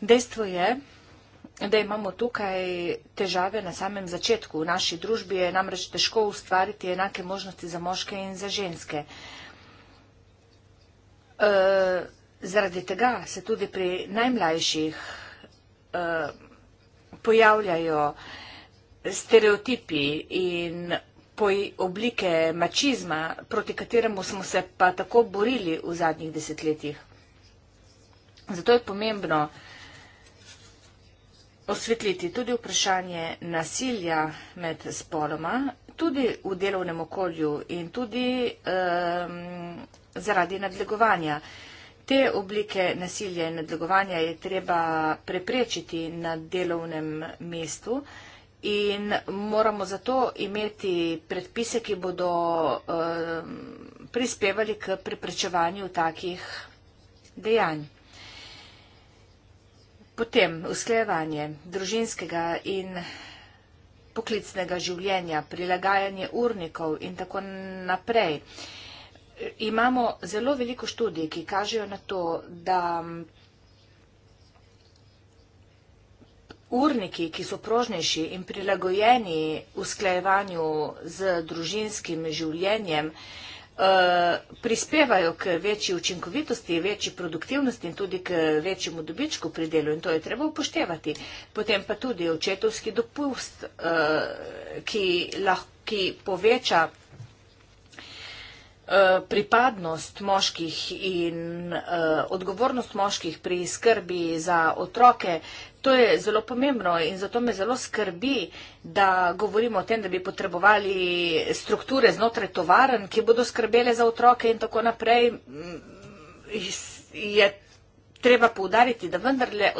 Dejstvo je, da imamo tukaj težave na samem začetku. V naši družbi je namreč težko ustvariti enake možnosti za moške in za ženske. E, zaradi tega se tudi pri najmlajših e, pojavljajo stereotipi in oblike mačizma, proti kateremu smo se pa tako borili v zadnjih desetletjih. Zato je pomembno osvetliti tudi vprašanje nasilja med spoloma, tudi v delovnem okolju in tudi um, zaradi nadlegovanja. Te oblike nasilja in nadlegovanja je treba preprečiti na delovnem mestu. Uh, In moramo zato imeti predpise, ki bodo ehm, prispevali k preprečevanju takih dejanj. Potem usklejevanje družinskega in poklicnega življenja, prilagajanje urnikov in tako naprej. E, imamo zelo veliko študij, ki kažejo na to, da Urniki, ki so prožnejši in prilagojeni usklajevanju z družinskim življenjem, eh, prispevajo k večji učinkovitosti, večji produktivnosti in tudi k večjemu dobičku pri delu in to je treba upoštevati. Potem pa tudi očetovski dopust, eh, ki, lahko, ki poveča eh, pripadnost moških in odgovornost moških pri skrbi za otroke, To je zelo pomembno in zato me zelo skrbi, da govorimo o tem, da bi potrebovali strukture znotraj tovaren, ki bodo skrbele za otroke in tako naprej. Mm, je treba poudariti, da vendarle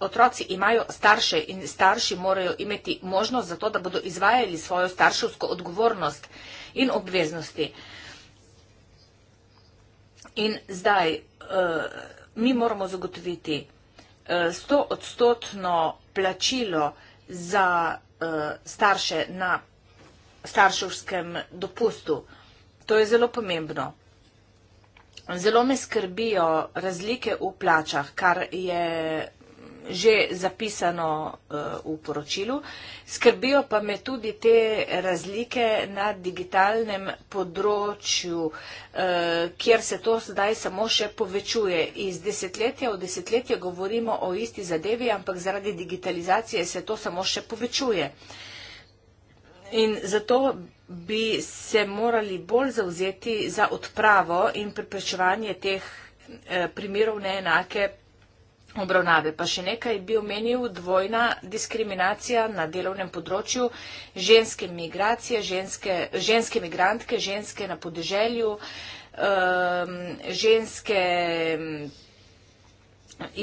otroci imajo starše in starši morajo imeti možnost za to, da bodo izvajali svojo starševsko odgovornost in obveznosti. In zdaj, uh, mi moramo zagotoviti sto odstotno plačilo za eh, starše na starševskem dopustu. To je zelo pomembno. Zelo me skrbijo razlike v plačah, kar je že zapisano uh, v poročilu. Skrbijo pa me tudi te razlike na digitalnem področju, uh, kjer se to zdaj samo še povečuje. Iz desetletja v desetletje govorimo o isti zadevi, ampak zaradi digitalizacije se to samo še povečuje. In zato bi se morali bolj zauzeti za odpravo in preprečevanje teh eh, primerov neenake obravnave. Pa še nekaj bi omenil, dvojna diskriminacija na delovnem področju, ženske migracije, ženske, ženske migrantke, ženske na podeželju, um, ženske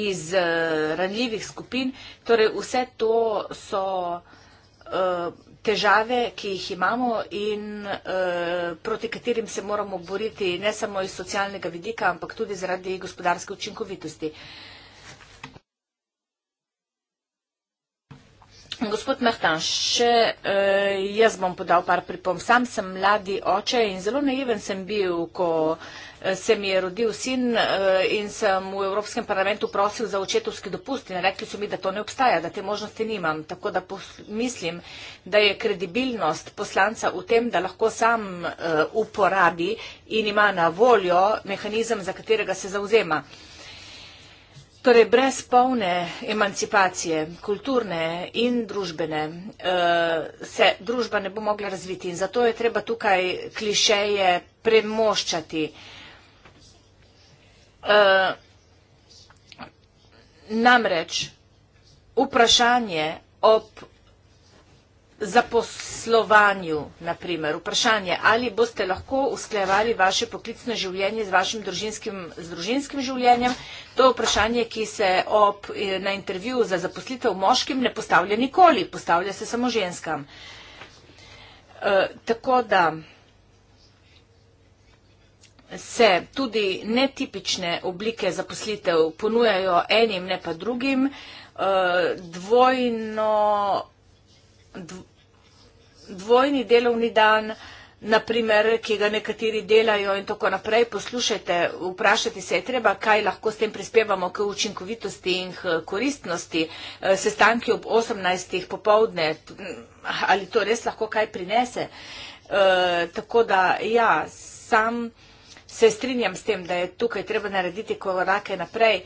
iz uh, ranljivih skupin. Torej, vse to so uh, težave, ki jih imamo in uh, proti katerim se moramo boriti ne samo iz socialnega vidika, ampak tudi zaradi gospodarske učinkovitosti. Uh, Gospod Martan, še eh, jaz bom podal par pripom. Sam sem mladi oče in zelo naiven sem bil, ko eh, se mi je rodil sin eh, in sem v Evropskem parlamentu prosil za očetovski dopust in rekli so mi, da to ne obstaja, da te možnosti nimam. Tako da mislim, da je kredibilnost poslanca v tem, da lahko sam eh, uporabi in ima na voljo mehanizem, za katerega se zauzema. Eh, Torej, brez polne emancipacije, kulturne in družbene, eh, se družba ne bo mogla razviti in zato je treba tukaj klišeje premoščati. Eh, namreč, vprašanje ob zaposlovanju, naprimer, vprašanje, ali boste lahko usklejevali vaše poklicno življenje z vašim družinskim življenjem, To je vprašanje, ki se ob, eh, na intervju za zaposlitev moškim ne postavlja nikoli, postavlja se samo ženskam. E, tako da se tudi netipične oblike zaposlitev ponujajo enim, ne pa drugim. E, dvojno, dv, dvojni delovni dan naprimer, ki ga nekateri delajo in tako naprej, poslušajte, vprašajte se je treba, kaj lahko s tem prispevamo k učinkovitosti in k koristnosti. Eh, sestanki ob 18. popovdne, ali to res lahko kaj prinese. Uh, tako da, ja, sam se strinjam s tem, da je tukaj treba narediti korake naprej,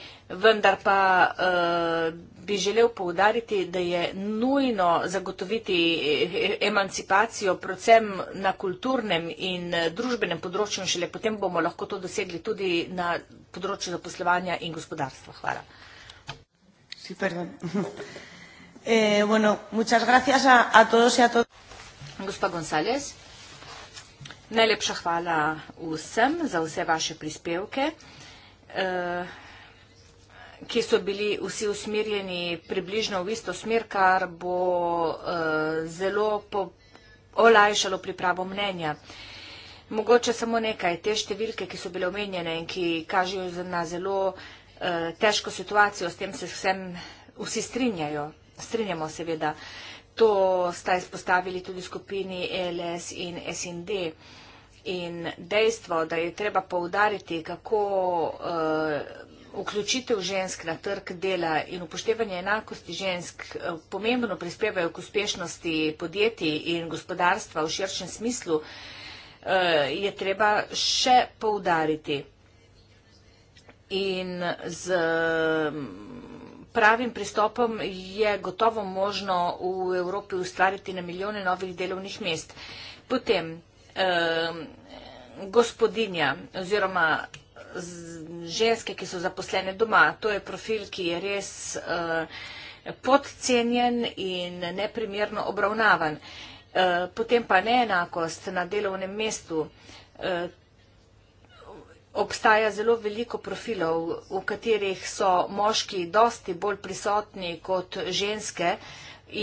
vendar pa eh, bi želel poudariti, da je nujno zagotoviti eh, emancipacijo predvsem na kulturnem in eh, družbenem področju in šele potem bomo lahko to dosegli tudi na področju zaposlovanja in gospodarstva. Hvala. (laughs) Gospa González. Najlepša hvala vsem za vse vaše prispevke, eh, ki so bili vsi usmerjeni približno v isto smer, kar bo eh, zelo olajšalo pripravo mnenja. Mogoče samo nekaj, te številke, ki so bile omenjene in ki kažejo na zelo eh, težko situacijo, s tem se vsem vsi strinjajo, strinjamo seveda. To sta izpostavili tudi skupini ELS in SND. In dejstvo, da je treba poudariti, kako uh, vključitev žensk na trg dela in upoštevanje enakosti žensk uh, pomembno prispevajo k uspešnosti podjetij in gospodarstva v širšem smislu, uh, je treba še poudariti. In z. Uh, pravim pristopom je gotovo možno v Evropi ustvariti na milijone novih delovnih mest. Potem eh, gospodinja oziroma ženske, ki so zaposlene doma, to je profil, ki je res eh, podcenjen in neprimerno obravnavan. Eh, potem pa neenakost na delovnem mestu. Eh, obstaja zelo veliko profilov, v katerih so moški dosti bolj prisotni kot ženske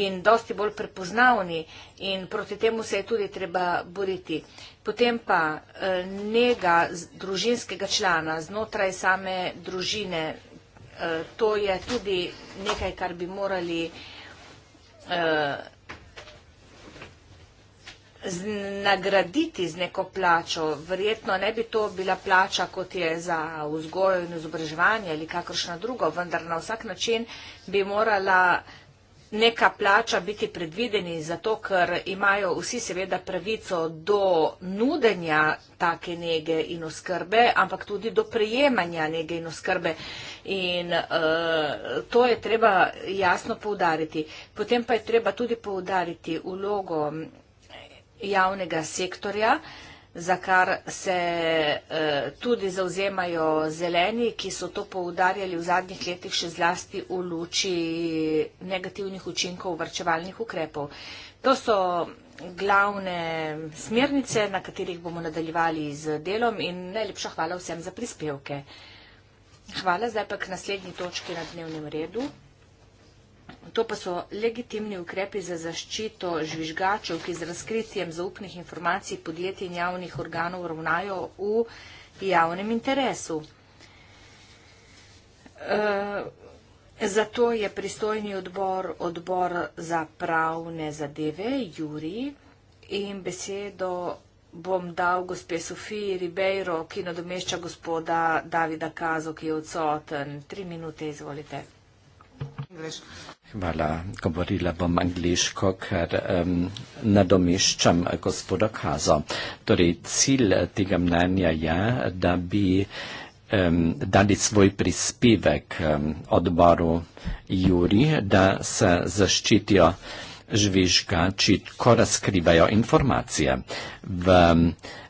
in dosti bolj prepoznavni in proti temu se je tudi treba boriti. Potem pa eh, njega družinskega člana znotraj same družine, eh, to je tudi nekaj, kar bi morali eh, z, nagraditi z neko plačo. Verjetno ne bi to bila plača, kot je za vzgojo in izobraževanje ali kakršna druga, vendar na vsak način bi morala neka plača biti predvideni, zato ker imajo vsi seveda pravico do nudenja take nege in oskrbe, ampak tudi do prejemanja nege in oskrbe. In uh, to je treba jasno poudariti. Potem pa je treba tudi poudariti vlogo javnega sektorja, za kar se eh, tudi zauzemajo zeleni, ki so to poudarjali v zadnjih letih še zlasti v luči negativnih učinkov vrčevalnih ukrepov. To so glavne smernice, na katerih bomo nadaljevali z delom in najlepša hvala vsem za prispevke. Hvala zdaj pa k naslednji točki na dnevnem redu. To pa so legitimni ukrepi za zaščito žvižgačev, ki z razkritjem zaupnih informacij podjetij in javnih organov ravnajo v javnem interesu. E, zato je pristojni odbor odbor za pravne zadeve, Juri, in besedo bom dal gospe Sofiji Ribeiro, ki nadomešča gospoda Davida Kazo, ki je odsoten. Tri minute, izvolite. Greš. Hvala, govorila bom angliško, ker um, nadomeščam gospodo Kazo. Torej, cilj tega mnenja je, da bi um, dali svoj prispevek um, odboru Juri, da se zaščitijo žvižga, či ko razkrivajo informacije. V um,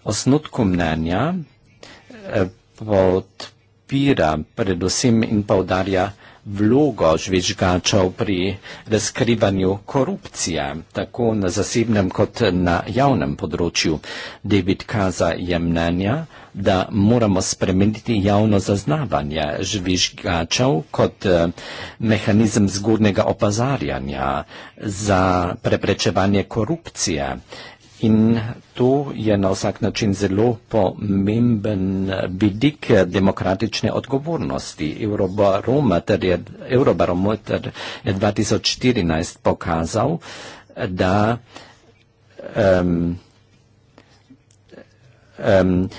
osnutku mnenja uh, podpira predvsem in povdarja, vlogo žvižgačev pri razkrivanju korupcije, tako na zasebnem kot na javnem področju. David Kaza je mnenja, da moramo spremeniti javno zaznavanje žvižgačev kot eh, mehanizem zgodnega opazarjanja za preprečevanje korupcije. In to je na vsak način zelo pomemben vidik demokratične odgovornosti. Eurobarometer je, Eurobarometer je 2014 pokazal, da um, um,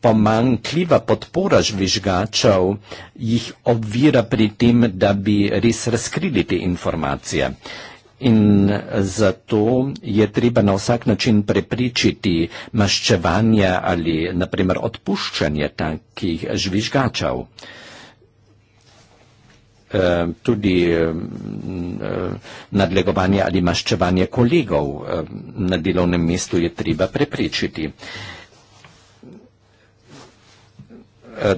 pomankljiva podpora žvižgačev jih ovira pri tem, da bi res razkrili te informacije. Uh, In zato je treba na vsak način prepričiti maščevanje ali naprimer odpuščanje takih žvižgačev. E, tudi e, e, nadlegovanje ali maščevanje kolegov na delovnem mestu je treba prepričiti.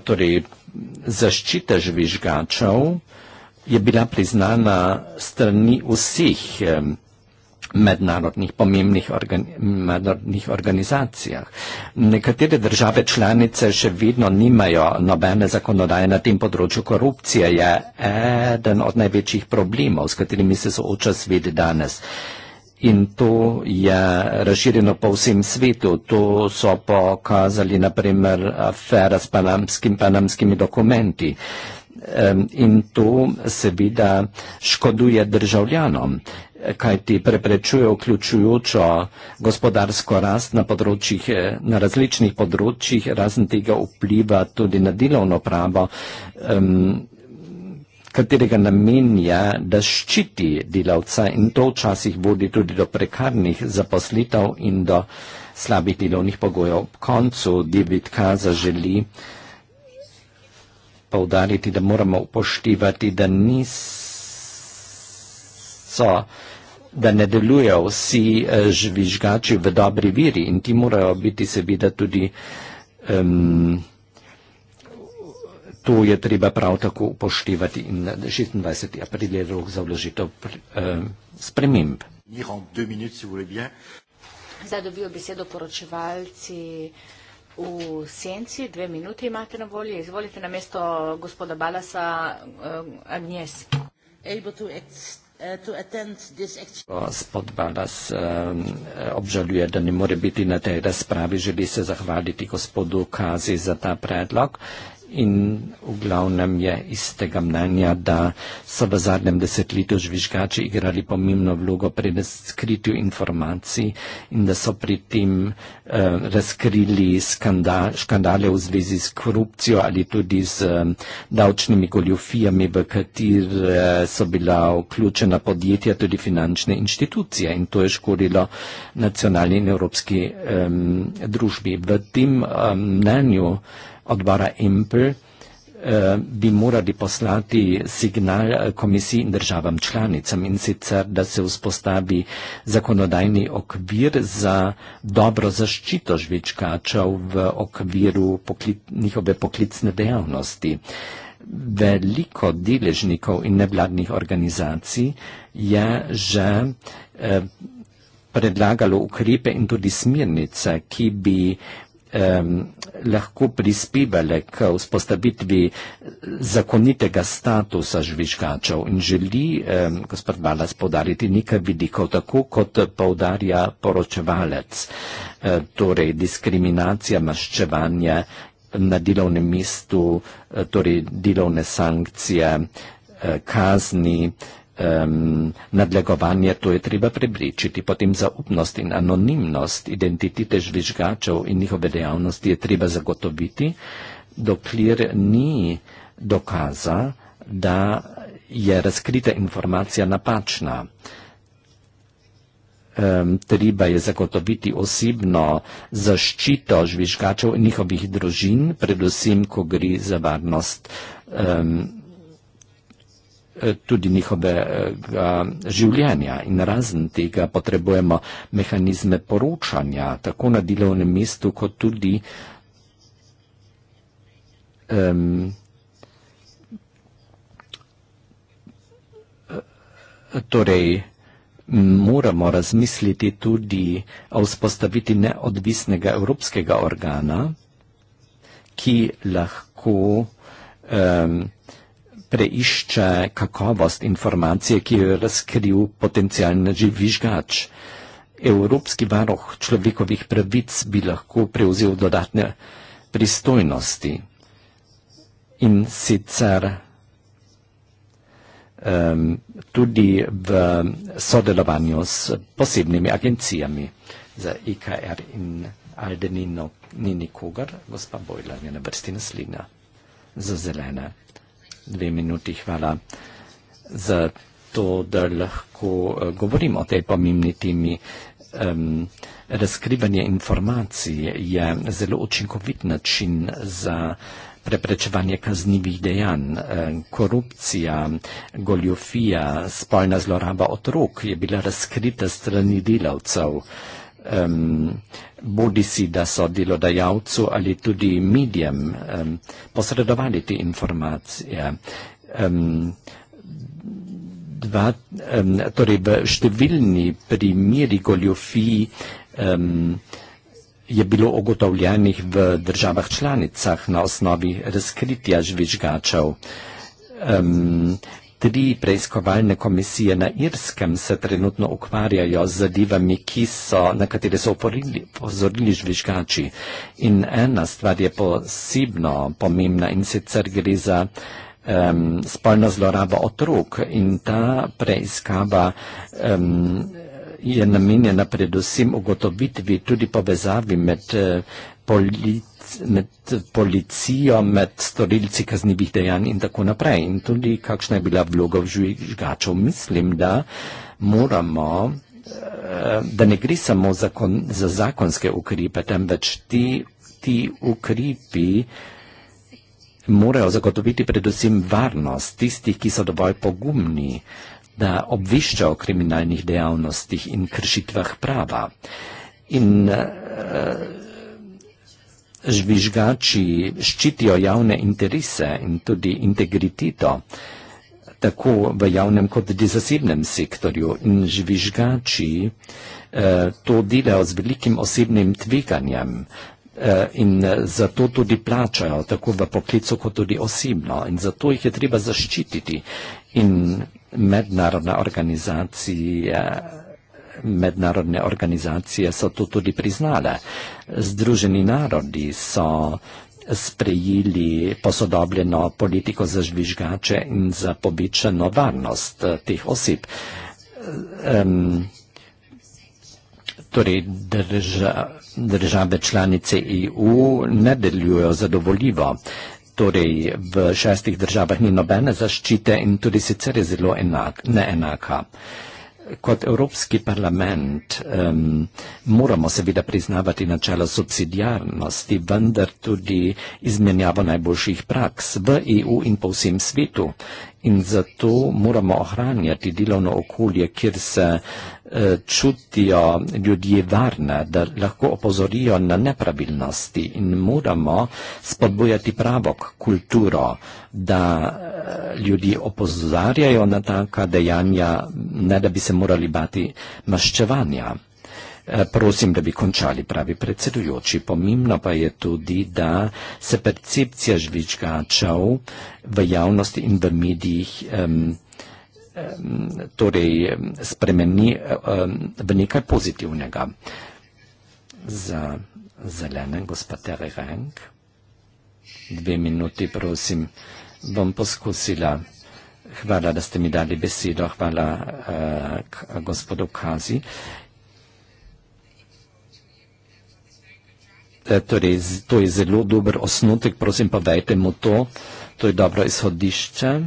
Torej, zaščita žvižgačev je bila priznana strani vseh mednarodnih pomembnih organi mednarodnih organizacijah. Nekatere države članice še vedno nimajo nobene zakonodaje na tem področju. Korupcija je eden od največjih problemov, s katerimi se sooča svet danes. In to je razširjeno po vsem svetu. To so pokazali naprimer afera s panamskim, panamskimi dokumenti in to seveda škoduje državljanom, kaj ti preprečuje vključujočo gospodarsko rast na, eh, na različnih področjih, razen tega vpliva tudi na delovno pravo, katerega namen je, da ščiti delavca in to včasih vodi tudi do prekarnih zaposlitev in do slabih delovnih pogojev. Ob koncu David Kaza želi, poudariti, da moramo upoštevati, da niso, da ne delujejo vsi eh, žvižgači v dobri viri in ti morajo biti seveda tudi, um, to je treba prav tako upoštevati in 26. april je rok za vložitev um, sprememb. Zdaj dobijo besedo poročevalci. V senci dve minute imate na volje. Izvolite na mesto gospoda Balasa eh, Agnes. Eh, Gospod Balas eh, obžaluje, da ne more biti na tej razpravi. Želi se zahvaliti gospodu Kazi za ta predlog. In v glavnem je iz tega mnenja, da so v zadnjem desetletju žvižgači igrali pomembno vlogo pri skritju informacij in da so pri tem Eh, razkrili skandal, škandale v zvezi s korupcijo ali tudi z eh, davčnimi goljofijami, v katere eh, so bila vključena podjetja, tudi finančne inštitucije in to je škodilo nacionalni in evropski um, družbi. V tem mnenju um, odbora Impel Eh, bi morali poslati signal komisiji in državam članicam in sicer, da se vzpostavi zakonodajni okvir za dobro zaščito žvečkačev v okviru pokli njihove poklicne dejavnosti. Veliko deležnikov in nevladnih organizacij je že eh, predlagalo ukrepe in tudi smirnice, ki bi lahko prispevale k vzpostavitvi zakonitega statusa žvižgačev in želi, eh, gospod Balas, podariti nekaj vidikov, tako kot povdarja poročevalec, eh, torej diskriminacija, maščevanje na delovnem mestu, eh, torej delovne sankcije, eh, kazni. Eh, Um, nadlegovanje tu je treba prepričiti, potem zaupnost in anonimnost identitete žvižgačev in njihove dejavnosti je treba zagotoviti, dokler ni dokaza, da je razkrita informacija napačna. Um, treba je zagotoviti osebno zaščito žvižgačev in njihovih družin, predvsem, ko gre za varnost. Um, Eh, tudi njihovega eh, življenja in razen tega potrebujemo mehanizme poročanja tako na delovnem mestu kot tudi um, torej moramo razmisliti tudi o vzpostaviti neodvisnega evropskega organa, ki lahko um, preišče kakovost informacije, ki jo je razkril potencijalni žvižgač. Evropski varoh človekovih pravic bi lahko prevzel dodatne pristojnosti in sicer um, tudi v sodelovanju s posebnimi agencijami za IKR in Aldenino. Ni nikogar, gospa Bojla, je na vrsti naslednja za zelene dve minuti, hvala za to, da lahko uh, eh, govorim o tej pomembni temi. Um, razkrivanje informacij je zelo učinkovit način za preprečevanje kaznivih dejanj. Korupcija, goljofija, spolna zloraba otrok je bila razkrita strani delavcev um, bodi si da so delodajalcu ali tudi medijem um, posredovali te informacije. Um, dva, um, torej v številni primeri goljofij um, je bilo ogotovljenih v državah članicah na osnovi razkritja žvižgačev. Um, Tri preiskovalne komisije na Irskem se trenutno ukvarjajo z zadevami, na katere so opozorili žvižgači. In ena stvar je posebno pomembna in sicer gre za um, spolno zlorabo otrok in ta preiskava. Um, je namenjena predvsem ugotovitvi tudi povezavi med eh, politi med policijo, med storilci kaznjivih dejanj in tako naprej. In tudi kakšna je bila vloga žvižgačev. Mislim, da moramo, eh, da ne gre samo zakon, za zakonske ukrepe, temveč ti, ti ukrepi morajo zagotoviti predvsem varnost tistih, ki so dovolj pogumni, da obvešča o kriminalnih dejavnostih in kršitvah prava. In uh, žvižgači ščitijo javne interese in tudi integriteto, tako v javnem kot tudi zasebnem sektorju. In žvižgači eh, to delajo z velikim osebnim tveganjem eh, in eh, zato tudi plačajo, tako v poklicu kot tudi osebno. In zato jih je treba zaščititi. In mednarodna organizacija. Eh, mednarodne organizacije so to tudi priznale. Združeni narodi so sprejeli posodobljeno politiko za žvižgače in za pobičeno varnost eh, teh oseb. Um, torej drža, države članice EU ne delujejo zadovoljivo. Torej v šestih državah ni nobene zaščite in tudi sicer je zelo enak, neenaka kot Evropski parlament um, moramo seveda priznavati načelo subsidijarnosti, vendar tudi izmenjavo najboljših praks v EU in po vsem svetu. In zato moramo ohranjati delovno okolje, kjer se eh, čutijo ljudje varne, da lahko opozorijo na nepravilnosti in moramo spodbojati pravo kulturo, da eh, ljudje opozarjajo na taka dejanja, ne da bi se morali bati maščevanja. Eh, prosim, da bi končali, pravi predsedujoči. Pomembno pa je tudi, da se percepcija žvižgačev v javnosti in v medijih um, torej spremeni um, v nekaj pozitivnega. Za zelene, gospod Rehenk, dve minuti, prosim, bom poskusila. Hvala, da ste mi dali besedo, hvala uh, gospodu Kazi. Uh, Eh, torej, to je zelo dober osnutek, prosim pa dajte mu to, to je dobro izhodišče.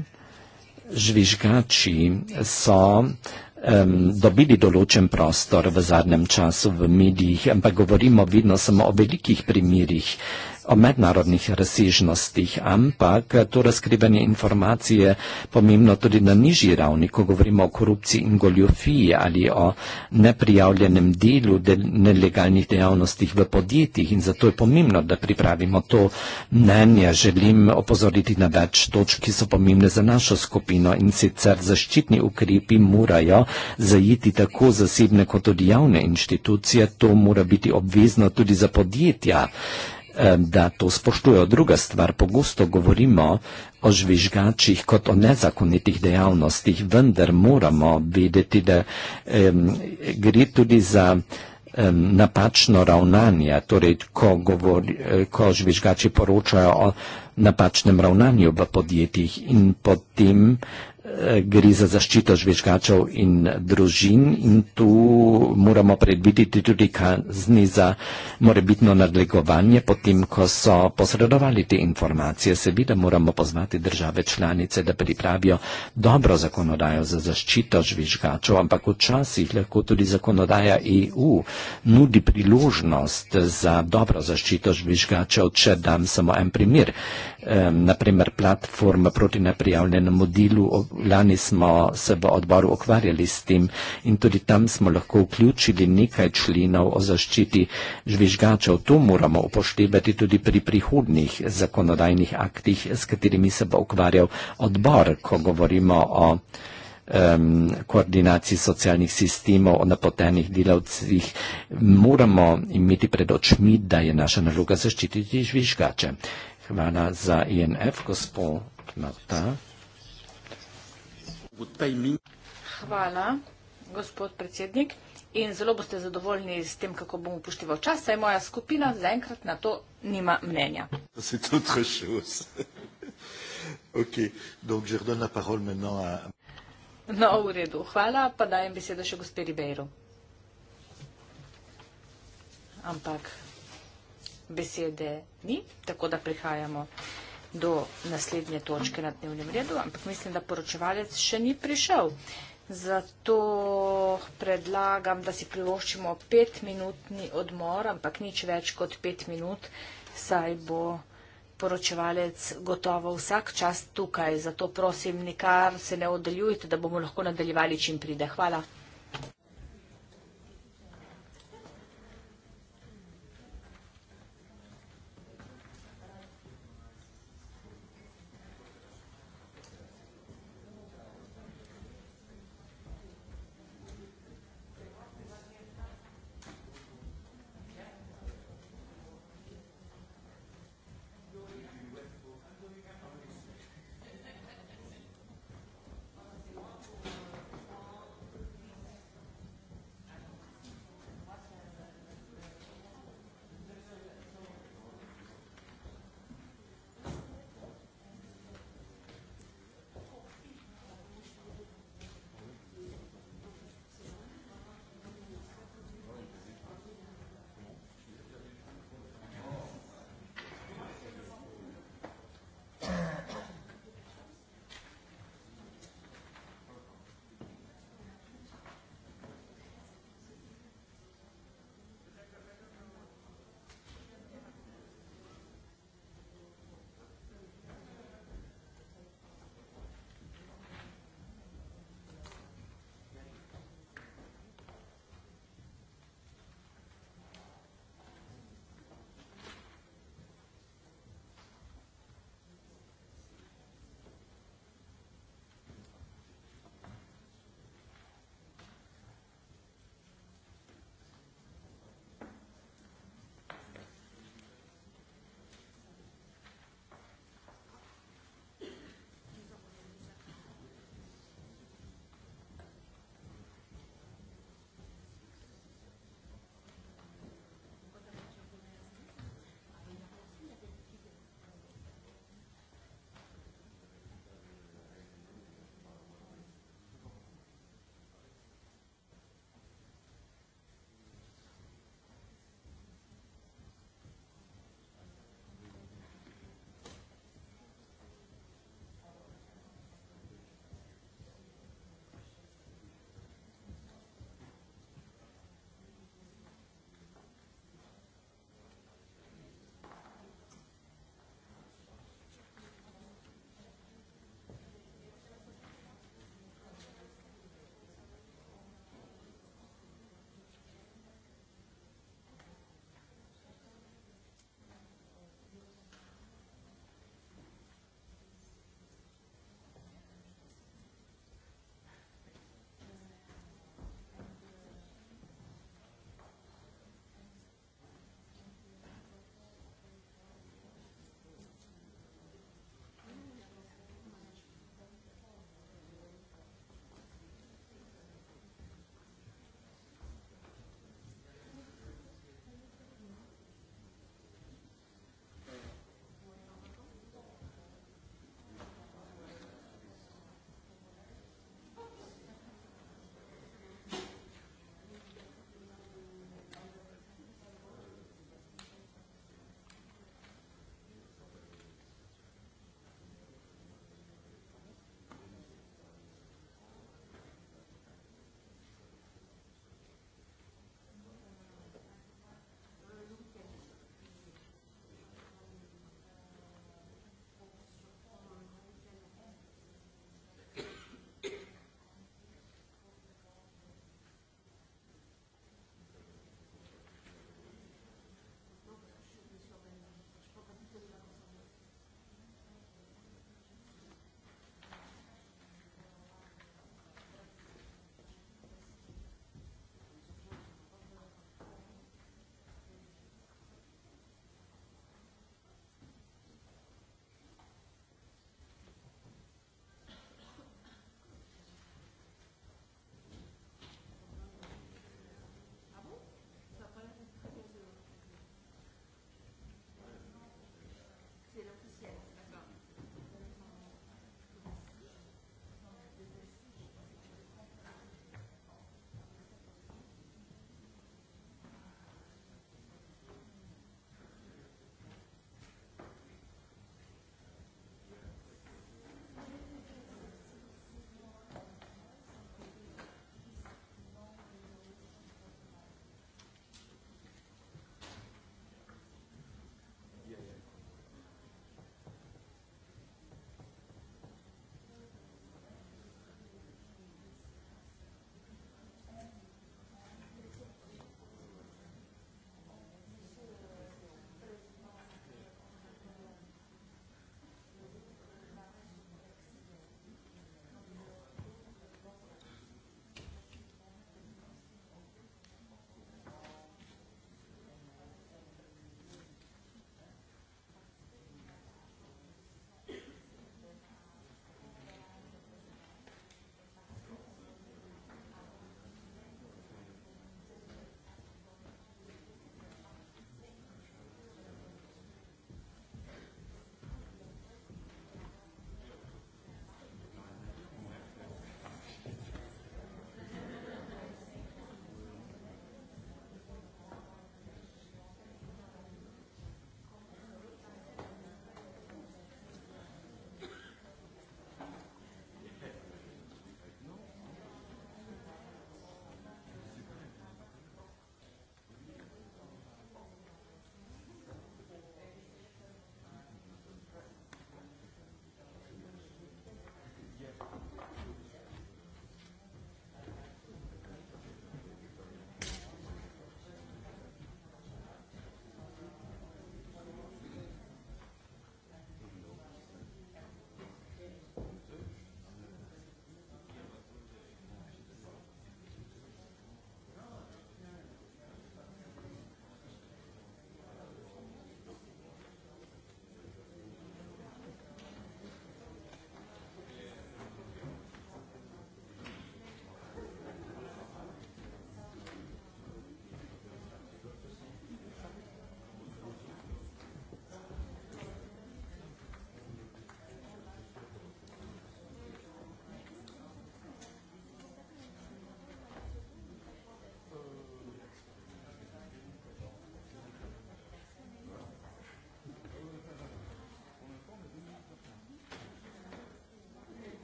Žvižgači so um, dobili določen prostor v zadnjem času v medijih, ampak govorimo vedno samo o velikih primerjih o mednarodnih razsežnostih, ampak to razkrivanje informacije pomembno tudi na nižji ravni, ko govorimo o korupciji in goljofiji ali o neprijavljenem delu del nelegalnih dejavnostih v podjetjih in zato je pomembno, da pripravimo to mnenje. Želim opozoriti na več točk, ki so pomembne za našo skupino in sicer zaščitni ukrepi morajo zajeti tako zasebne kot tudi javne institucije, to mora biti obvezno tudi za podjetja da to spoštujejo. Druga stvar, pogosto govorimo o žvižgačih kot o nezakonitih dejavnostih, vendar moramo videti, da um, gre tudi za um, napačno ravnanje, torej ko, govori, eh, ko žvižgači poročajo o napačnem ravnanju v podjetjih in potem Eh, gre za zaščito žvečkačev in družin in tu moramo predbiti tudi kazni za morebitno nadlegovanje, potem ko so posredovali te informacije. Seveda moramo pozvati države članice, da pripravijo dobro zakonodajo za zaščito žvečkačev, ampak včasih lahko tudi zakonodaja EU nudi priložnost za dobro zaščito žvečkačev, če dam samo en primer eh, naprimer platform proti neprijavljenemu delu. Lani smo se v odboru okvarjali s tem in tudi tam smo lahko vključili nekaj členov o zaščiti žvižgačev. To moramo upoštevati tudi pri prihodnih zakonodajnih aktih, s katerimi se bo ukvarjal odbor, ko govorimo o koordinaciji socialnih sistemov, o napotenih delavcih, moramo imeti pred očmi, da je naša naloga zaščititi žvižgače. Hvala za INF, e gospod Marta. Hvala, gospod predsednik. In zelo boste zadovoljni s tem, kako bom upošteval čas, saj moja skupina zaenkrat na to nima mnenja. To se tudi rešil. (laughs) ok, dok že na parol me no. A... No, v redu. Hvala, pa dajem besedo še gospe Ribeiro. Ampak besede ni, tako da prihajamo do naslednje točke na dnevnem redu, ampak mislim, da poročevalec še ni prišel. Zato predlagam, da si privoščimo petminutni odmor, ampak nič več kot pet minut, saj bo poročevalec gotovo vsak čas tukaj. Zato prosim, nikar se ne oddaljujte, da bomo lahko nadaljevali, čim pride. Hvala.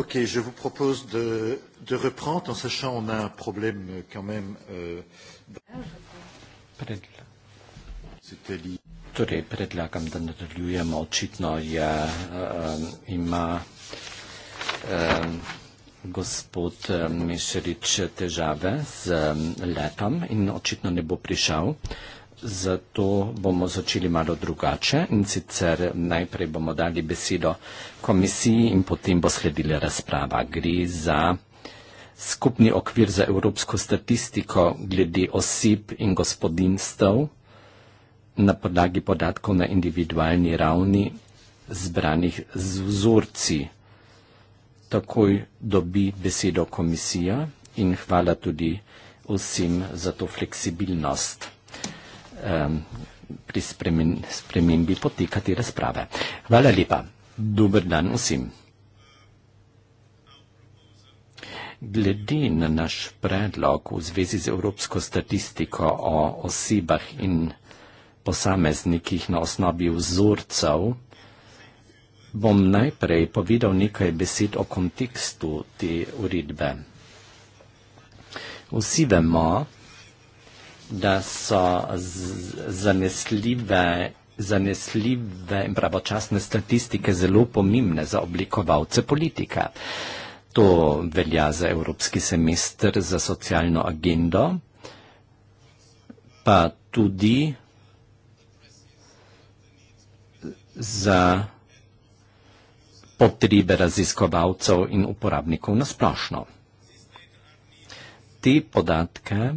Ok, je vous propose de, de reprendre en sachant qu'on a un problème euh, quand même. Euh, Torej, predlagam, da nadaljujemo. Očitno je, um, ima um, gospod Mišerič um, težave z um, letom in očitno ne bo prišel zato bomo začeli malo drugače in sicer najprej bomo dali besedo komisiji in potem bo sledila razprava. Gre za skupni okvir za evropsko statistiko glede oseb in gospodinstv na podlagi podatkov na individualni ravni zbranih z vzorci. Takoj dobi besedo komisija in hvala tudi vsem za to fleksibilnost um, pri spremen, spremenbi potekati razprave. Hvala lepa. Dober dan vsem. Glede na naš predlog v zvezi z evropsko statistiko o osebah in posameznikih na osnovi vzorcev, bom najprej povedal nekaj besed o kontekstu te uredbe. Vsi vemo, da so zanesljive, zanesljive in pravočasne statistike zelo pomembne za oblikovalce politike. To velja za evropski semester, za socialno agendo, pa tudi za potrebe raziskovalcev in uporabnikov na splošno. Te podatke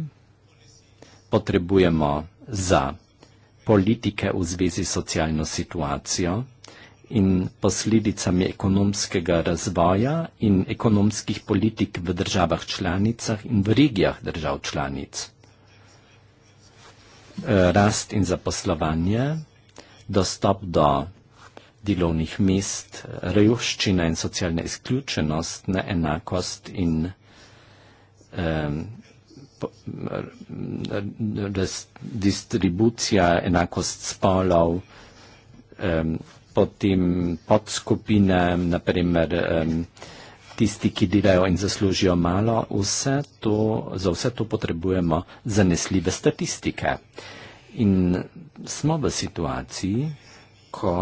potrebujemo za politike v zvezi s socialno situacijo in posledicami ekonomskega razvoja in ekonomskih politik v državah članicah in v regijah držav članic. E, rast in zaposlovanje, dostop do delovnih mest, revščina in socialna izključenost, neenakost in um, distribucija enakost spolov, um, potem podskupine, naprimer um, tisti, ki delajo in zaslužijo malo, vse to, za vse to potrebujemo zanesljive statistike. In smo v situaciji, ko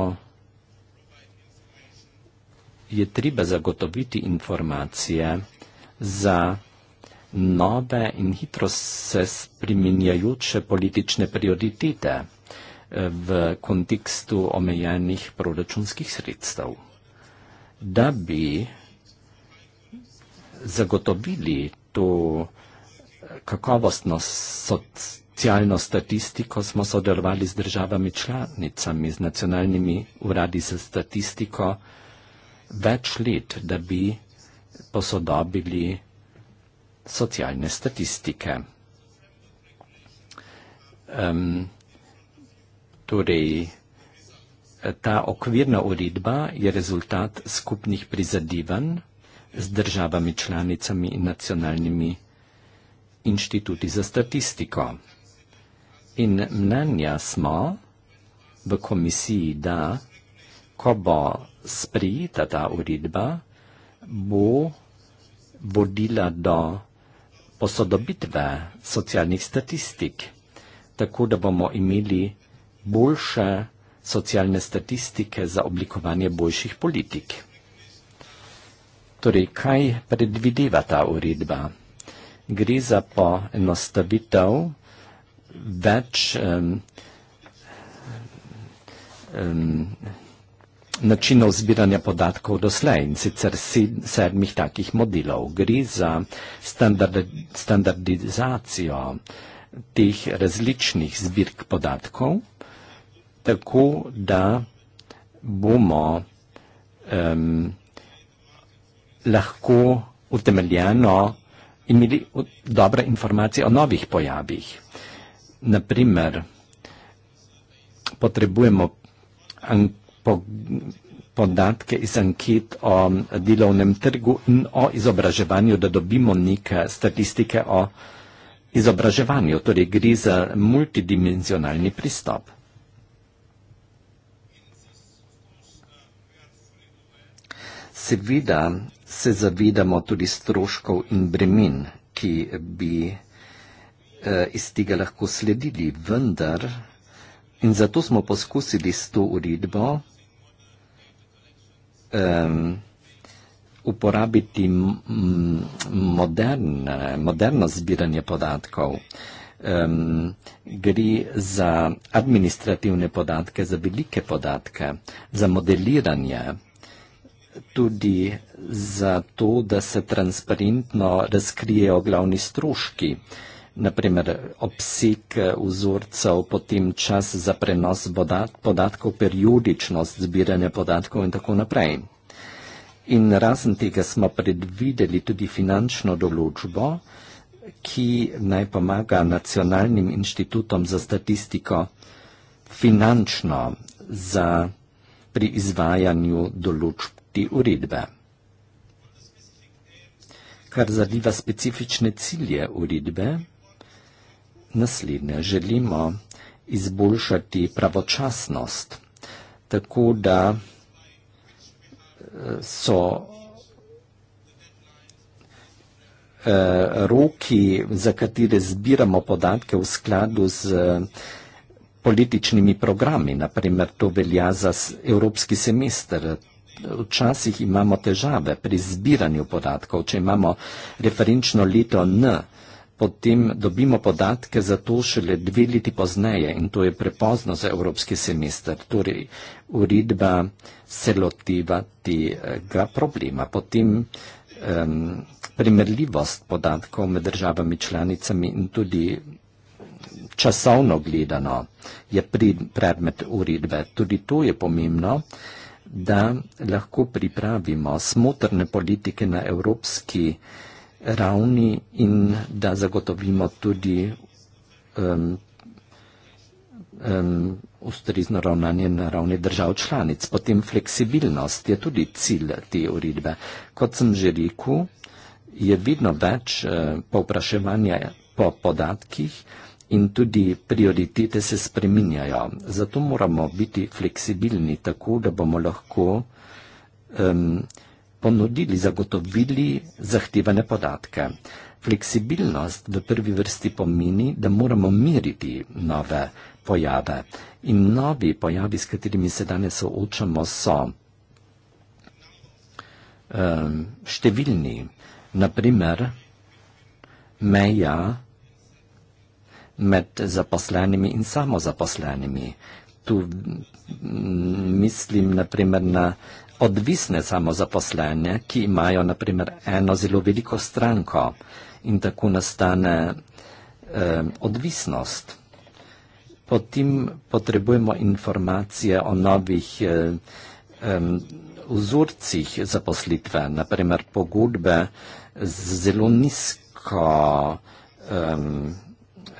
je treba zagotoviti informacije za nove in hitro se spreminjajoče politične prioritete eh, v kontekstu omejenih proračunskih sredstev. Da bi zagotovili to eh, kakovostno socialno statistiko, smo sodelovali z državami članicami, z nacionalnimi uradi za statistiko več let, da bi posodobili socialne statistike. Um, torej, ta okvirna uredba je rezultat skupnih prizadevanj z državami članicami in nacionalnimi inštituti za statistiko. In mnenja smo v komisiji, da ko bo sprejeta ta uredba, bo vodila do posodobitve socialnih statistik, tako da bomo imeli boljše socialne statistike za oblikovanje boljših politik. Torej, kaj predvideva ta uredba? Gre za poenostavitev več um, um, načinov zbiranja podatkov doslej in sicer sedmih takih modelov. Gre za standard, standardizacijo teh različnih zbirk podatkov, tako da bomo um, lahko utemeljeno imeli dobre informacije o novih pojavih. Naprimer, potrebujemo anketo, po, podatke iz anket o delovnem trgu in o izobraževanju, da dobimo neke statistike o izobraževanju. Torej gre za multidimenzionalni pristop. Seveda se zavedamo tudi stroškov in bremen, ki bi eh, iz tega lahko sledili, vendar in zato smo poskusili s to uredbo um, uporabiti moderne, moderno zbiranje podatkov. Um, gre za administrativne podatke, za velike podatke, za modeliranje, tudi za to, da se transparentno razkrijejo glavni stroški uh, naprimer obseg eh, vzorcev, potem čas za prenos podatkov, periodičnost zbiranja podatkov in tako naprej. In razen tega smo predvideli tudi finančno določbo, ki naj pomaga nacionalnim inštitutom za statistiko finančno za pri izvajanju določb te uredbe. Kar zadeva specifične cilje uredbe, naslednje. Želimo izboljšati pravočasnost, tako da eh, so eh, roki, za katere zbiramo podatke v skladu z eh, političnimi programi, naprimer to velja za evropski semester. Včasih imamo težave pri zbiranju podatkov, če imamo referenčno leto N, potem dobimo podatke za to šele dve leti pozneje in to je prepozno za evropski semester. Torej, uredba se lotiva tega problema. Potem um, primerljivost podatkov med državami članicami in tudi časovno gledano je predmet uredbe. Tudi to je pomembno, da lahko pripravimo smotrne politike na evropski semester ravni in da zagotovimo tudi um, um, ustrezno ravnanje na ravni držav članic. Potem fleksibilnost je tudi cilj te uredbe. Kot sem že rekel, je vedno več uh, povpraševanja po podatkih in tudi prioritete se spreminjajo. Zato moramo biti fleksibilni tako, da bomo lahko um, ponudili, zagotovili zahtevane podatke. Fleksibilnost v prvi vrsti pomeni, da moramo miriti nove pojave. In novi pojavi, s katerimi se danes soočamo, so ehm, številni. Naprimer, meja med zaposlenimi in samozaposlenimi. Tu mm, mislim naprimer na odvisne samozaposlene, ki imajo naprimer eno zelo veliko stranko in tako nastane eh, odvisnost. Potem potrebujemo informacije o novih eh, vzorcih zaposlitve, naprimer pogodbe z zelo nizko. Eh,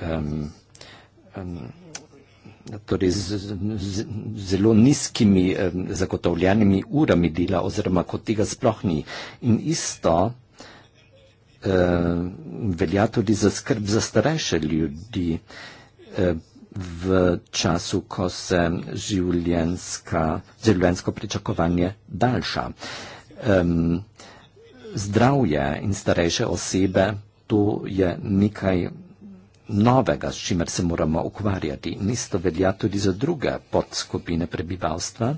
eh, eh, torej z, z, z zelo nizkimi eh, zagotovljenimi urami dela oziroma kot tega sploh ni. In isto eh, velja tudi za skrb za starejše ljudi eh, v času, ko se življenjsko pričakovanje daljša. Eh, zdravje in starejše osebe, to je nekaj novega, s čimer se moramo ukvarjati. Nisto velja tudi za druge podskupine prebivalstva,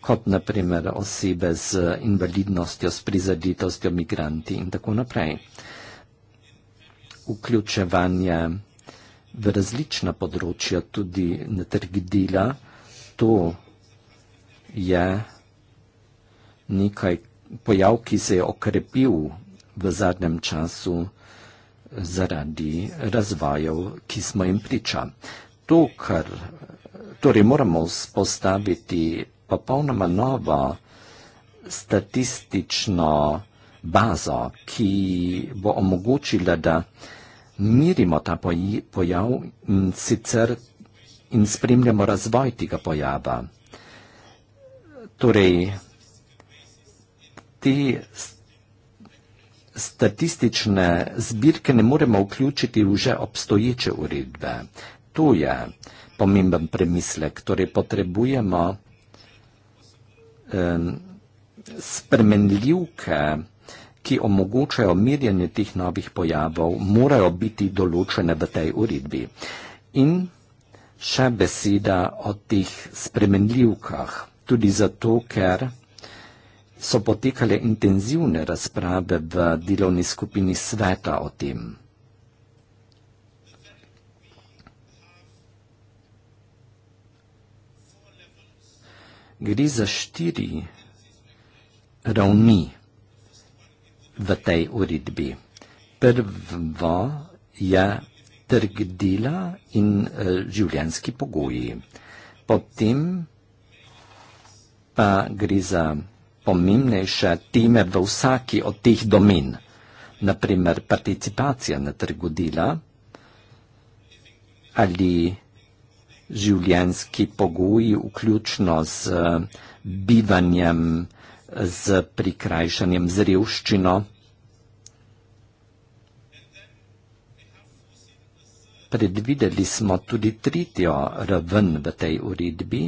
kot naprimer osebe z invalidnostjo, s prizaditostjo, migranti in tako naprej. Vključevanje v različna področja, tudi na trg dela, to je nekaj pojav, ki se je okrepil v zadnjem času zaradi razvajov, ki smo jim priča. To, kar torej moramo vzpostaviti popolnoma novo statistično bazo, ki bo omogočila, da mirimo ta pojav in sicer in spremljamo razvoj tega pojava. Torej, te statistične statistične zbirke ne moremo vključiti v že obstoječe uredbe. To je pomemben premislek, torej potrebujemo eh, spremenljivke, ki omogočajo merjanje teh novih pojavov, morajo biti določene v tej uredbi. In še beseda o teh spremenljivkah, tudi zato, ker so potekale intenzivne razprave v delovni skupini sveta o tem. Gre za štiri ravni v tej uredbi. Prvo je trg dela in eh, življenski pogoji. Potem pa gre za pomembnejše teme v vsaki od teh domen. Naprimer, participacija na trgu dela ali življenski pogoji, vključno z eh, bivanjem, z prikrajšanjem, z revščino. Predvideli smo tudi tretjo raven v tej uredbi.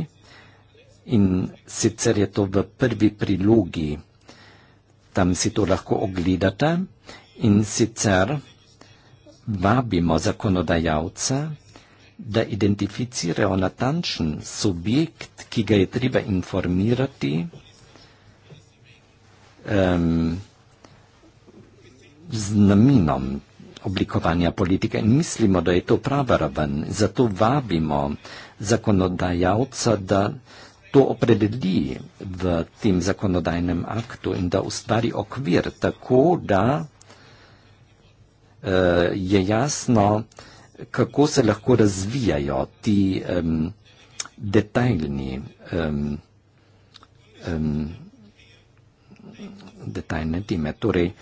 In sicer je to v prvi prilogi, tam si to lahko ogledate. In sicer vabimo zakonodajalca, da identificirajo natančen subjekt, ki ga je treba informirati um, z namenom oblikovanja politike. In mislimo, da je to prava raven. Zato vabimo zakonodajalca, da To opredeli v tem zakonodajnem aktu in da ustvari okvir tako, da uh, je jasno, kako se lahko razvijajo ti um, detaljni, um, um, detaljne time. Torej,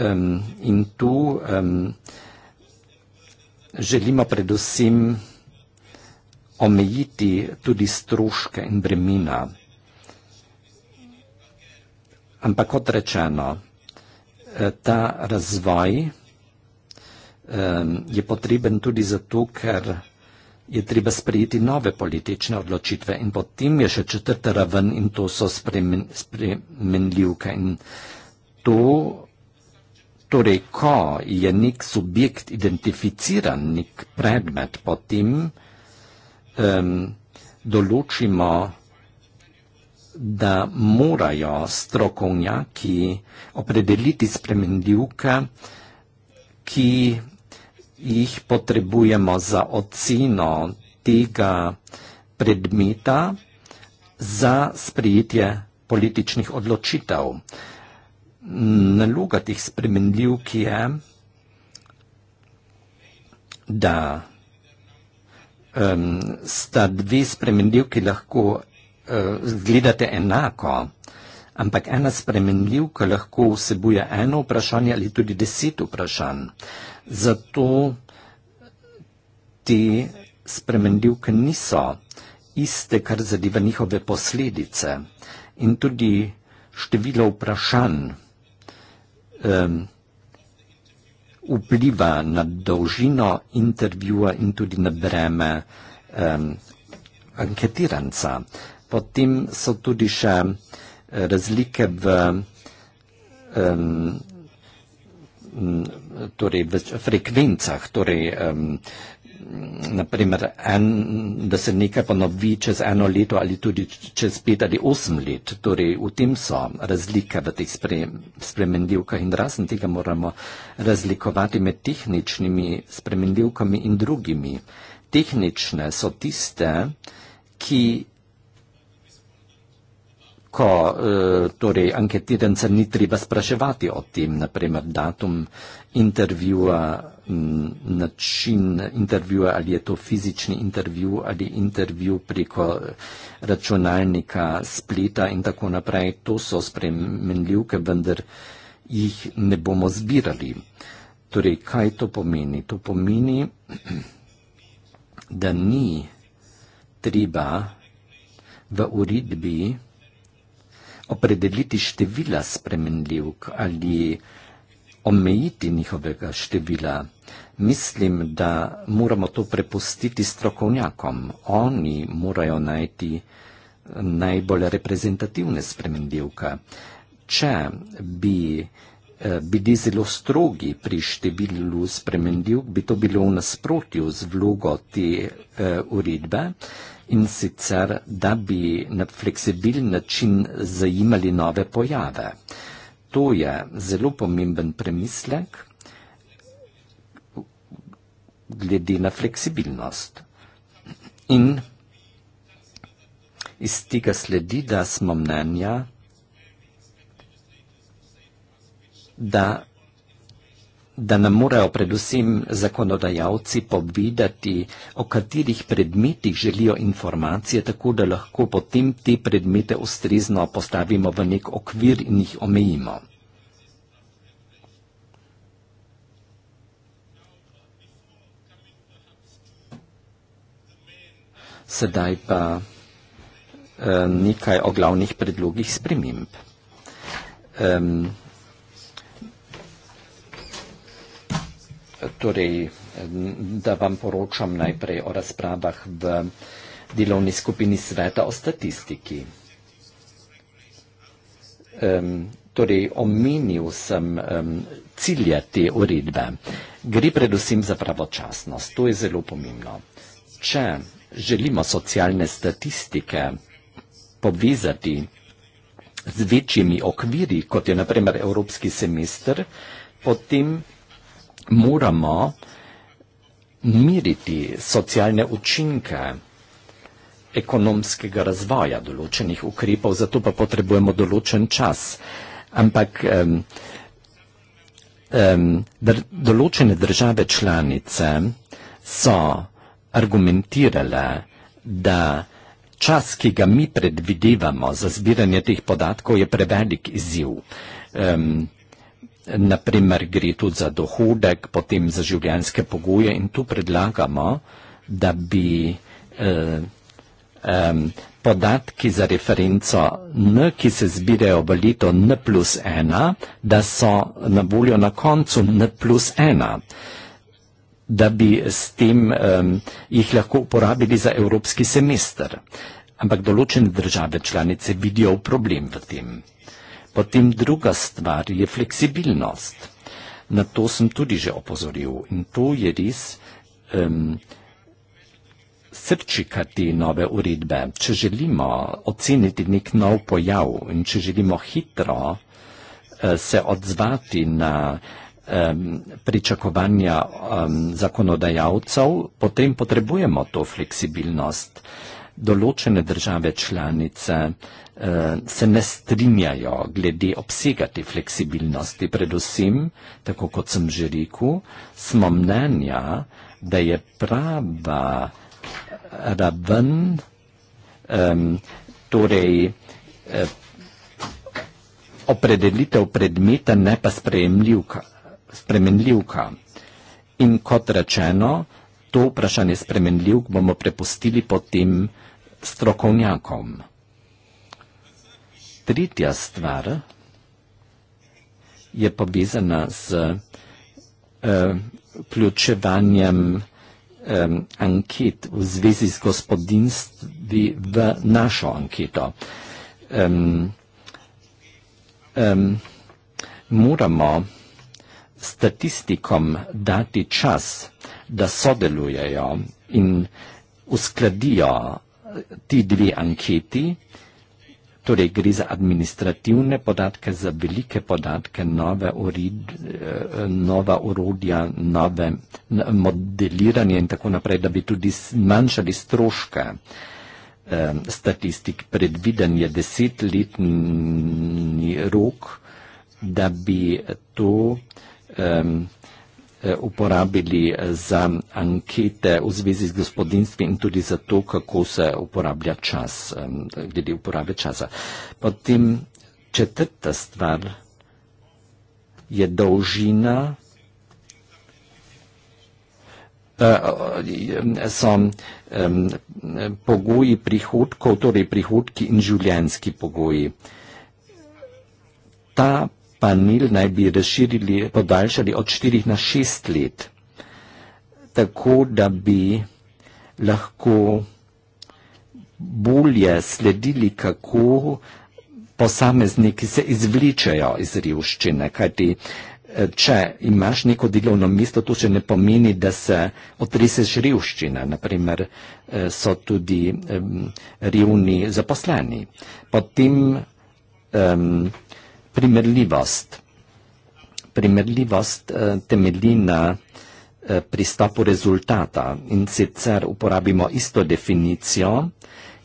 um, in tu um, želimo predvsem omejiti tudi stroške in bremena. Ampak kot rečeno, eh, ta razvoj eh, je potreben tudi zato, ker je treba sprejeti nove politične odločitve in potem je še četrta raven in to so spremen, spremenljivke. In to, torej, ko je nek subjekt identificiran, nek predmet, potem um, določimo, da morajo strokovnjaki opredeliti spremenljivke, ki jih potrebujemo za oceno tega predmeta za sprejetje političnih odločitev. Naloga teh spremenljivk je, da um, sta dve spremenljivki lahko izgledate eh, uh, enako, ampak ena spremenljivka lahko vsebuje eno vprašanje ali tudi deset vprašanj. Zato te spremenljivke niso iste, kar zadeva njihove posledice. In tudi število vprašanj. Um, vpliva na dolžino intervjuja in tudi na breme um, anketiranca. Potem so tudi še eh, razlike v, um, torej v frekvencah, torej um, naprimer, en, da se nekaj ponovi čez eno leto ali tudi čez pet ali osem let. Torej, v tem so razlike v teh spre, spremenljivkah in razen tega moramo razlikovati med tehničnimi spremenljivkami in drugimi. Tehnične so tiste, ki ko eh, torej, anketirance ni treba spraševati o tem, naprimer datum intervjuja, način intervjuja, ali je to fizični intervju ali intervju preko računalnika, spleta in tako naprej. To so spremenljivke, vendar jih ne bomo zbirali. Torej, kaj to pomeni? To pomeni, (clears throat) da ni treba v uredbi opredeliti števila spremenljivk ali omejiti njihovega števila. Mislim, da moramo to prepustiti strokovnjakom. Oni morajo najti najbolj reprezentativne spremenljivke. Če bi eh, bili zelo strogi pri številu spremenljivk, bi to bilo v nasprotju z vlogo te eh, uredbe. Uh, in sicer, da bi na fleksibilen način zajimali nove pojave. To je zelo pomemben premislek glede na fleksibilnost. In iz tega sledi, da smo mnenja, da da nam morajo predvsem zakonodajalci povedati, o katerih predmetih želijo informacije, tako da lahko potem te predmete ustrezno postavimo v nek okvir in jih omejimo. Sedaj pa eh, nekaj o glavnih predlogih spremimb. Um, torej, da vam poročam najprej o razpravah v delovni skupini sveta o statistiki. Um, torej, omenil sem um, cilje te uredbe. Gre predvsem za pravočasnost. To je zelo pomembno. Če želimo socialne statistike povezati z večjimi okviri, kot je naprimer Evropski semester, potem moramo miriti socialne učinke ekonomskega razvoja določenih ukrepov, zato pa potrebujemo določen čas. Ampak um, um, dr določene države članice so argumentirale, da čas, ki ga mi predvidevamo za zbiranje teh podatkov, je prevelik izziv. Um, naprimer gre tudi za dohodek, potem za življenjske pogoje in tu predlagamo, da bi eh, eh, podatki za referenco N, ki se zbirajo v leto N plus 1, da so na voljo na koncu N plus 1 da bi s tem um, jih lahko uporabili za evropski semester. Ampak določene države članice vidijo problem v tem. Potem druga stvar je fleksibilnost. Na to sem tudi že opozoril in to je res um, srčika te nove uredbe. Če želimo oceniti nek nov pojav in če želimo hitro uh, se odzvati na um, pričakovanja um, zakonodajalcev, potem potrebujemo to fleksibilnost. Uh, določene države članice eh, se ne strinjajo glede obsega te fleksibilnosti. Predvsem, tako kot sem že rekel, smo mnenja, da je prava raven, eh, torej eh, opredelitev predmeta, ne pa spremenljivka. In kot rečeno, to vprašanje spremenljivk bomo prepustili potem eh, strokovnjakom. Tretja stvar je povezana z eh, vključevanjem eh, eh, anket v zvezi z gospodinstvi v našo anketo. Eh, eh, moramo statistikom dati čas, da sodelujejo in uskladijo ti dve anketi, torej gre za administrativne podatke, za velike podatke, nove orid, eh, nova urodja, nove modeliranje in tako naprej, da bi tudi manjšali stroške eh, statistik, predviden je desetletni rok, da bi to um, Eh, uporabili za ankete v zvezi z gospodinstvi in tudi za to, kako se uporablja čas, glede uporabe časa. Potem četrta stvar je dolžina. Eh, eh, so pogoji prihodkov, torej prihodki in življenski pogoji. Ta panel naj bi razširili, podaljšali od 4 na 6 let, tako da bi lahko bolje sledili, kako posamezniki se izvličajo iz revščine, kajti eh, če imaš neko delovno mesto, to še ne pomeni, da se otreseš revščine. Naprimer, eh, so tudi um, revni zaposleni. Potem um, primerljivost. Primerljivost eh, temelji na eh, pristopu rezultata in sicer uporabimo isto definicijo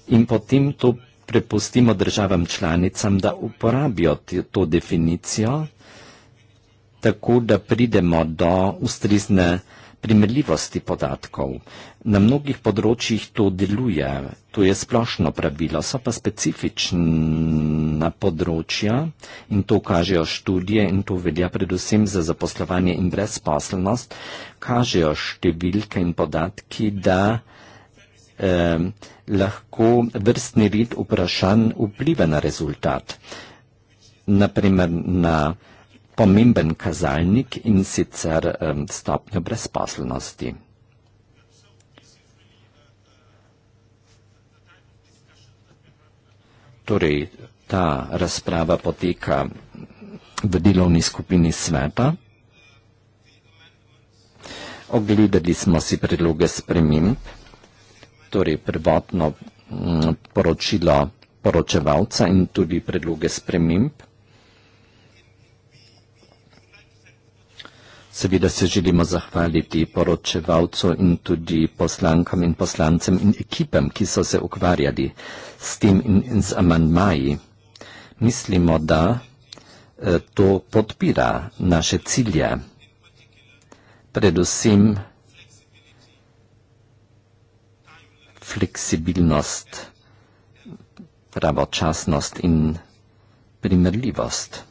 in potem to prepustimo državam članicam, da uporabijo to definicijo, tako da pridemo do ustrizne eh, primerljivosti podatkov. Na mnogih področjih to deluje, to je splošno pravilo, so pa specifična področja in to kažejo študije in to velja predvsem za zaposlovanje in brezposelnost, kažejo številke in podatki, da eh, lahko vrstni red vprašanj vpliva na rezultat. Naprimer na eh, pomemben kazalnik in sicer stopnjo brezposelnosti. Torej, ta razprava poteka v delovni skupini sveta. Ogledali smo si predloge sprememb, torej prvotno poročilo poročevalca in tudi predloge sprememb. Seveda se želimo zahvaliti poročevalcu in tudi poslankam in poslancem in ekipam, ki so se ukvarjali s tem in, in z amanmaji. Mislimo, da eh, to podpira naše cilje. Predvsem fleksibilnost, pravočasnost in primerljivost.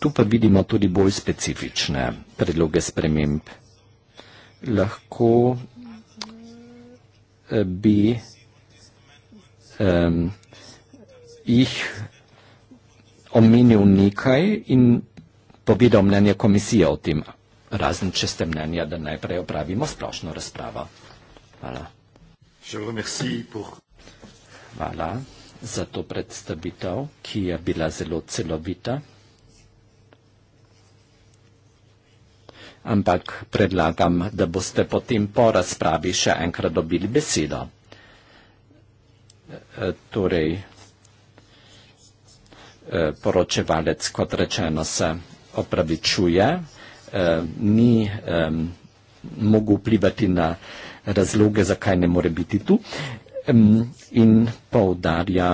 Tu pa vidimo tudi bolj specifične predloge sprememb. Lahko eh, bi um, jih omenil nekaj in povedal mnenje komisije o tem, razen če ste mnenja, da najprej opravimo splošno razpravo. Hvala. Hvala za to predstavitev, ki je bila zelo celovita. ampak predlagam, da boste potem po razpravi še enkrat dobili besedo. E, torej, e, poročevalec, kot rečeno, se opravičuje, e, ni mogel vplivati na razloge, zakaj ne more biti tu in poudarja,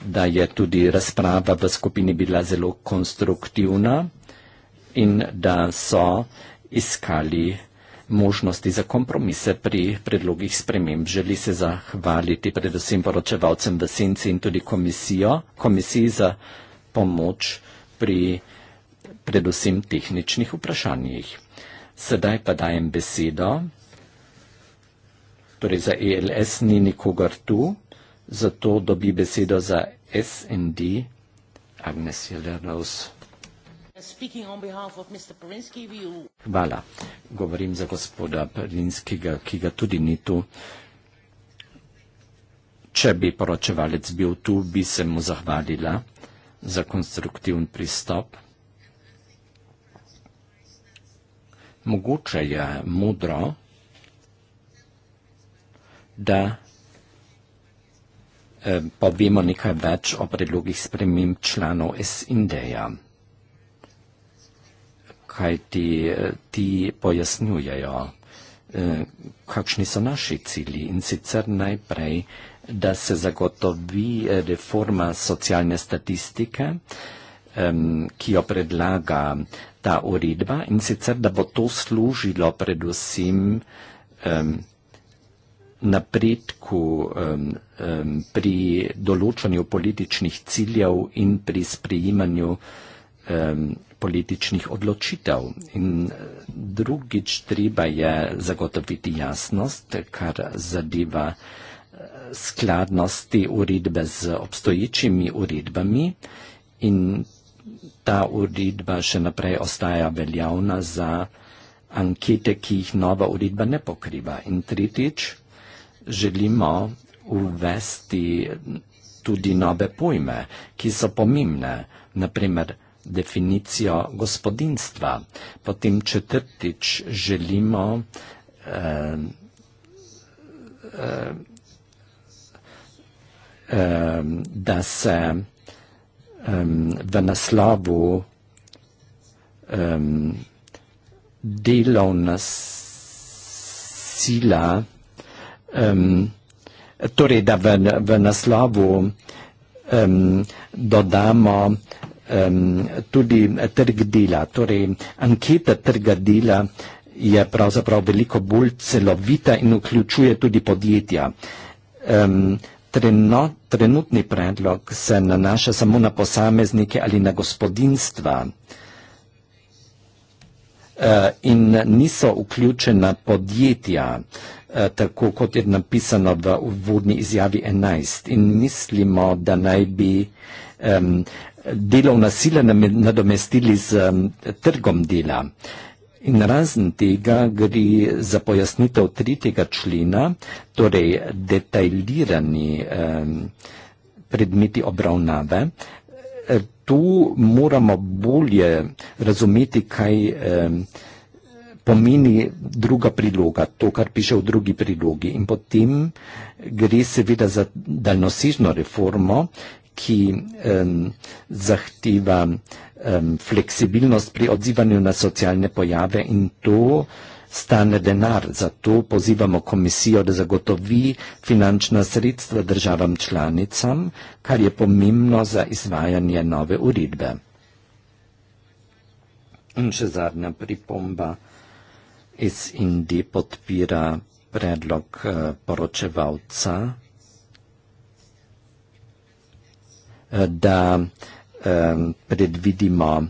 da je tudi razprava v skupini bila zelo konstruktivna in da so iskali možnosti za kompromise pri predlogih sprememb. Želi se zahvaliti predvsem poročevalcem v senci in tudi komisijo, komisiji za pomoč pri predvsem tehničnih vprašanjih. Sedaj pa dajem besedo, torej za ELS ni nikogar tu, zato dobi besedo za SND Agnes Jelerovs. Hvala. Govorim za gospoda Prinskega, ki ga tudi ni tu. Če bi poročevalec bil tu, bi se mu zahvalila za konstruktivn pristop. Mogoče je mudro, da eh, povemo nekaj več o predlogih spremem članov S in D-ja kaj ti, eh, ti pojasnjujejo, eh, kakšni so naši cilji in sicer najprej, da se zagotovi eh, reforma socialne statistike, ki jo predlaga ta uredba in sicer, da bo to služilo predvsem napredku pri določanju političnih ciljev in pri sprejemanju političnih odločitev. In eh, drugič, treba je zagotoviti jasnost, kar zadeva eh, skladnosti uredbe z obstoječimi uredbami in ta uredba še naprej ostaja veljavna za ankete, ki jih nova uredba ne pokriva. In tretjič, želimo uvesti tudi nove pojme, ki so pomembne, naprimer definicijo gospodinstva. Potem četrtič želimo eh, eh, eh, da se v naslovu delovna sila, torej da v naslovu dodamo um, tudi trg dela. Torej, anketa trga dela je pravzaprav veliko bolj celovita in vključuje tudi podjetja. Um, treno, trenutni predlog se nanaša samo na posameznike ali na gospodinstva uh, e, in niso vključena podjetja e, tako kot je napisano v uvodni izjavi 11. In mislimo, da naj bi um, delovna sila nadomestili z um, trgom dela. In razen tega gre za pojasnitev tretjega člena, torej detaljirani um, predmeti obravnave. Tu moramo bolje razumeti, kaj um, pomeni druga priloga, to, kar piše v drugi prilogi. In potem gre seveda za daljnosežno reformo, ki um, zahteva um, fleksibilnost pri odzivanju na socialne pojave in to stane denar. Zato pozivamo komisijo, da zagotovi finančna sredstva državam članicam, kar je pomembno za izvajanje nove uredbe. In še zadnja pripomba. SND podpira predlog eh, poročevalca. da um, predvidimo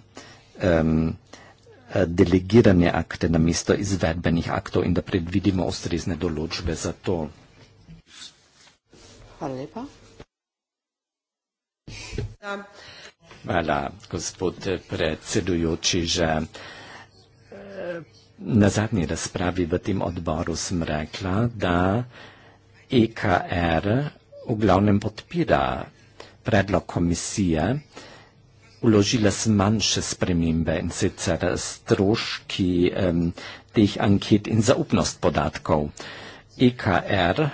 um, delegirane akte na mesto izvedbenih aktov in da predvidimo ustrezne določbe za to. Hvala lepa. Da. Hvala, gospod predsedujoči. Že eh, na zadnji razpravi v tem odboru sem rekla, da EKR v glavnem podpira predlog komisije. Uložile so manjše spremembe in sicer stroški um, teh anket in zaupnost podatkov. EKR er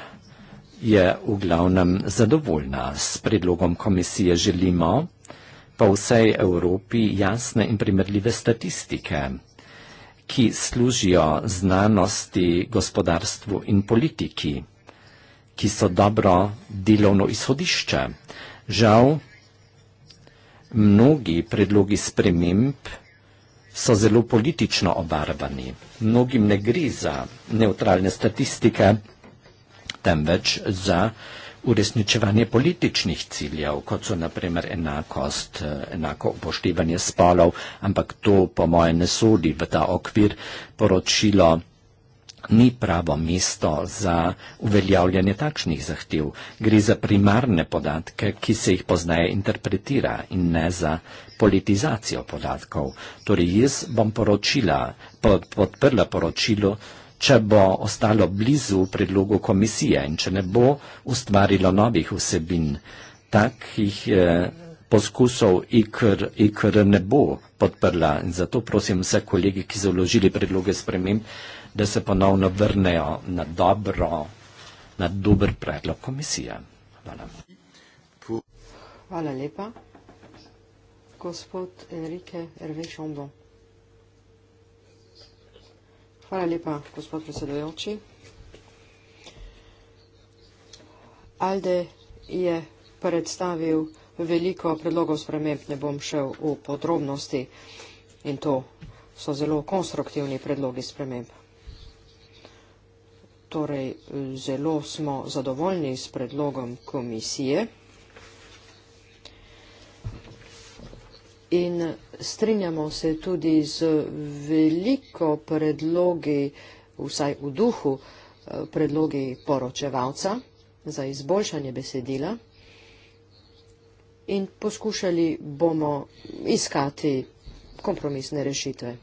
je v glavnem zadovoljna s predlogom komisije. Želimo po vsej Evropi jasne in primerljive statistike, ki služijo znanosti, gospodarstvu in politiki, ki so dobro delovno izhodišče. Žal, mnogi predlogi sprememb so zelo politično obarvani. Mnogim ne gre za neutralne statistike, temveč za uresničevanje političnih ciljev, kot so naprimer enakost, enako upoštevanje spolov, ampak to po moje ne sodi v ta okvir poročilo ni pravo mesto za uveljavljanje takšnih zahtev. Gre za primarne podatke, ki se jih poznaje interpretira in ne za politizacijo podatkov. Torej jaz bom poročila, podprla poročilo, če bo ostalo blizu predlogu komisije in če ne bo ustvarilo novih vsebin, takih eh, poskusov IKR, IKR ne bo podprla. In zato prosim vse kolegi, ki so vložili predloge spremem, da se ponovno vrnejo na dobro, na dober predlog komisije. Hvala. Hvala lepa. Gospod Enrique Ervešondo. Hvala lepa, gospod predsedujoči. Alde je predstavil veliko predlogov sprememb, ne bom šel v podrobnosti in to so zelo konstruktivni predlogi sprememb torej zelo smo zadovoljni s predlogom komisije in strinjamo se tudi z veliko predlogi, vsaj v duhu, eh, predlogi poročevalca za izboljšanje besedila in poskušali bomo iskati kompromisne rešitve.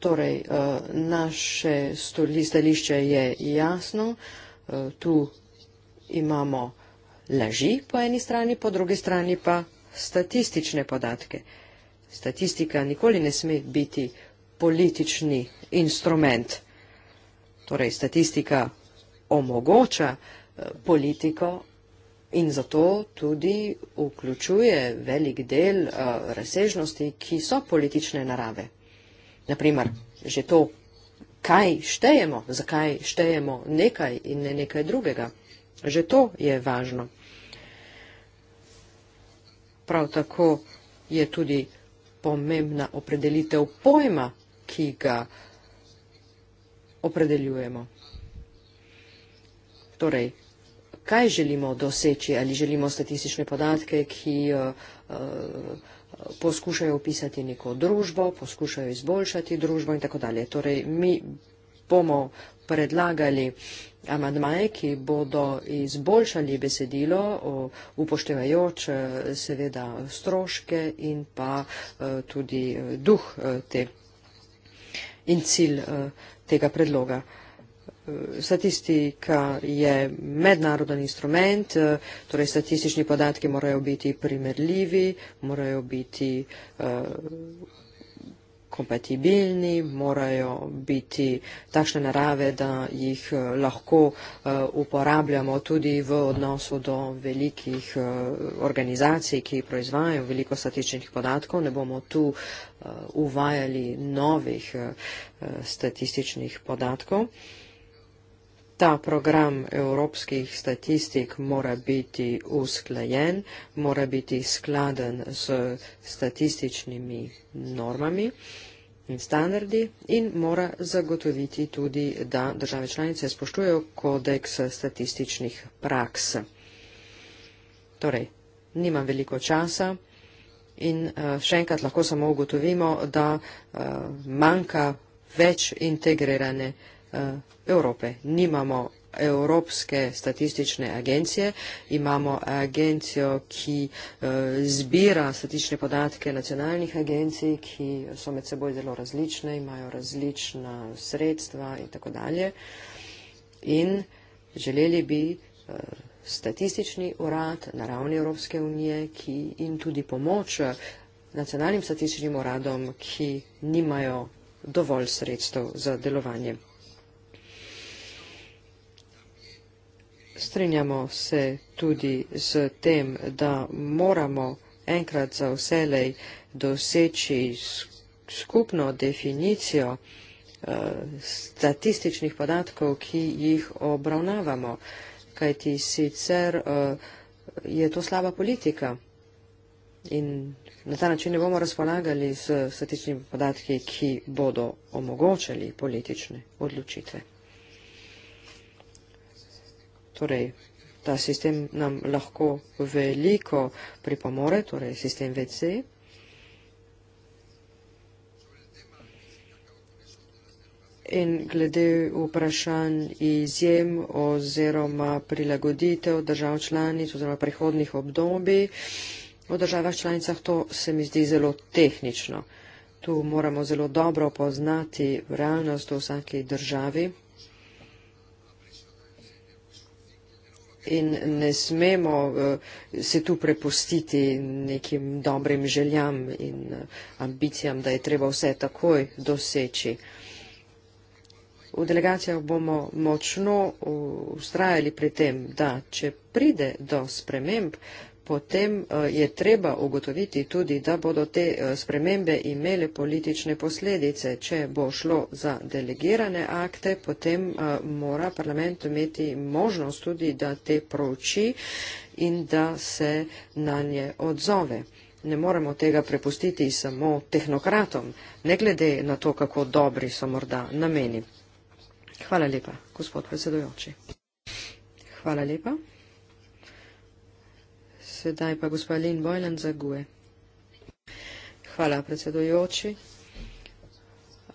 Torej, eh, naše stališče je jasno, eh, tu imamo laži po eni strani, po drugi strani pa statistične podatke. Statistika nikoli ne sme biti politični instrument. Torej, statistika omogoča eh, politiko in zato tudi vključuje velik del razsežnosti, ki so politične narave. Naprimer, že to, kaj štejemo, zakaj štejemo nekaj in ne nekaj drugega. Že to je važno. Prav tako je tudi pomembna opredelitev pojma, ki ga opredeljujemo. Torej, kaj želimo doseči, ali želimo statistične podatke, ki uh, uh, poskušajo opisati neko družbo, poskušajo izboljšati družbo in tako dalje. Torej, mi bomo predlagali amadmaje, ki bodo izboljšali besedilo, upoštevajoč e, seveda stroške in pa e, tudi e, duh te in cilj tega predloga. Statistika je mednaroden instrument, eh, torej statistični podatki morajo biti primerljivi, morajo biti eh, kompatibilni, morajo biti takšne narave, da jih eh, lahko uporabljamo tudi v odnosu do velikih organizacij, ki proizvajajo veliko statističnih podatkov. Ne bomo tu uvajali novih statističnih podatkov ta program evropskih statistik mora biti usklajen, mora biti skladen s statističnimi normami in standardi in mora zagotoviti tudi, da države članice spoštujejo kodeks statističnih praks. Torej, nima veliko časa in eh, še enkrat lahko samo ugotovimo, da eh, manjka več integrirane Eh, Evrope. Nimamo Evropske statistične agencije, imamo agencijo, ki eh, zbira statične podatke nacionalnih agencij, ki so med seboj zelo različne, imajo različna sredstva in tako dalje. In želeli bi eh, statistični urad na ravni Evropske unije, ki in tudi pomoč nacionalnim statističnim uradom, ki nimajo dovolj sredstev za delovanje. Strinjamo se tudi z tem, da moramo enkrat za vselej doseči skupno definicijo eh, statističnih podatkov, ki jih obravnavamo, kajti sicer eh, je to slaba politika in na ta način ne bomo razpolagali z statističnimi podatki, ki bodo omogočali politične odločitve torej ta sistem nam lahko veliko pripomore, torej sistem WC. In glede vprašanj izjem oziroma prilagoditev držav članic oziroma prihodnih obdobij v državah članicah, to se mi zdi zelo tehnično. Tu moramo zelo dobro poznati realnost v vsaki državi. in ne smemo eh, se tu prepustiti nekim dobrim željam in eh, ambicijam, da je treba vse takoj doseči. V delegacijah bomo močno ustrajali eh, pri tem, da če pride do sprememb, potem eh, je treba ugotoviti tudi, da bodo te eh, spremembe imele politične posledice. Če bo šlo za delegirane akte, potem eh, mora parlament imeti možnost tudi, da te prouči in da se na nje odzove. Ne moremo tega prepustiti samo tehnokratom, ne glede na to, kako dobri so morda nameni. Hvala lepa, gospod predsedujoči. Hvala lepa. Sedaj pa gospodin Vojlan Zague. Hvala, predsedojoči.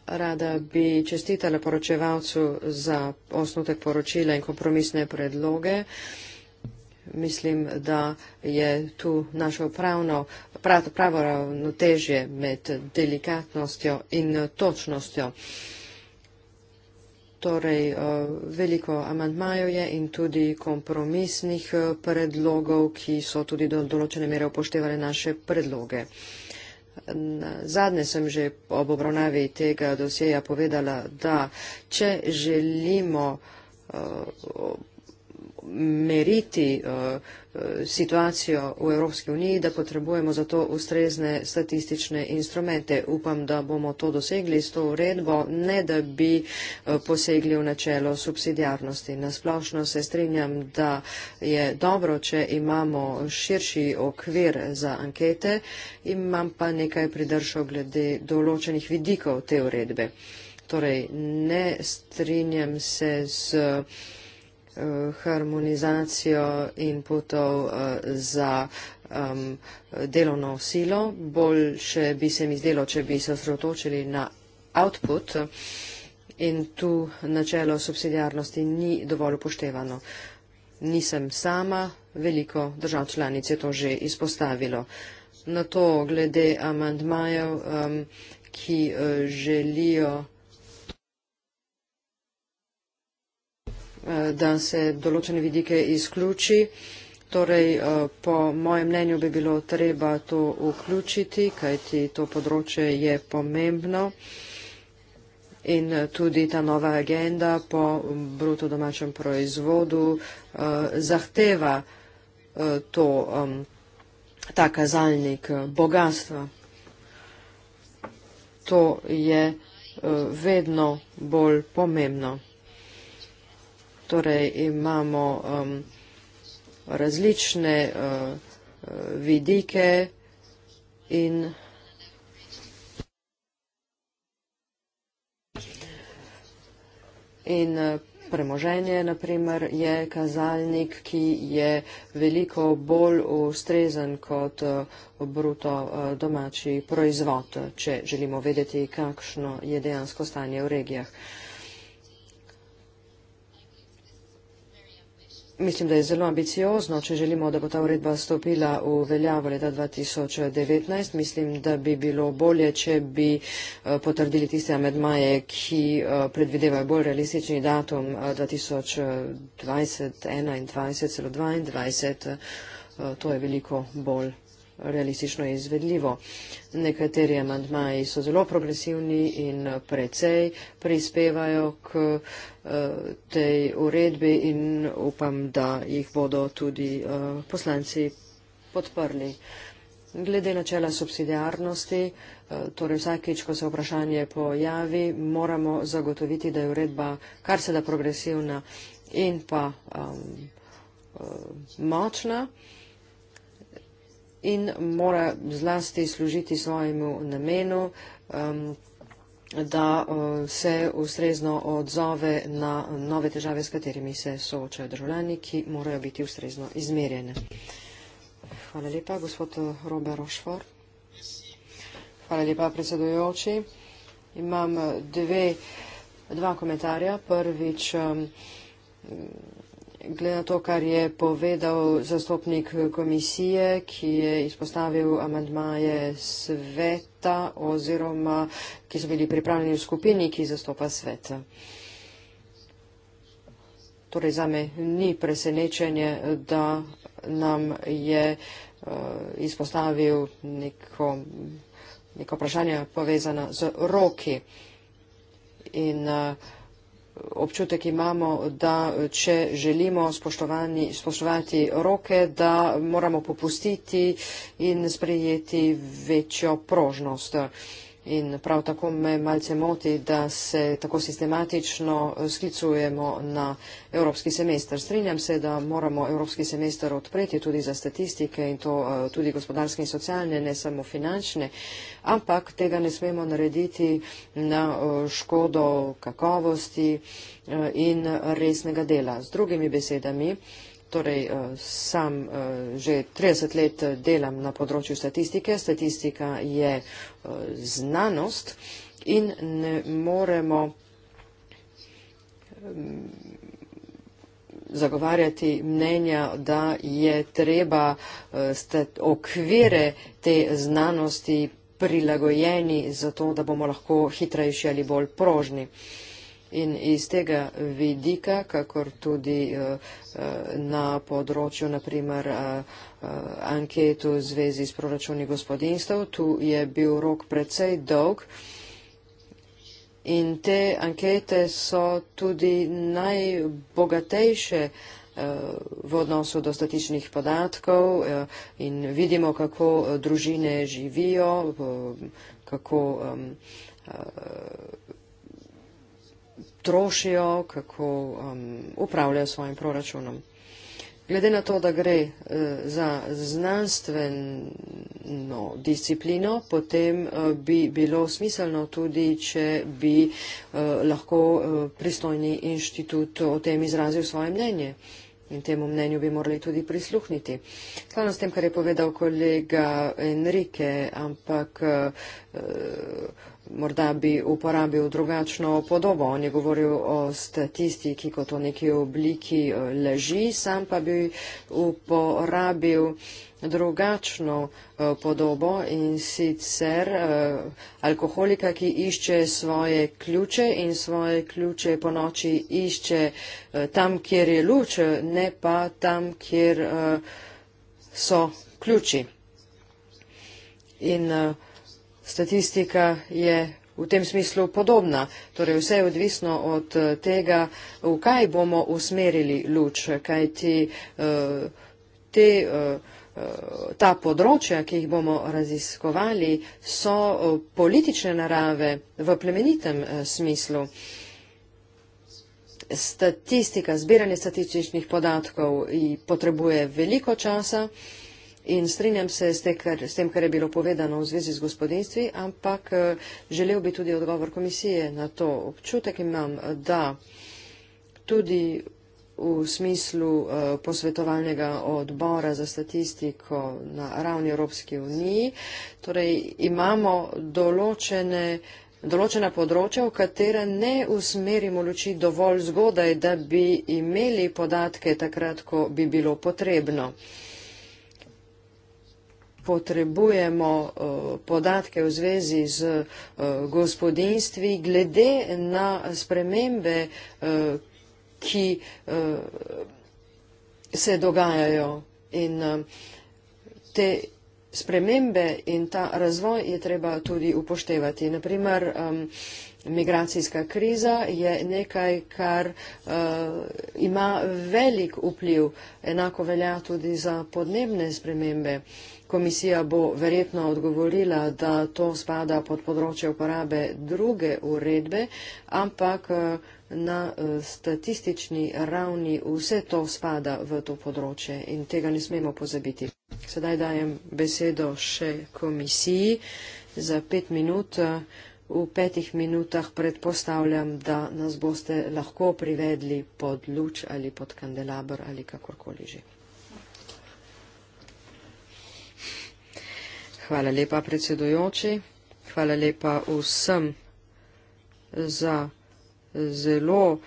Rada bi čestitala poročevalcu za osnutek poročila in kompromisne predloge. Mislim, da je tu naše pravno, pravo ravnotežje med delikatnostjo in točnostjo. Uh, torej eh, veliko amantmajo je in tudi kompromisnih eh, predlogov, ki so tudi do določene mere upoštevali naše predloge. Zadnje sem že ob obravnavi tega dosjeja povedala, da če želimo eh, meriti eh, eh, situacijo v Evropski uniji, da potrebujemo za to ustrezne statistične instrumente. Upam, da bomo to dosegli s to uredbo, ne da bi eh, posegli v načelo subsidijarnosti. Nasplošno se strinjam, da je dobro, če imamo širši okvir za ankete, imam pa nekaj pridršal glede določenih vidikov te uredbe. Torej, ne strinjam se z. Uh, Eh, harmonizacijo inputov eh, za um, delovno silo. Boljše bi se mi zdelo, če bi se osredotočili na output in tu načelo subsidijarnosti ni dovolj upoštevano. Nisem sama, veliko držav članic je to že izpostavilo. Na to glede amandmajev, um, ki uh, želijo Eh, da se določene vidike izključi. Torej, eh, po mojem mnenju bi bilo treba to vključiti, kajti to področje je pomembno in eh, tudi ta nova agenda po mm, bruto domačem proizvodu zahteva to, ta kazalnik bogatstva. To je vedno bolj pomembno. Torej imamo um, različne uh, vidike in In uh, premoženje, naprimer, je kazalnik, ki je veliko bolj ustrezen kot uh, bruto uh, domači proizvod, če želimo vedeti, kakšno je dejansko stanje v regijah. Mislim, da je zelo ambiciozno, če želimo, da bo ta uredba stopila v veljavo leta 2019. Mislim, da bi bilo bolje, če bi eh, potrdili tiste amedmaje, ki eh, predvidevajo bolj realistični datum 2020, eh, 2021, celo 2022. To je veliko bolj realistično izvedljivo. Nekateri amantmaji so zelo progresivni in precej prispevajo k eh, tej uredbi in upam, da jih bodo tudi eh, poslanci podprli. Glede načela subsidijarnosti, eh, torej vsakič, ko se vprašanje pojavi, moramo zagotoviti, da je uredba kar se da progresivna in pa um, um, močna in mora zlasti služiti svojemu namenu, um, da uh, se ustrezno odzove na nove težave, s katerimi se soočajo državljani, ki morajo biti ustrezno izmerjene. Hvala lepa, gospod Robert Rošfor. Hvala lepa, predsedujoči. Imam dve, dva komentarja. Prvič, um, glede na to, kar je povedal zastopnik komisije, ki je izpostavil amandmaje sveta oziroma ki so bili pripravljeni v skupini, ki zastopa sveta. Torej zame ni presenečenje, da nam je eh, izpostavil neko, neko vprašanje povezano z roki. In uh, občutek imamo, da če želimo spoštovati roke, da moramo popustiti in sprejeti večjo prožnost. Uh, In prav tako me malce moti, da se tako sistematično eh, sklicujemo na evropski semester. Strinjam se, da moramo evropski semester odpreti tudi za statistike in to eh, tudi gospodarske in socialne, ne samo finančne, ampak tega ne smemo narediti na eh, škodo kakovosti in resnega dela. Z drugimi besedami, Torej, eh, sam eh, že 30 let eh, delam na področju statistike. Statistika je znanost in ne moremo zagovarjati mnenja, da je treba okvire te znanosti prilagojeni za to, da bomo lahko hitrejši ali bolj prožni. In iz tega vidika, kakor tudi eh, eh, na področju, naprimer, eh, anketu v zvezi s proračuni gospodinstv, tu je bil rok precej dolg. In te ankete so tudi najbogatejše v odnosu do statičnih podatkov in vidimo, kako družine živijo, kako trošijo, kako um, upravljajo svojim proračunom. Glede na to, da gre uh, za znanstveno disciplino, potem uh, bi bilo smiselno tudi, če bi uh, lahko uh, pristojni inštitut o tem izrazil svoje mnenje. In temu mnenju bi morali tudi prisluhniti. Hvala s tem, kar je povedal kolega Enrike, ampak. Uh, morda bi uporabil drugačno podobo. On je govoril o statistiki kot o neki obliki eh, leži, sam pa bi uporabil drugačno eh, podobo in sicer eh, alkoholika, ki išče svoje ključe in svoje ključe po noči išče tam, kjer je luč, ne pa tam, kjer so ključi. In uh, statistika je v tem smislu podobna. Torej vse je odvisno od eh, tega, v kaj bomo usmerili luč, kajti eh, te, eh, ta področja, ki jih bomo raziskovali, so politične narave v plemenitem smislu. Statistika, zbiranje statističnih podatkov potrebuje veliko časa in strinjam se s, te, kar, s tem, kar je bilo povedano v zvezi z gospodinstvi, ampak eh, želel bi tudi odgovor komisije na to. Občutek imam, eh, da tudi v smislu eh, posvetovalnega odbora za statistiko na ravni Evropske unije, torej imamo določene določena področja, v katera ne usmerimo luči dovolj zgodaj, da bi imeli podatke takrat, ko bi bilo potrebno potrebujemo eh, podatke v zvezi z eh, gospodinstvi, glede na spremembe, eh, ki se dogajajo in te spremembe in ta razvoj je treba tudi upoštevati. Naprimer, migracijska kriza je nekaj, kar ima velik vpliv, enako velja tudi za podnebne spremembe. Komisija bo verjetno odgovorila, da to spada pod področje uporabe druge uredbe, ampak eh, na eh, statistični ravni vse to spada v to področje in tega ne smemo pozabiti. Sedaj dajem besedo še komisiji za pet minut. Eh, v petih minutah predpostavljam, da nas boste lahko privedli pod luč ali pod kandelabr ali kakorkoli že. Hvala lepa, predsedujoči. Hvala lepa vsem za zelo eh,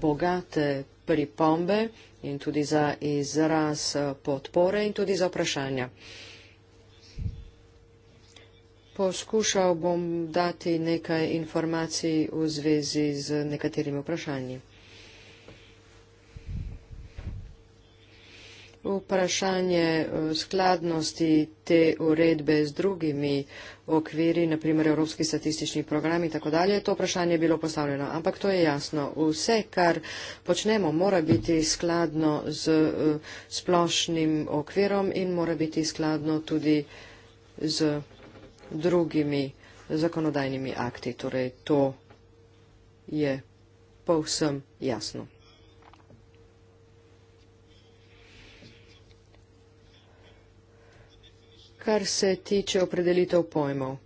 bogate pripombe in tudi za izraz eh, podpore in tudi za vprašanja. Poskušal bom dati nekaj informacij v zvezi z nekaterimi vprašanji. vprašanje eh, skladnosti te uredbe z drugimi okviri, naprimer Evropski statistični program in tako dalje, to vprašanje je bilo postavljeno. Ampak to je jasno. Vse, kar počnemo, mora biti skladno z eh, splošnim okvirom in mora biti skladno tudi z drugimi zakonodajnimi akti. Torej, to je povsem jasno. kar se tiče opredelitev pojmov.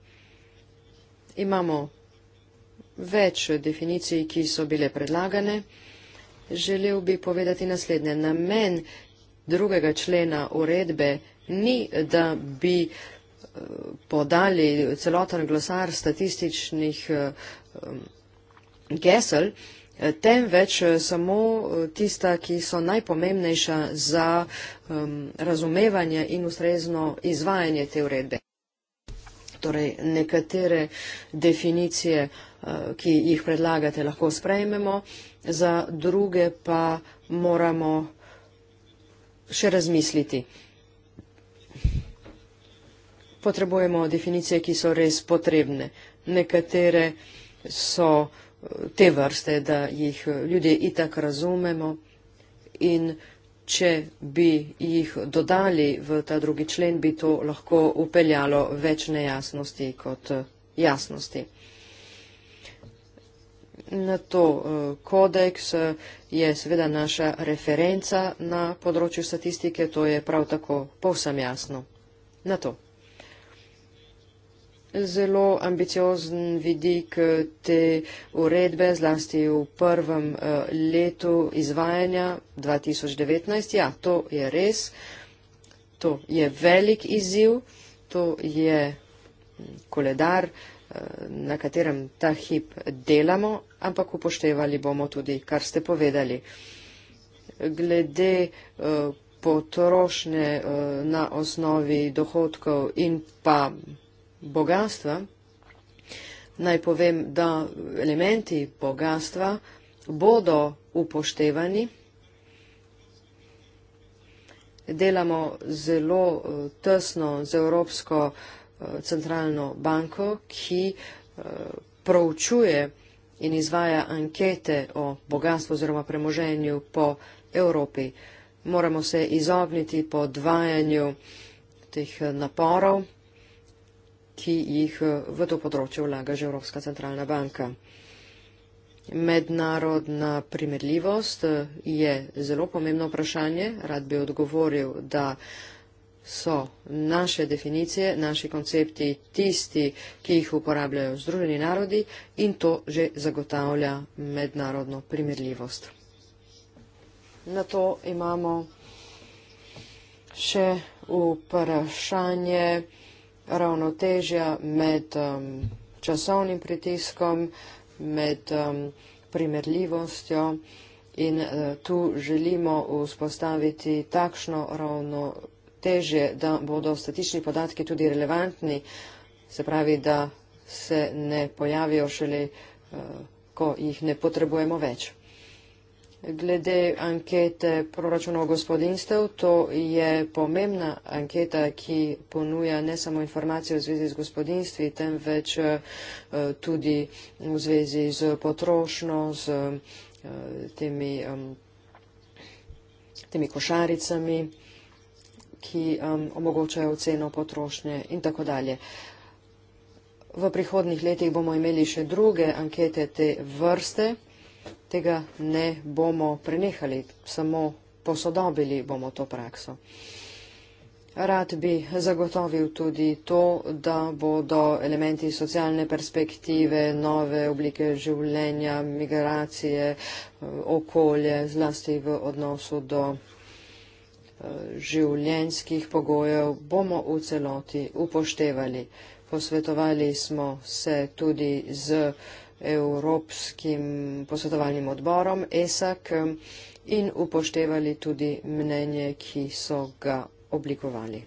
Imamo več definicij, ki so bile predlagane. Želel bi povedati naslednje. Namen drugega člena uredbe ni, da bi eh, podali celoten glosar statističnih eh, gesel, temveč eh, samo eh, tista, ki so najpomembnejša za um, razumevanje in ustrezno izvajanje te uredbe. Torej, nekatere definicije, eh, ki jih predlagate, lahko sprejmemo, za druge pa moramo še razmisliti. Potrebujemo definicije, ki so res potrebne. Nekatere so te vrste, da jih ljudje itak razumemo in če bi jih dodali v ta drugi člen, bi to lahko upeljalo več nejasnosti kot jasnosti. Na to eh, kodeks eh, je seveda naša referenca na področju statistike, to je prav tako povsem jasno. Na to zelo ambiciozen vidik eh, te uredbe, zlasti v prvem eh, letu izvajanja 2019. Ja, to je res. To je velik izziv, to je mm, koledar, eh, na katerem ta hip delamo, ampak upoštevali bomo tudi, kar ste povedali. Glede potrošnje na osnovi dohodkov in pa bogatstva, naj povem, da elementi bogatstva bodo upoštevani. Delamo zelo eh, tesno z Evropsko eh, centralno banko, ki eh, proučuje in izvaja ankete o bogatstvu oziroma premoženju po Evropi. Moramo se izogniti podvajanju teh naporov ki jih eh, v to področje vlaga že Evropska centralna banka. Mednarodna primerljivost eh, je zelo pomembno vprašanje. Rad bi odgovoril, da so naše definicije, naši koncepti tisti, ki jih uporabljajo Združeni narodi in to že zagotavlja mednarodno primerljivost. Na to imamo še vprašanje ravnotežja med um, časovnim pritiskom, med um, primerljivostjo in uh, tu želimo vzpostaviti takšno ravnotežje, da bodo statični podatki tudi relevantni, se pravi, da se ne pojavijo šele, uh, ko jih ne potrebujemo več. Glede ankete proračunov gospodinstev, to je pomembna anketa, ki ponuja ne samo informacije v zvezi z gospodinstvi, temveč eh, tudi v zvezi z potrošnjo, z eh, temi, temi košaricami, ki omogočajo ceno potrošnje in tako dalje. V prihodnih letih bomo imeli še druge ankete te vrste tega ne bomo prenehali, samo posodobili bomo to prakso. Rad bi zagotovil tudi to, da bodo elementi socialne perspektive, nove oblike življenja, migracije, okolje, zlasti v odnosu do eh, življenskih pogojev, bomo v celoti upoštevali. Posvetovali smo se tudi z uh, Evropskim posvetovalnim odborom ESAK in upoštevali tudi mnenje, ki so ga oblikovali.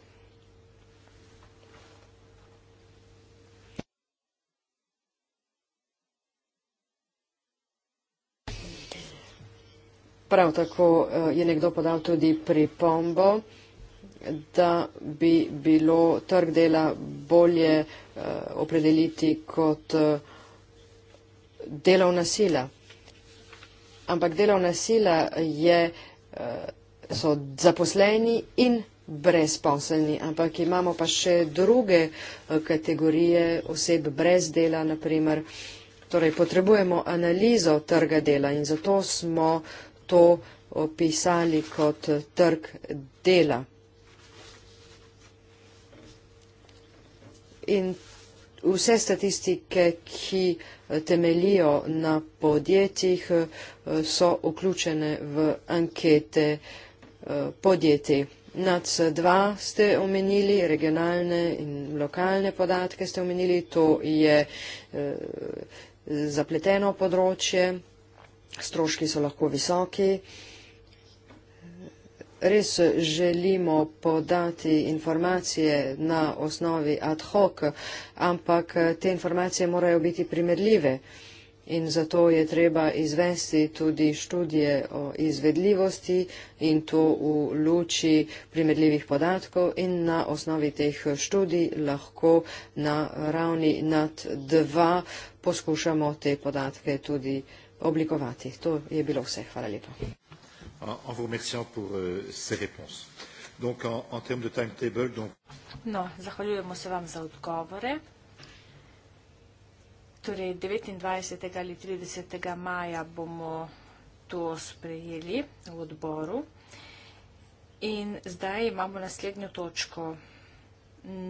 Prav tako eh, je nekdo podal tudi pripombo, da bi bilo trg dela bolje eh, opredeliti kot vsega, eh, delovna sila. Ampak delovna sila je, eh, so zaposleni in brezposelni, ampak imamo pa še druge eh, kategorije oseb brez dela, naprimer. Torej, potrebujemo analizo trga dela in zato smo to opisali kot trg dela. In vse statistike, ki eh, temelijo na podjetjih, eh, so vključene v ankete eh, podjetij. NAC2 ste omenili, regionalne in lokalne podatke ste omenili, to je zapleteno področje, stroški so lahko visoki res želimo podati informacije na osnovi ad hoc, ampak te informacije morajo biti primerljive in zato je treba izvesti tudi študije o izvedljivosti in to v luči primerljivih podatkov in na osnovi teh študij lahko na ravni nad dva poskušamo te podatke tudi oblikovati. To je bilo vse. Hvala lepa en, en vous remerciant pour euh, ces réponses. Donc, en, en termes de timetable, donc. No, zahvaljujemo se vam za odgovore. Torej, 29. ali 30. maja bomo to sprejeli v odboru. In zdaj imamo naslednjo točko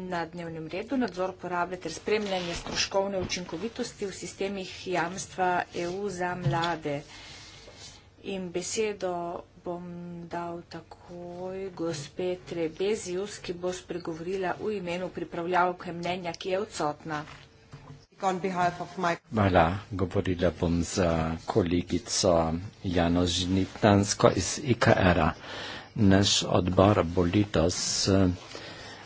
na dnevnem redu, nadzor porabe ter spremljanje stroškovne učinkovitosti v sistemih jamstva EU za mlade. In besedo bom dal takoj gospe Trebezius, ki bo spregovorila v imenu pripravljavke mnenja, ki je odsotna. Hvala, govorila bom z kolegico Jano Žnitansko iz IKR-a. Naš odbor Bolitos eh,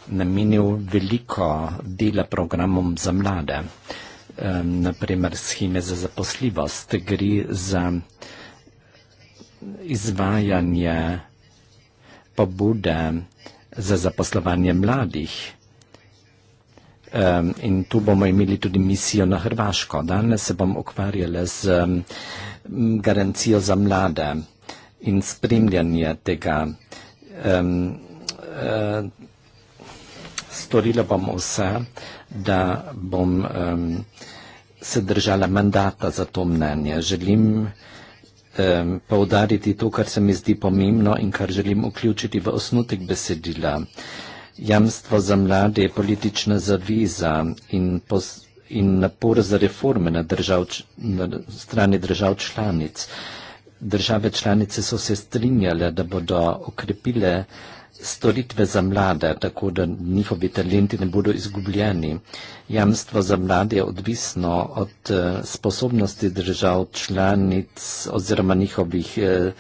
namenil veliko dela programom za mlade, naprimer scheme za zaposljivost, gre za izvajanje pobude za zaposlovanje mladih. In tu bomo imeli tudi misijo na Hrvaško. Danes se bom ukvarjala z garancijo za mlade in spremljanje tega. Eh, storila bom vse, da bom se držala mandata za to mnenje. Želim, da bom um, poudariti to, kar se mi zdi pomembno in kar želim vključiti v osnutek besedila. Jamstvo za mlade je politična zaviza in, pos, in napor za reforme na, držav, na strani držav članic. Države članice so se strinjale, da bodo okrepile storitve za mlade, tako da njihovi talenti ne bodo izgubljeni. Jamstvo za mlade je odvisno od eh, sposobnosti držav članic oziroma njihovih eh,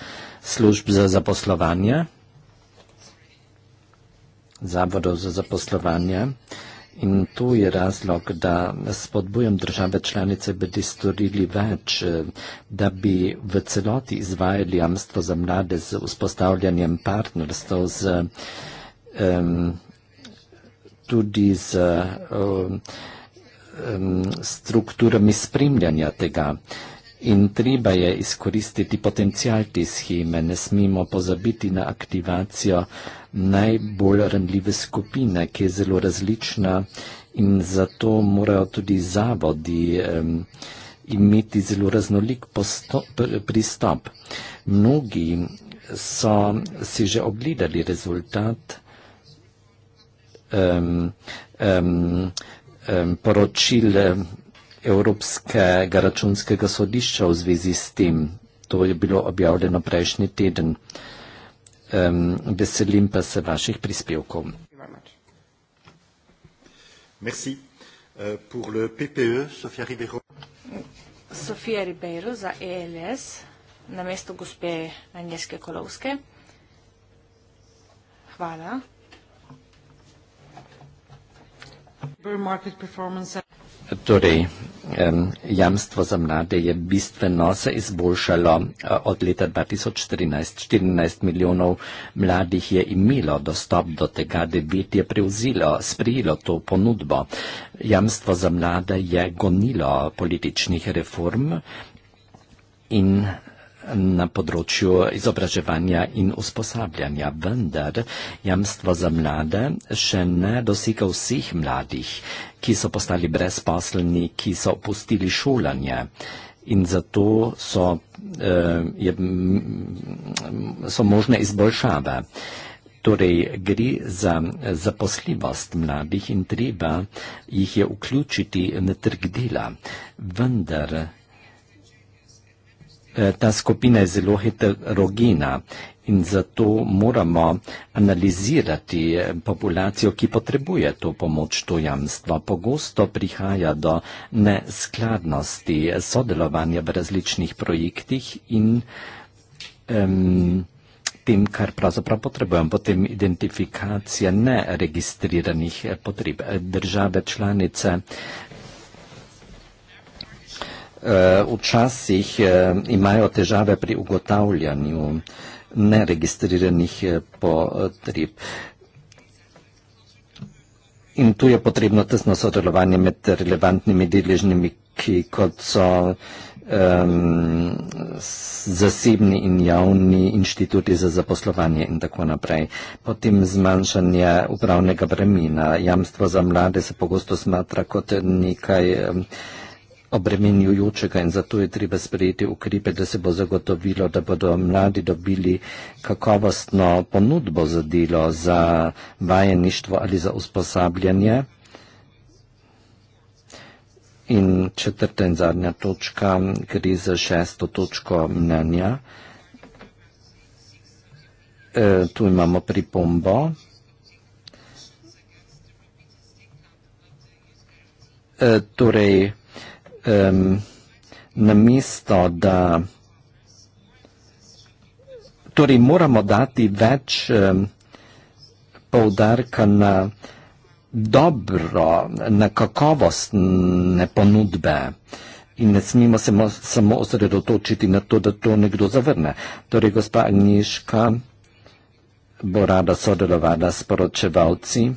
služb za zaposlovanje, zavodov za zaposlovanje. Eh, In tu je razlog, da spodbujam države članice, da bi storili več, eh, da bi v celoti izvajali jamstvo za mlade z vzpostavljanjem partnerstv, z, um, tudi z um, strukturami spremljanja tega. In treba je izkoristiti potencial te scheme, ne smemo pozabiti na aktivacijo najbolj ranljive skupine, ki je zelo različna in zato morajo tudi zavodi um, imeti zelo raznolik postop, pristop. Mnogi so si že ogledali rezultat um, um, um, poročil. Um, Evropskega računskega sodišča v zvezi s tem. To je bilo objavljeno prejšnji teden. Um, veselim pa se vaših prispevkov. Merci. Euh, pour le PPE, Sofia Ribeiro. Sofia Ribeiro za ELS, na mesto gospe Agneske Kolovske. Hvala. Supermarket performance. Torej, jamstvo za mlade je bistveno se izboljšalo eh, od leta 2014. 14 milijonov mladih je imelo dostop do tega, devet je prevzilo, sprijelo to ponudbo. Jamstvo za mlade je gonilo političnih reform in na področju izobraževanja in usposabljanja, vendar jamstvo za mlade še ne dosika vseh mladih, ki so postali brezposelni, ki so opustili šolanje. In zato so, eh, je, mm, so možne izboljšave. Torej, gre za zaposljivost mladih in treba jih je vključiti na trg dela. Vendar Eh, ta skupina je zelo heterogena in zato moramo analizirati eh, populacijo, ki potrebuje to pomoč, to jamstvo. Pogosto prihaja do neskladnosti eh, sodelovanja v različnih projektih in um, tem, kar pravzaprav potrebujem, potem identifikacija neregistriranih potreb. Države članice Eh, včasih eh, imajo težave pri ugotavljanju neregistriranih eh, potreb. In tu je potrebno tesno sodelovanje med relevantnimi deležnimi, ki kot so um, zasebni in javni inštituti za zaposlovanje in tako naprej. Potem zmanjšanje upravnega bremena. Jamstvo za mlade se pogosto smatra kot nekaj. Um, obremenjujočega in zato je treba sprejeti ukrepe, da se bo zagotovilo, da bodo mladi dobili kakovostno ponudbo za delo, za vajeništvo ali za usposabljanje. In četrta in zadnja točka gre za šesto točko mnenja. E, tu imamo pripombo. E, torej, um, namesto, da torej moramo dati več um, poudarka na dobro, na kakovostne ponudbe in ne smemo se mo, samo osredotočiti na to, da to nekdo zavrne. Torej, gospa Agniška bo rada sodelovala s poročevalci,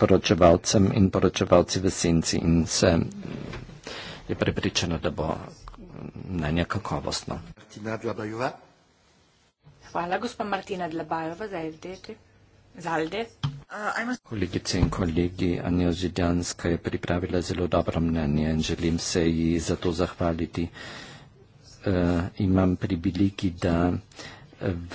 poročevalcem in poročevalci v senci in se je prepričana, da bo mnenje kakovostno. Martina Dlabajova. Hvala, gospod Martina Dlabajova, za LDT. Zalde. Uh, Kolegice in kolegi, Anja Židjanska je pripravila zelo dobro mnenje in želim se ji za to zahvaliti. Uh, imam pribiliki, da uh, v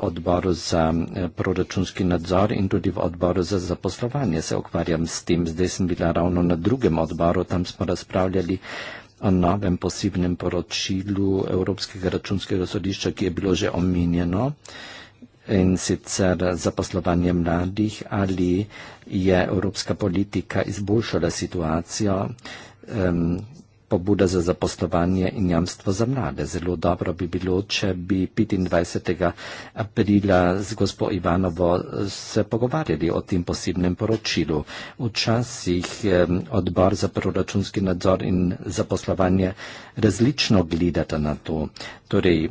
odboru za eh, proračunski nadzor in tudi v odboru za zaposlovanje se ukvarjam s tem. Zdaj sem bila ravno na drugem odboru, tam smo razpravljali o novem posebnem poročilu Evropskega računskega sodišča, ki je bilo že omenjeno in sicer zaposlovanje mladih, ali je evropska politika izboljšala situacijo pobuda za zaposlovanje in jamstvo za mlade. Zelo dobro bi bilo, če bi 25. aprila z gospo Ivanovo se pogovarjali o tem posebnem poročilu. Včasih odbor za proračunski nadzor in zaposlovanje različno gledata na to. Torej,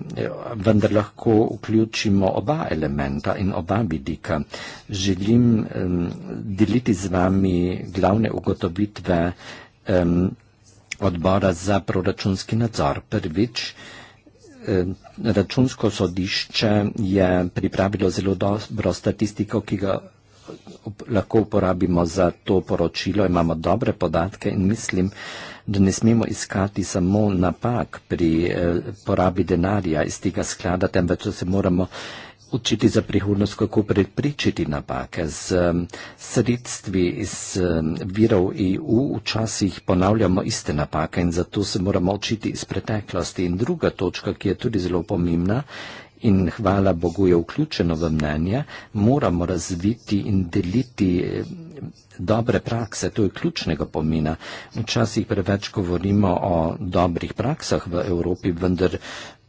vendar lahko vključimo oba elementa in oba vidika. Želim um, deliti z vami glavne ugotovitve um, odbora za proračunski nadzor. Prvič, eh, računsko sodišče je pripravilo zelo dobro statistiko, ki ga lahko uporabimo za to poročilo. Imamo dobre podatke in mislim, da ne smemo iskati samo napak pri eh, porabi denarja iz tega sklada, temveč se moramo učiti za prihodnost, kako prepričiti napake z um, sredstvi, z um, virov EU, včasih ponavljamo iste napake in zato se moramo učiti iz preteklosti. In druga točka, ki je tudi zelo pomembna in hvala Bogu je vključeno v mnenje, moramo razviti in deliti um, dobre prakse, to je ključnega pomena. Včasih preveč govorimo o dobrih praksah v Evropi, vendar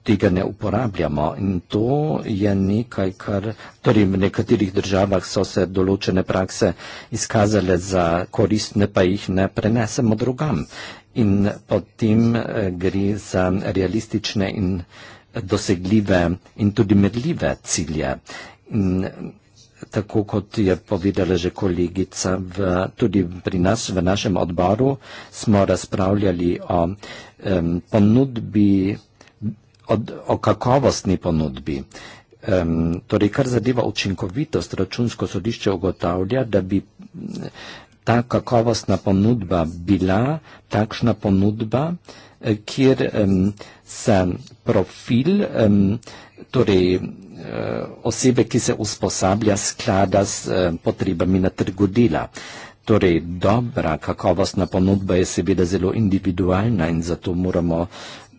tega ne uporabljamo in to je nekaj, kar torej v nekaterih državah so se določene prakse izkazale za koristne, pa jih ne prenesemo drugam. In potem eh, gre za realistične in dosegljive in tudi medljive cilje. In tako kot je povedala že kolegica, v, tudi pri nas v našem odboru smo razpravljali o um, ponudbi od, o kakovostni ponudbi. Um, torej, kar zadeva učinkovitost, računsko sodišče ugotavlja, da bi ta kakovostna ponudba bila takšna ponudba, eh, kjer um, se profil, um, torej eh, osebe, ki se usposablja, sklada s um, potrebami na trgu dela. Torej, dobra kakovostna ponudba je seveda zelo individualna in zato moramo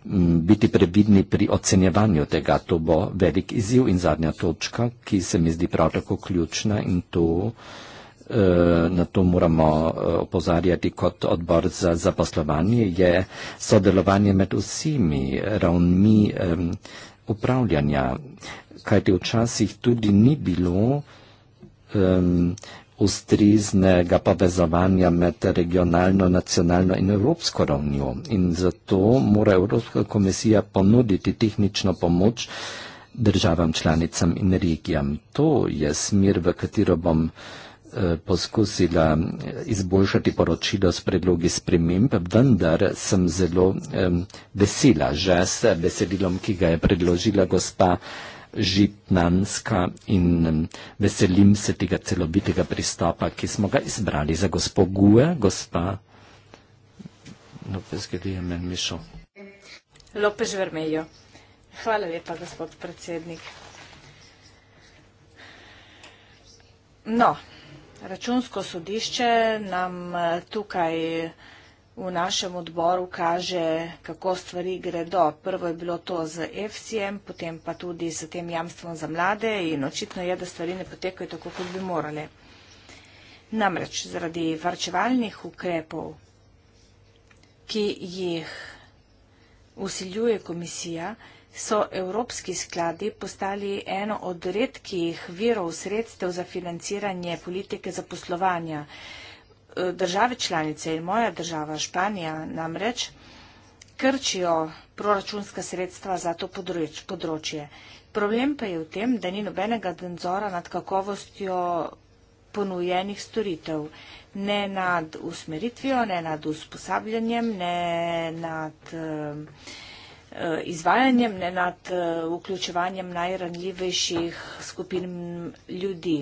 biti previdni pri ocenjevanju tega. To bo velik izziv in zadnja točka, ki se mi zdi prav tako ključna in to, e, na to moramo e, opozarjati kot odbor za zaposlovanje, je sodelovanje med vsemi ravnmi e, upravljanja. Kajti včasih tudi ni bilo ustreznega povezovanja med regionalno, nacionalno in evropsko ravnjo. In zato mora Evropska komisija ponuditi tehnično pomoč državam, članicam in regijam. To je smer, v katero bom eh, poskusila eh, izboljšati poročilo s predlogi sprememb, vendar sem zelo um, vesela že s besedilom, ki ga je predložila gospa uh, Žitnanska in veselim se tega celobitega pristopa, ki smo ga izbrali za gospo Gue, gospa Lopez Gedija Menmišo. Lopez Vermejo. Hvala lepa, gospod predsednik. No, računsko sodišče nam eh, tukaj vsega v našem odboru kaže, kako stvari gredo. Prvo je bilo to z EFSI-em, potem pa tudi s tem jamstvom za mlade in očitno je, da stvari ne potekajo tako, kot bi morale. Namreč zaradi varčevalnih ukrepov, ki jih usiljuje komisija, so evropski skladi postali eno od redkih virov sredstev za financiranje politike zaposlovanja. poslovanja države članice in moja država Španija namreč krčijo proračunska sredstva za to področje. Problem pa je v tem, da ni nobenega nadzora nad kakovostjo ponujenih storitev, ne nad usmeritvijo, ne nad usposabljanjem, ne nad eh, izvajanjem, ne nad eh, vključevanjem najranljivejših skupin ljudi.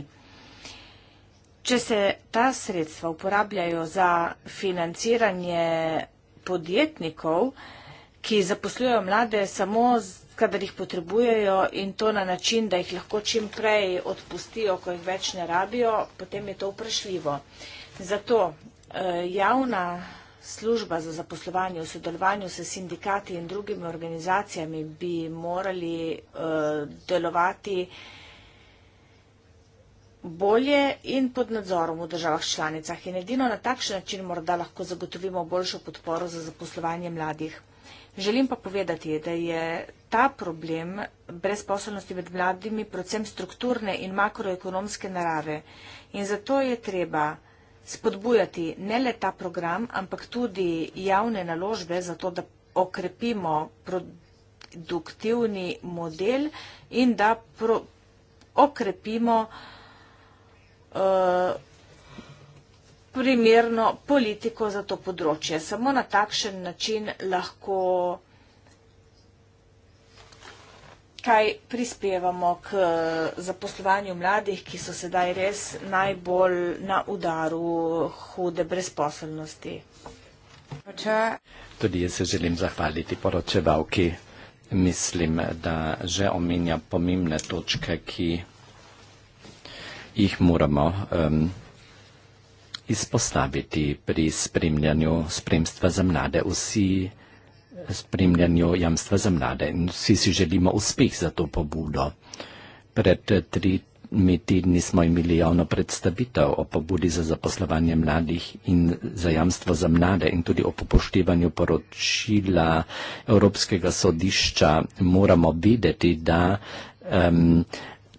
Če se ta sredstva uporabljajo za financiranje podjetnikov, ki zaposlujejo mlade samo, kadar jih potrebujejo in to na način, da jih lahko čim prej odpustijo, ko jih več ne rabijo, potem je to vprašljivo. Zato eh, javna služba za zaposlovanje v sodelovanju s sindikati in drugimi organizacijami bi morali eh, delovati vsega, bolje in pod nadzorom v državah članicah in edino na takšen način morda lahko zagotovimo boljšo podporo za zaposlovanje mladih. Želim pa povedati, da je ta problem brezposobnosti med mladimi predvsem strukturne in makroekonomske narave in zato je treba spodbujati ne le ta program, ampak tudi javne naložbe za to, da okrepimo produktivni model in da okrepimo produktivni model Eh, primerno politiko za to področje. Samo na takšen način lahko kaj prispevamo k zaposlovanju mladih, ki so sedaj res najbolj na udaru hude brezposelnosti. Tudi jaz se želim zahvaliti poročevalki. Mislim, da že omenja pomembne točke, ki jih moramo um, izpostaviti pri spremljanju spremstva za mlade, vsi eh, spremljanju jamstva za mlade in vsi si želimo uspeh za to pobudo. Pred eh, tri tedni smo imeli javno predstavitev o pobudi za zaposlovanje mladih in za jamstvo za mlade in tudi o popoštevanju poročila Evropskega sodišča moramo videti, da um,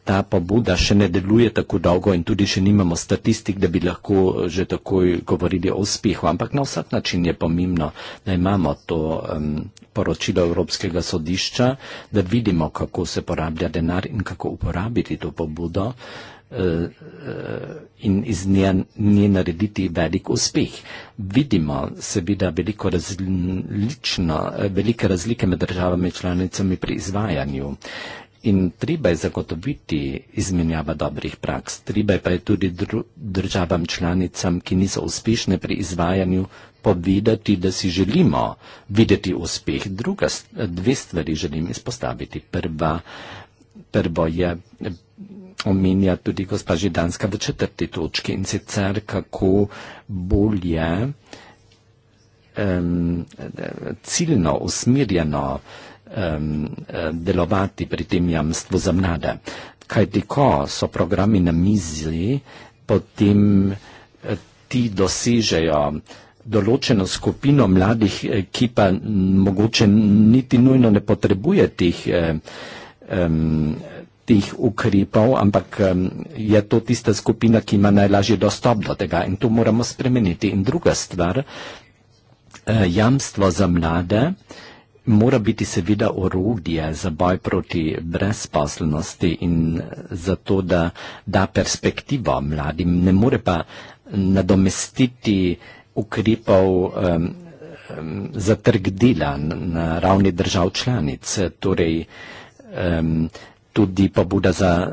ta pobuda še ne deluje tako dolgo in tudi še nimamo statistik, da bi lahko eh, že takoj govorili o uspehu. Ampak na vsak način je pomembno, da imamo to um, poročilo Evropskega sodišča, da vidimo, kako se porablja denar in kako uporabiti to pobudo eh, eh, in iz nje, nje narediti velik uspeh. Vidimo seveda različno, velike razlike med državami članicami pri izvajanju. In treba je zagotoviti izmenjava dobrih praks, treba je pa je tudi dru, državam članicam, ki niso uspešne pri izvajanju, povedati, da si želimo videti uspeh. Druga, dve stvari želim izpostaviti. Prva, prvo je omenja tudi gospa Židanska v četrti točki in sicer kako bolje um, ciljno, usmerjeno, um, delovati pri tem jamstvu za mlade. Kaj ti, ko so programi na mizi, potem eh, ti dosežejo določeno skupino mladih, eh, ki pa mogoče niti nujno ne potrebuje teh, um, teh ukrepov, ampak um, je to tista skupina, ki ima najlažji dostop do tega in to moramo spremeniti. In druga stvar, uh, jamstvo za mlade uh, mora biti seveda orodje za boj proti brezposlenosti in za to, da da perspektivo mladim. Ne more pa nadomestiti ukrepov um, um, za trg dela na ravni držav članic. Torej, um, tudi pobuda za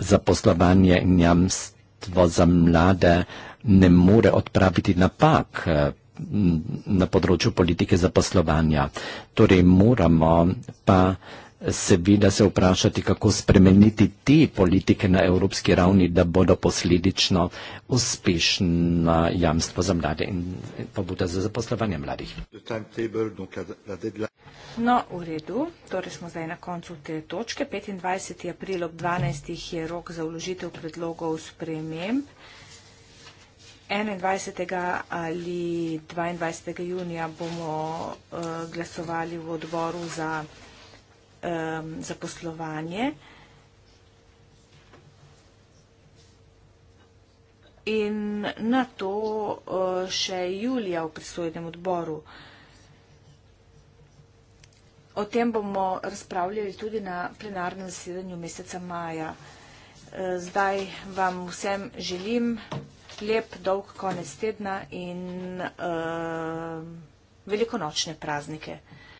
zaposlovanje in jamstvo za mlade ne more odpraviti napak na področju politike zaposlovanja. Torej moramo pa seveda se vprašati, kako spremeniti te politike na evropski ravni, da bodo posledično uspešna jamstvo za mlade in pobuda za zaposlovanje mladih. No, v redu. Torej smo zdaj na koncu te točke. 25. april ob 12. je rok za vložitev predlogov sprememb 21. ali 22. junija bomo uh, glasovali v odboru za um, zaposlovanje. In na to uh, še julija v presojenem odboru. O tem bomo razpravljali tudi na plenarnem zasedanju meseca maja. Eh, zdaj vam vsem želim lep, dolg konec tedna in uh, velikonočne praznike.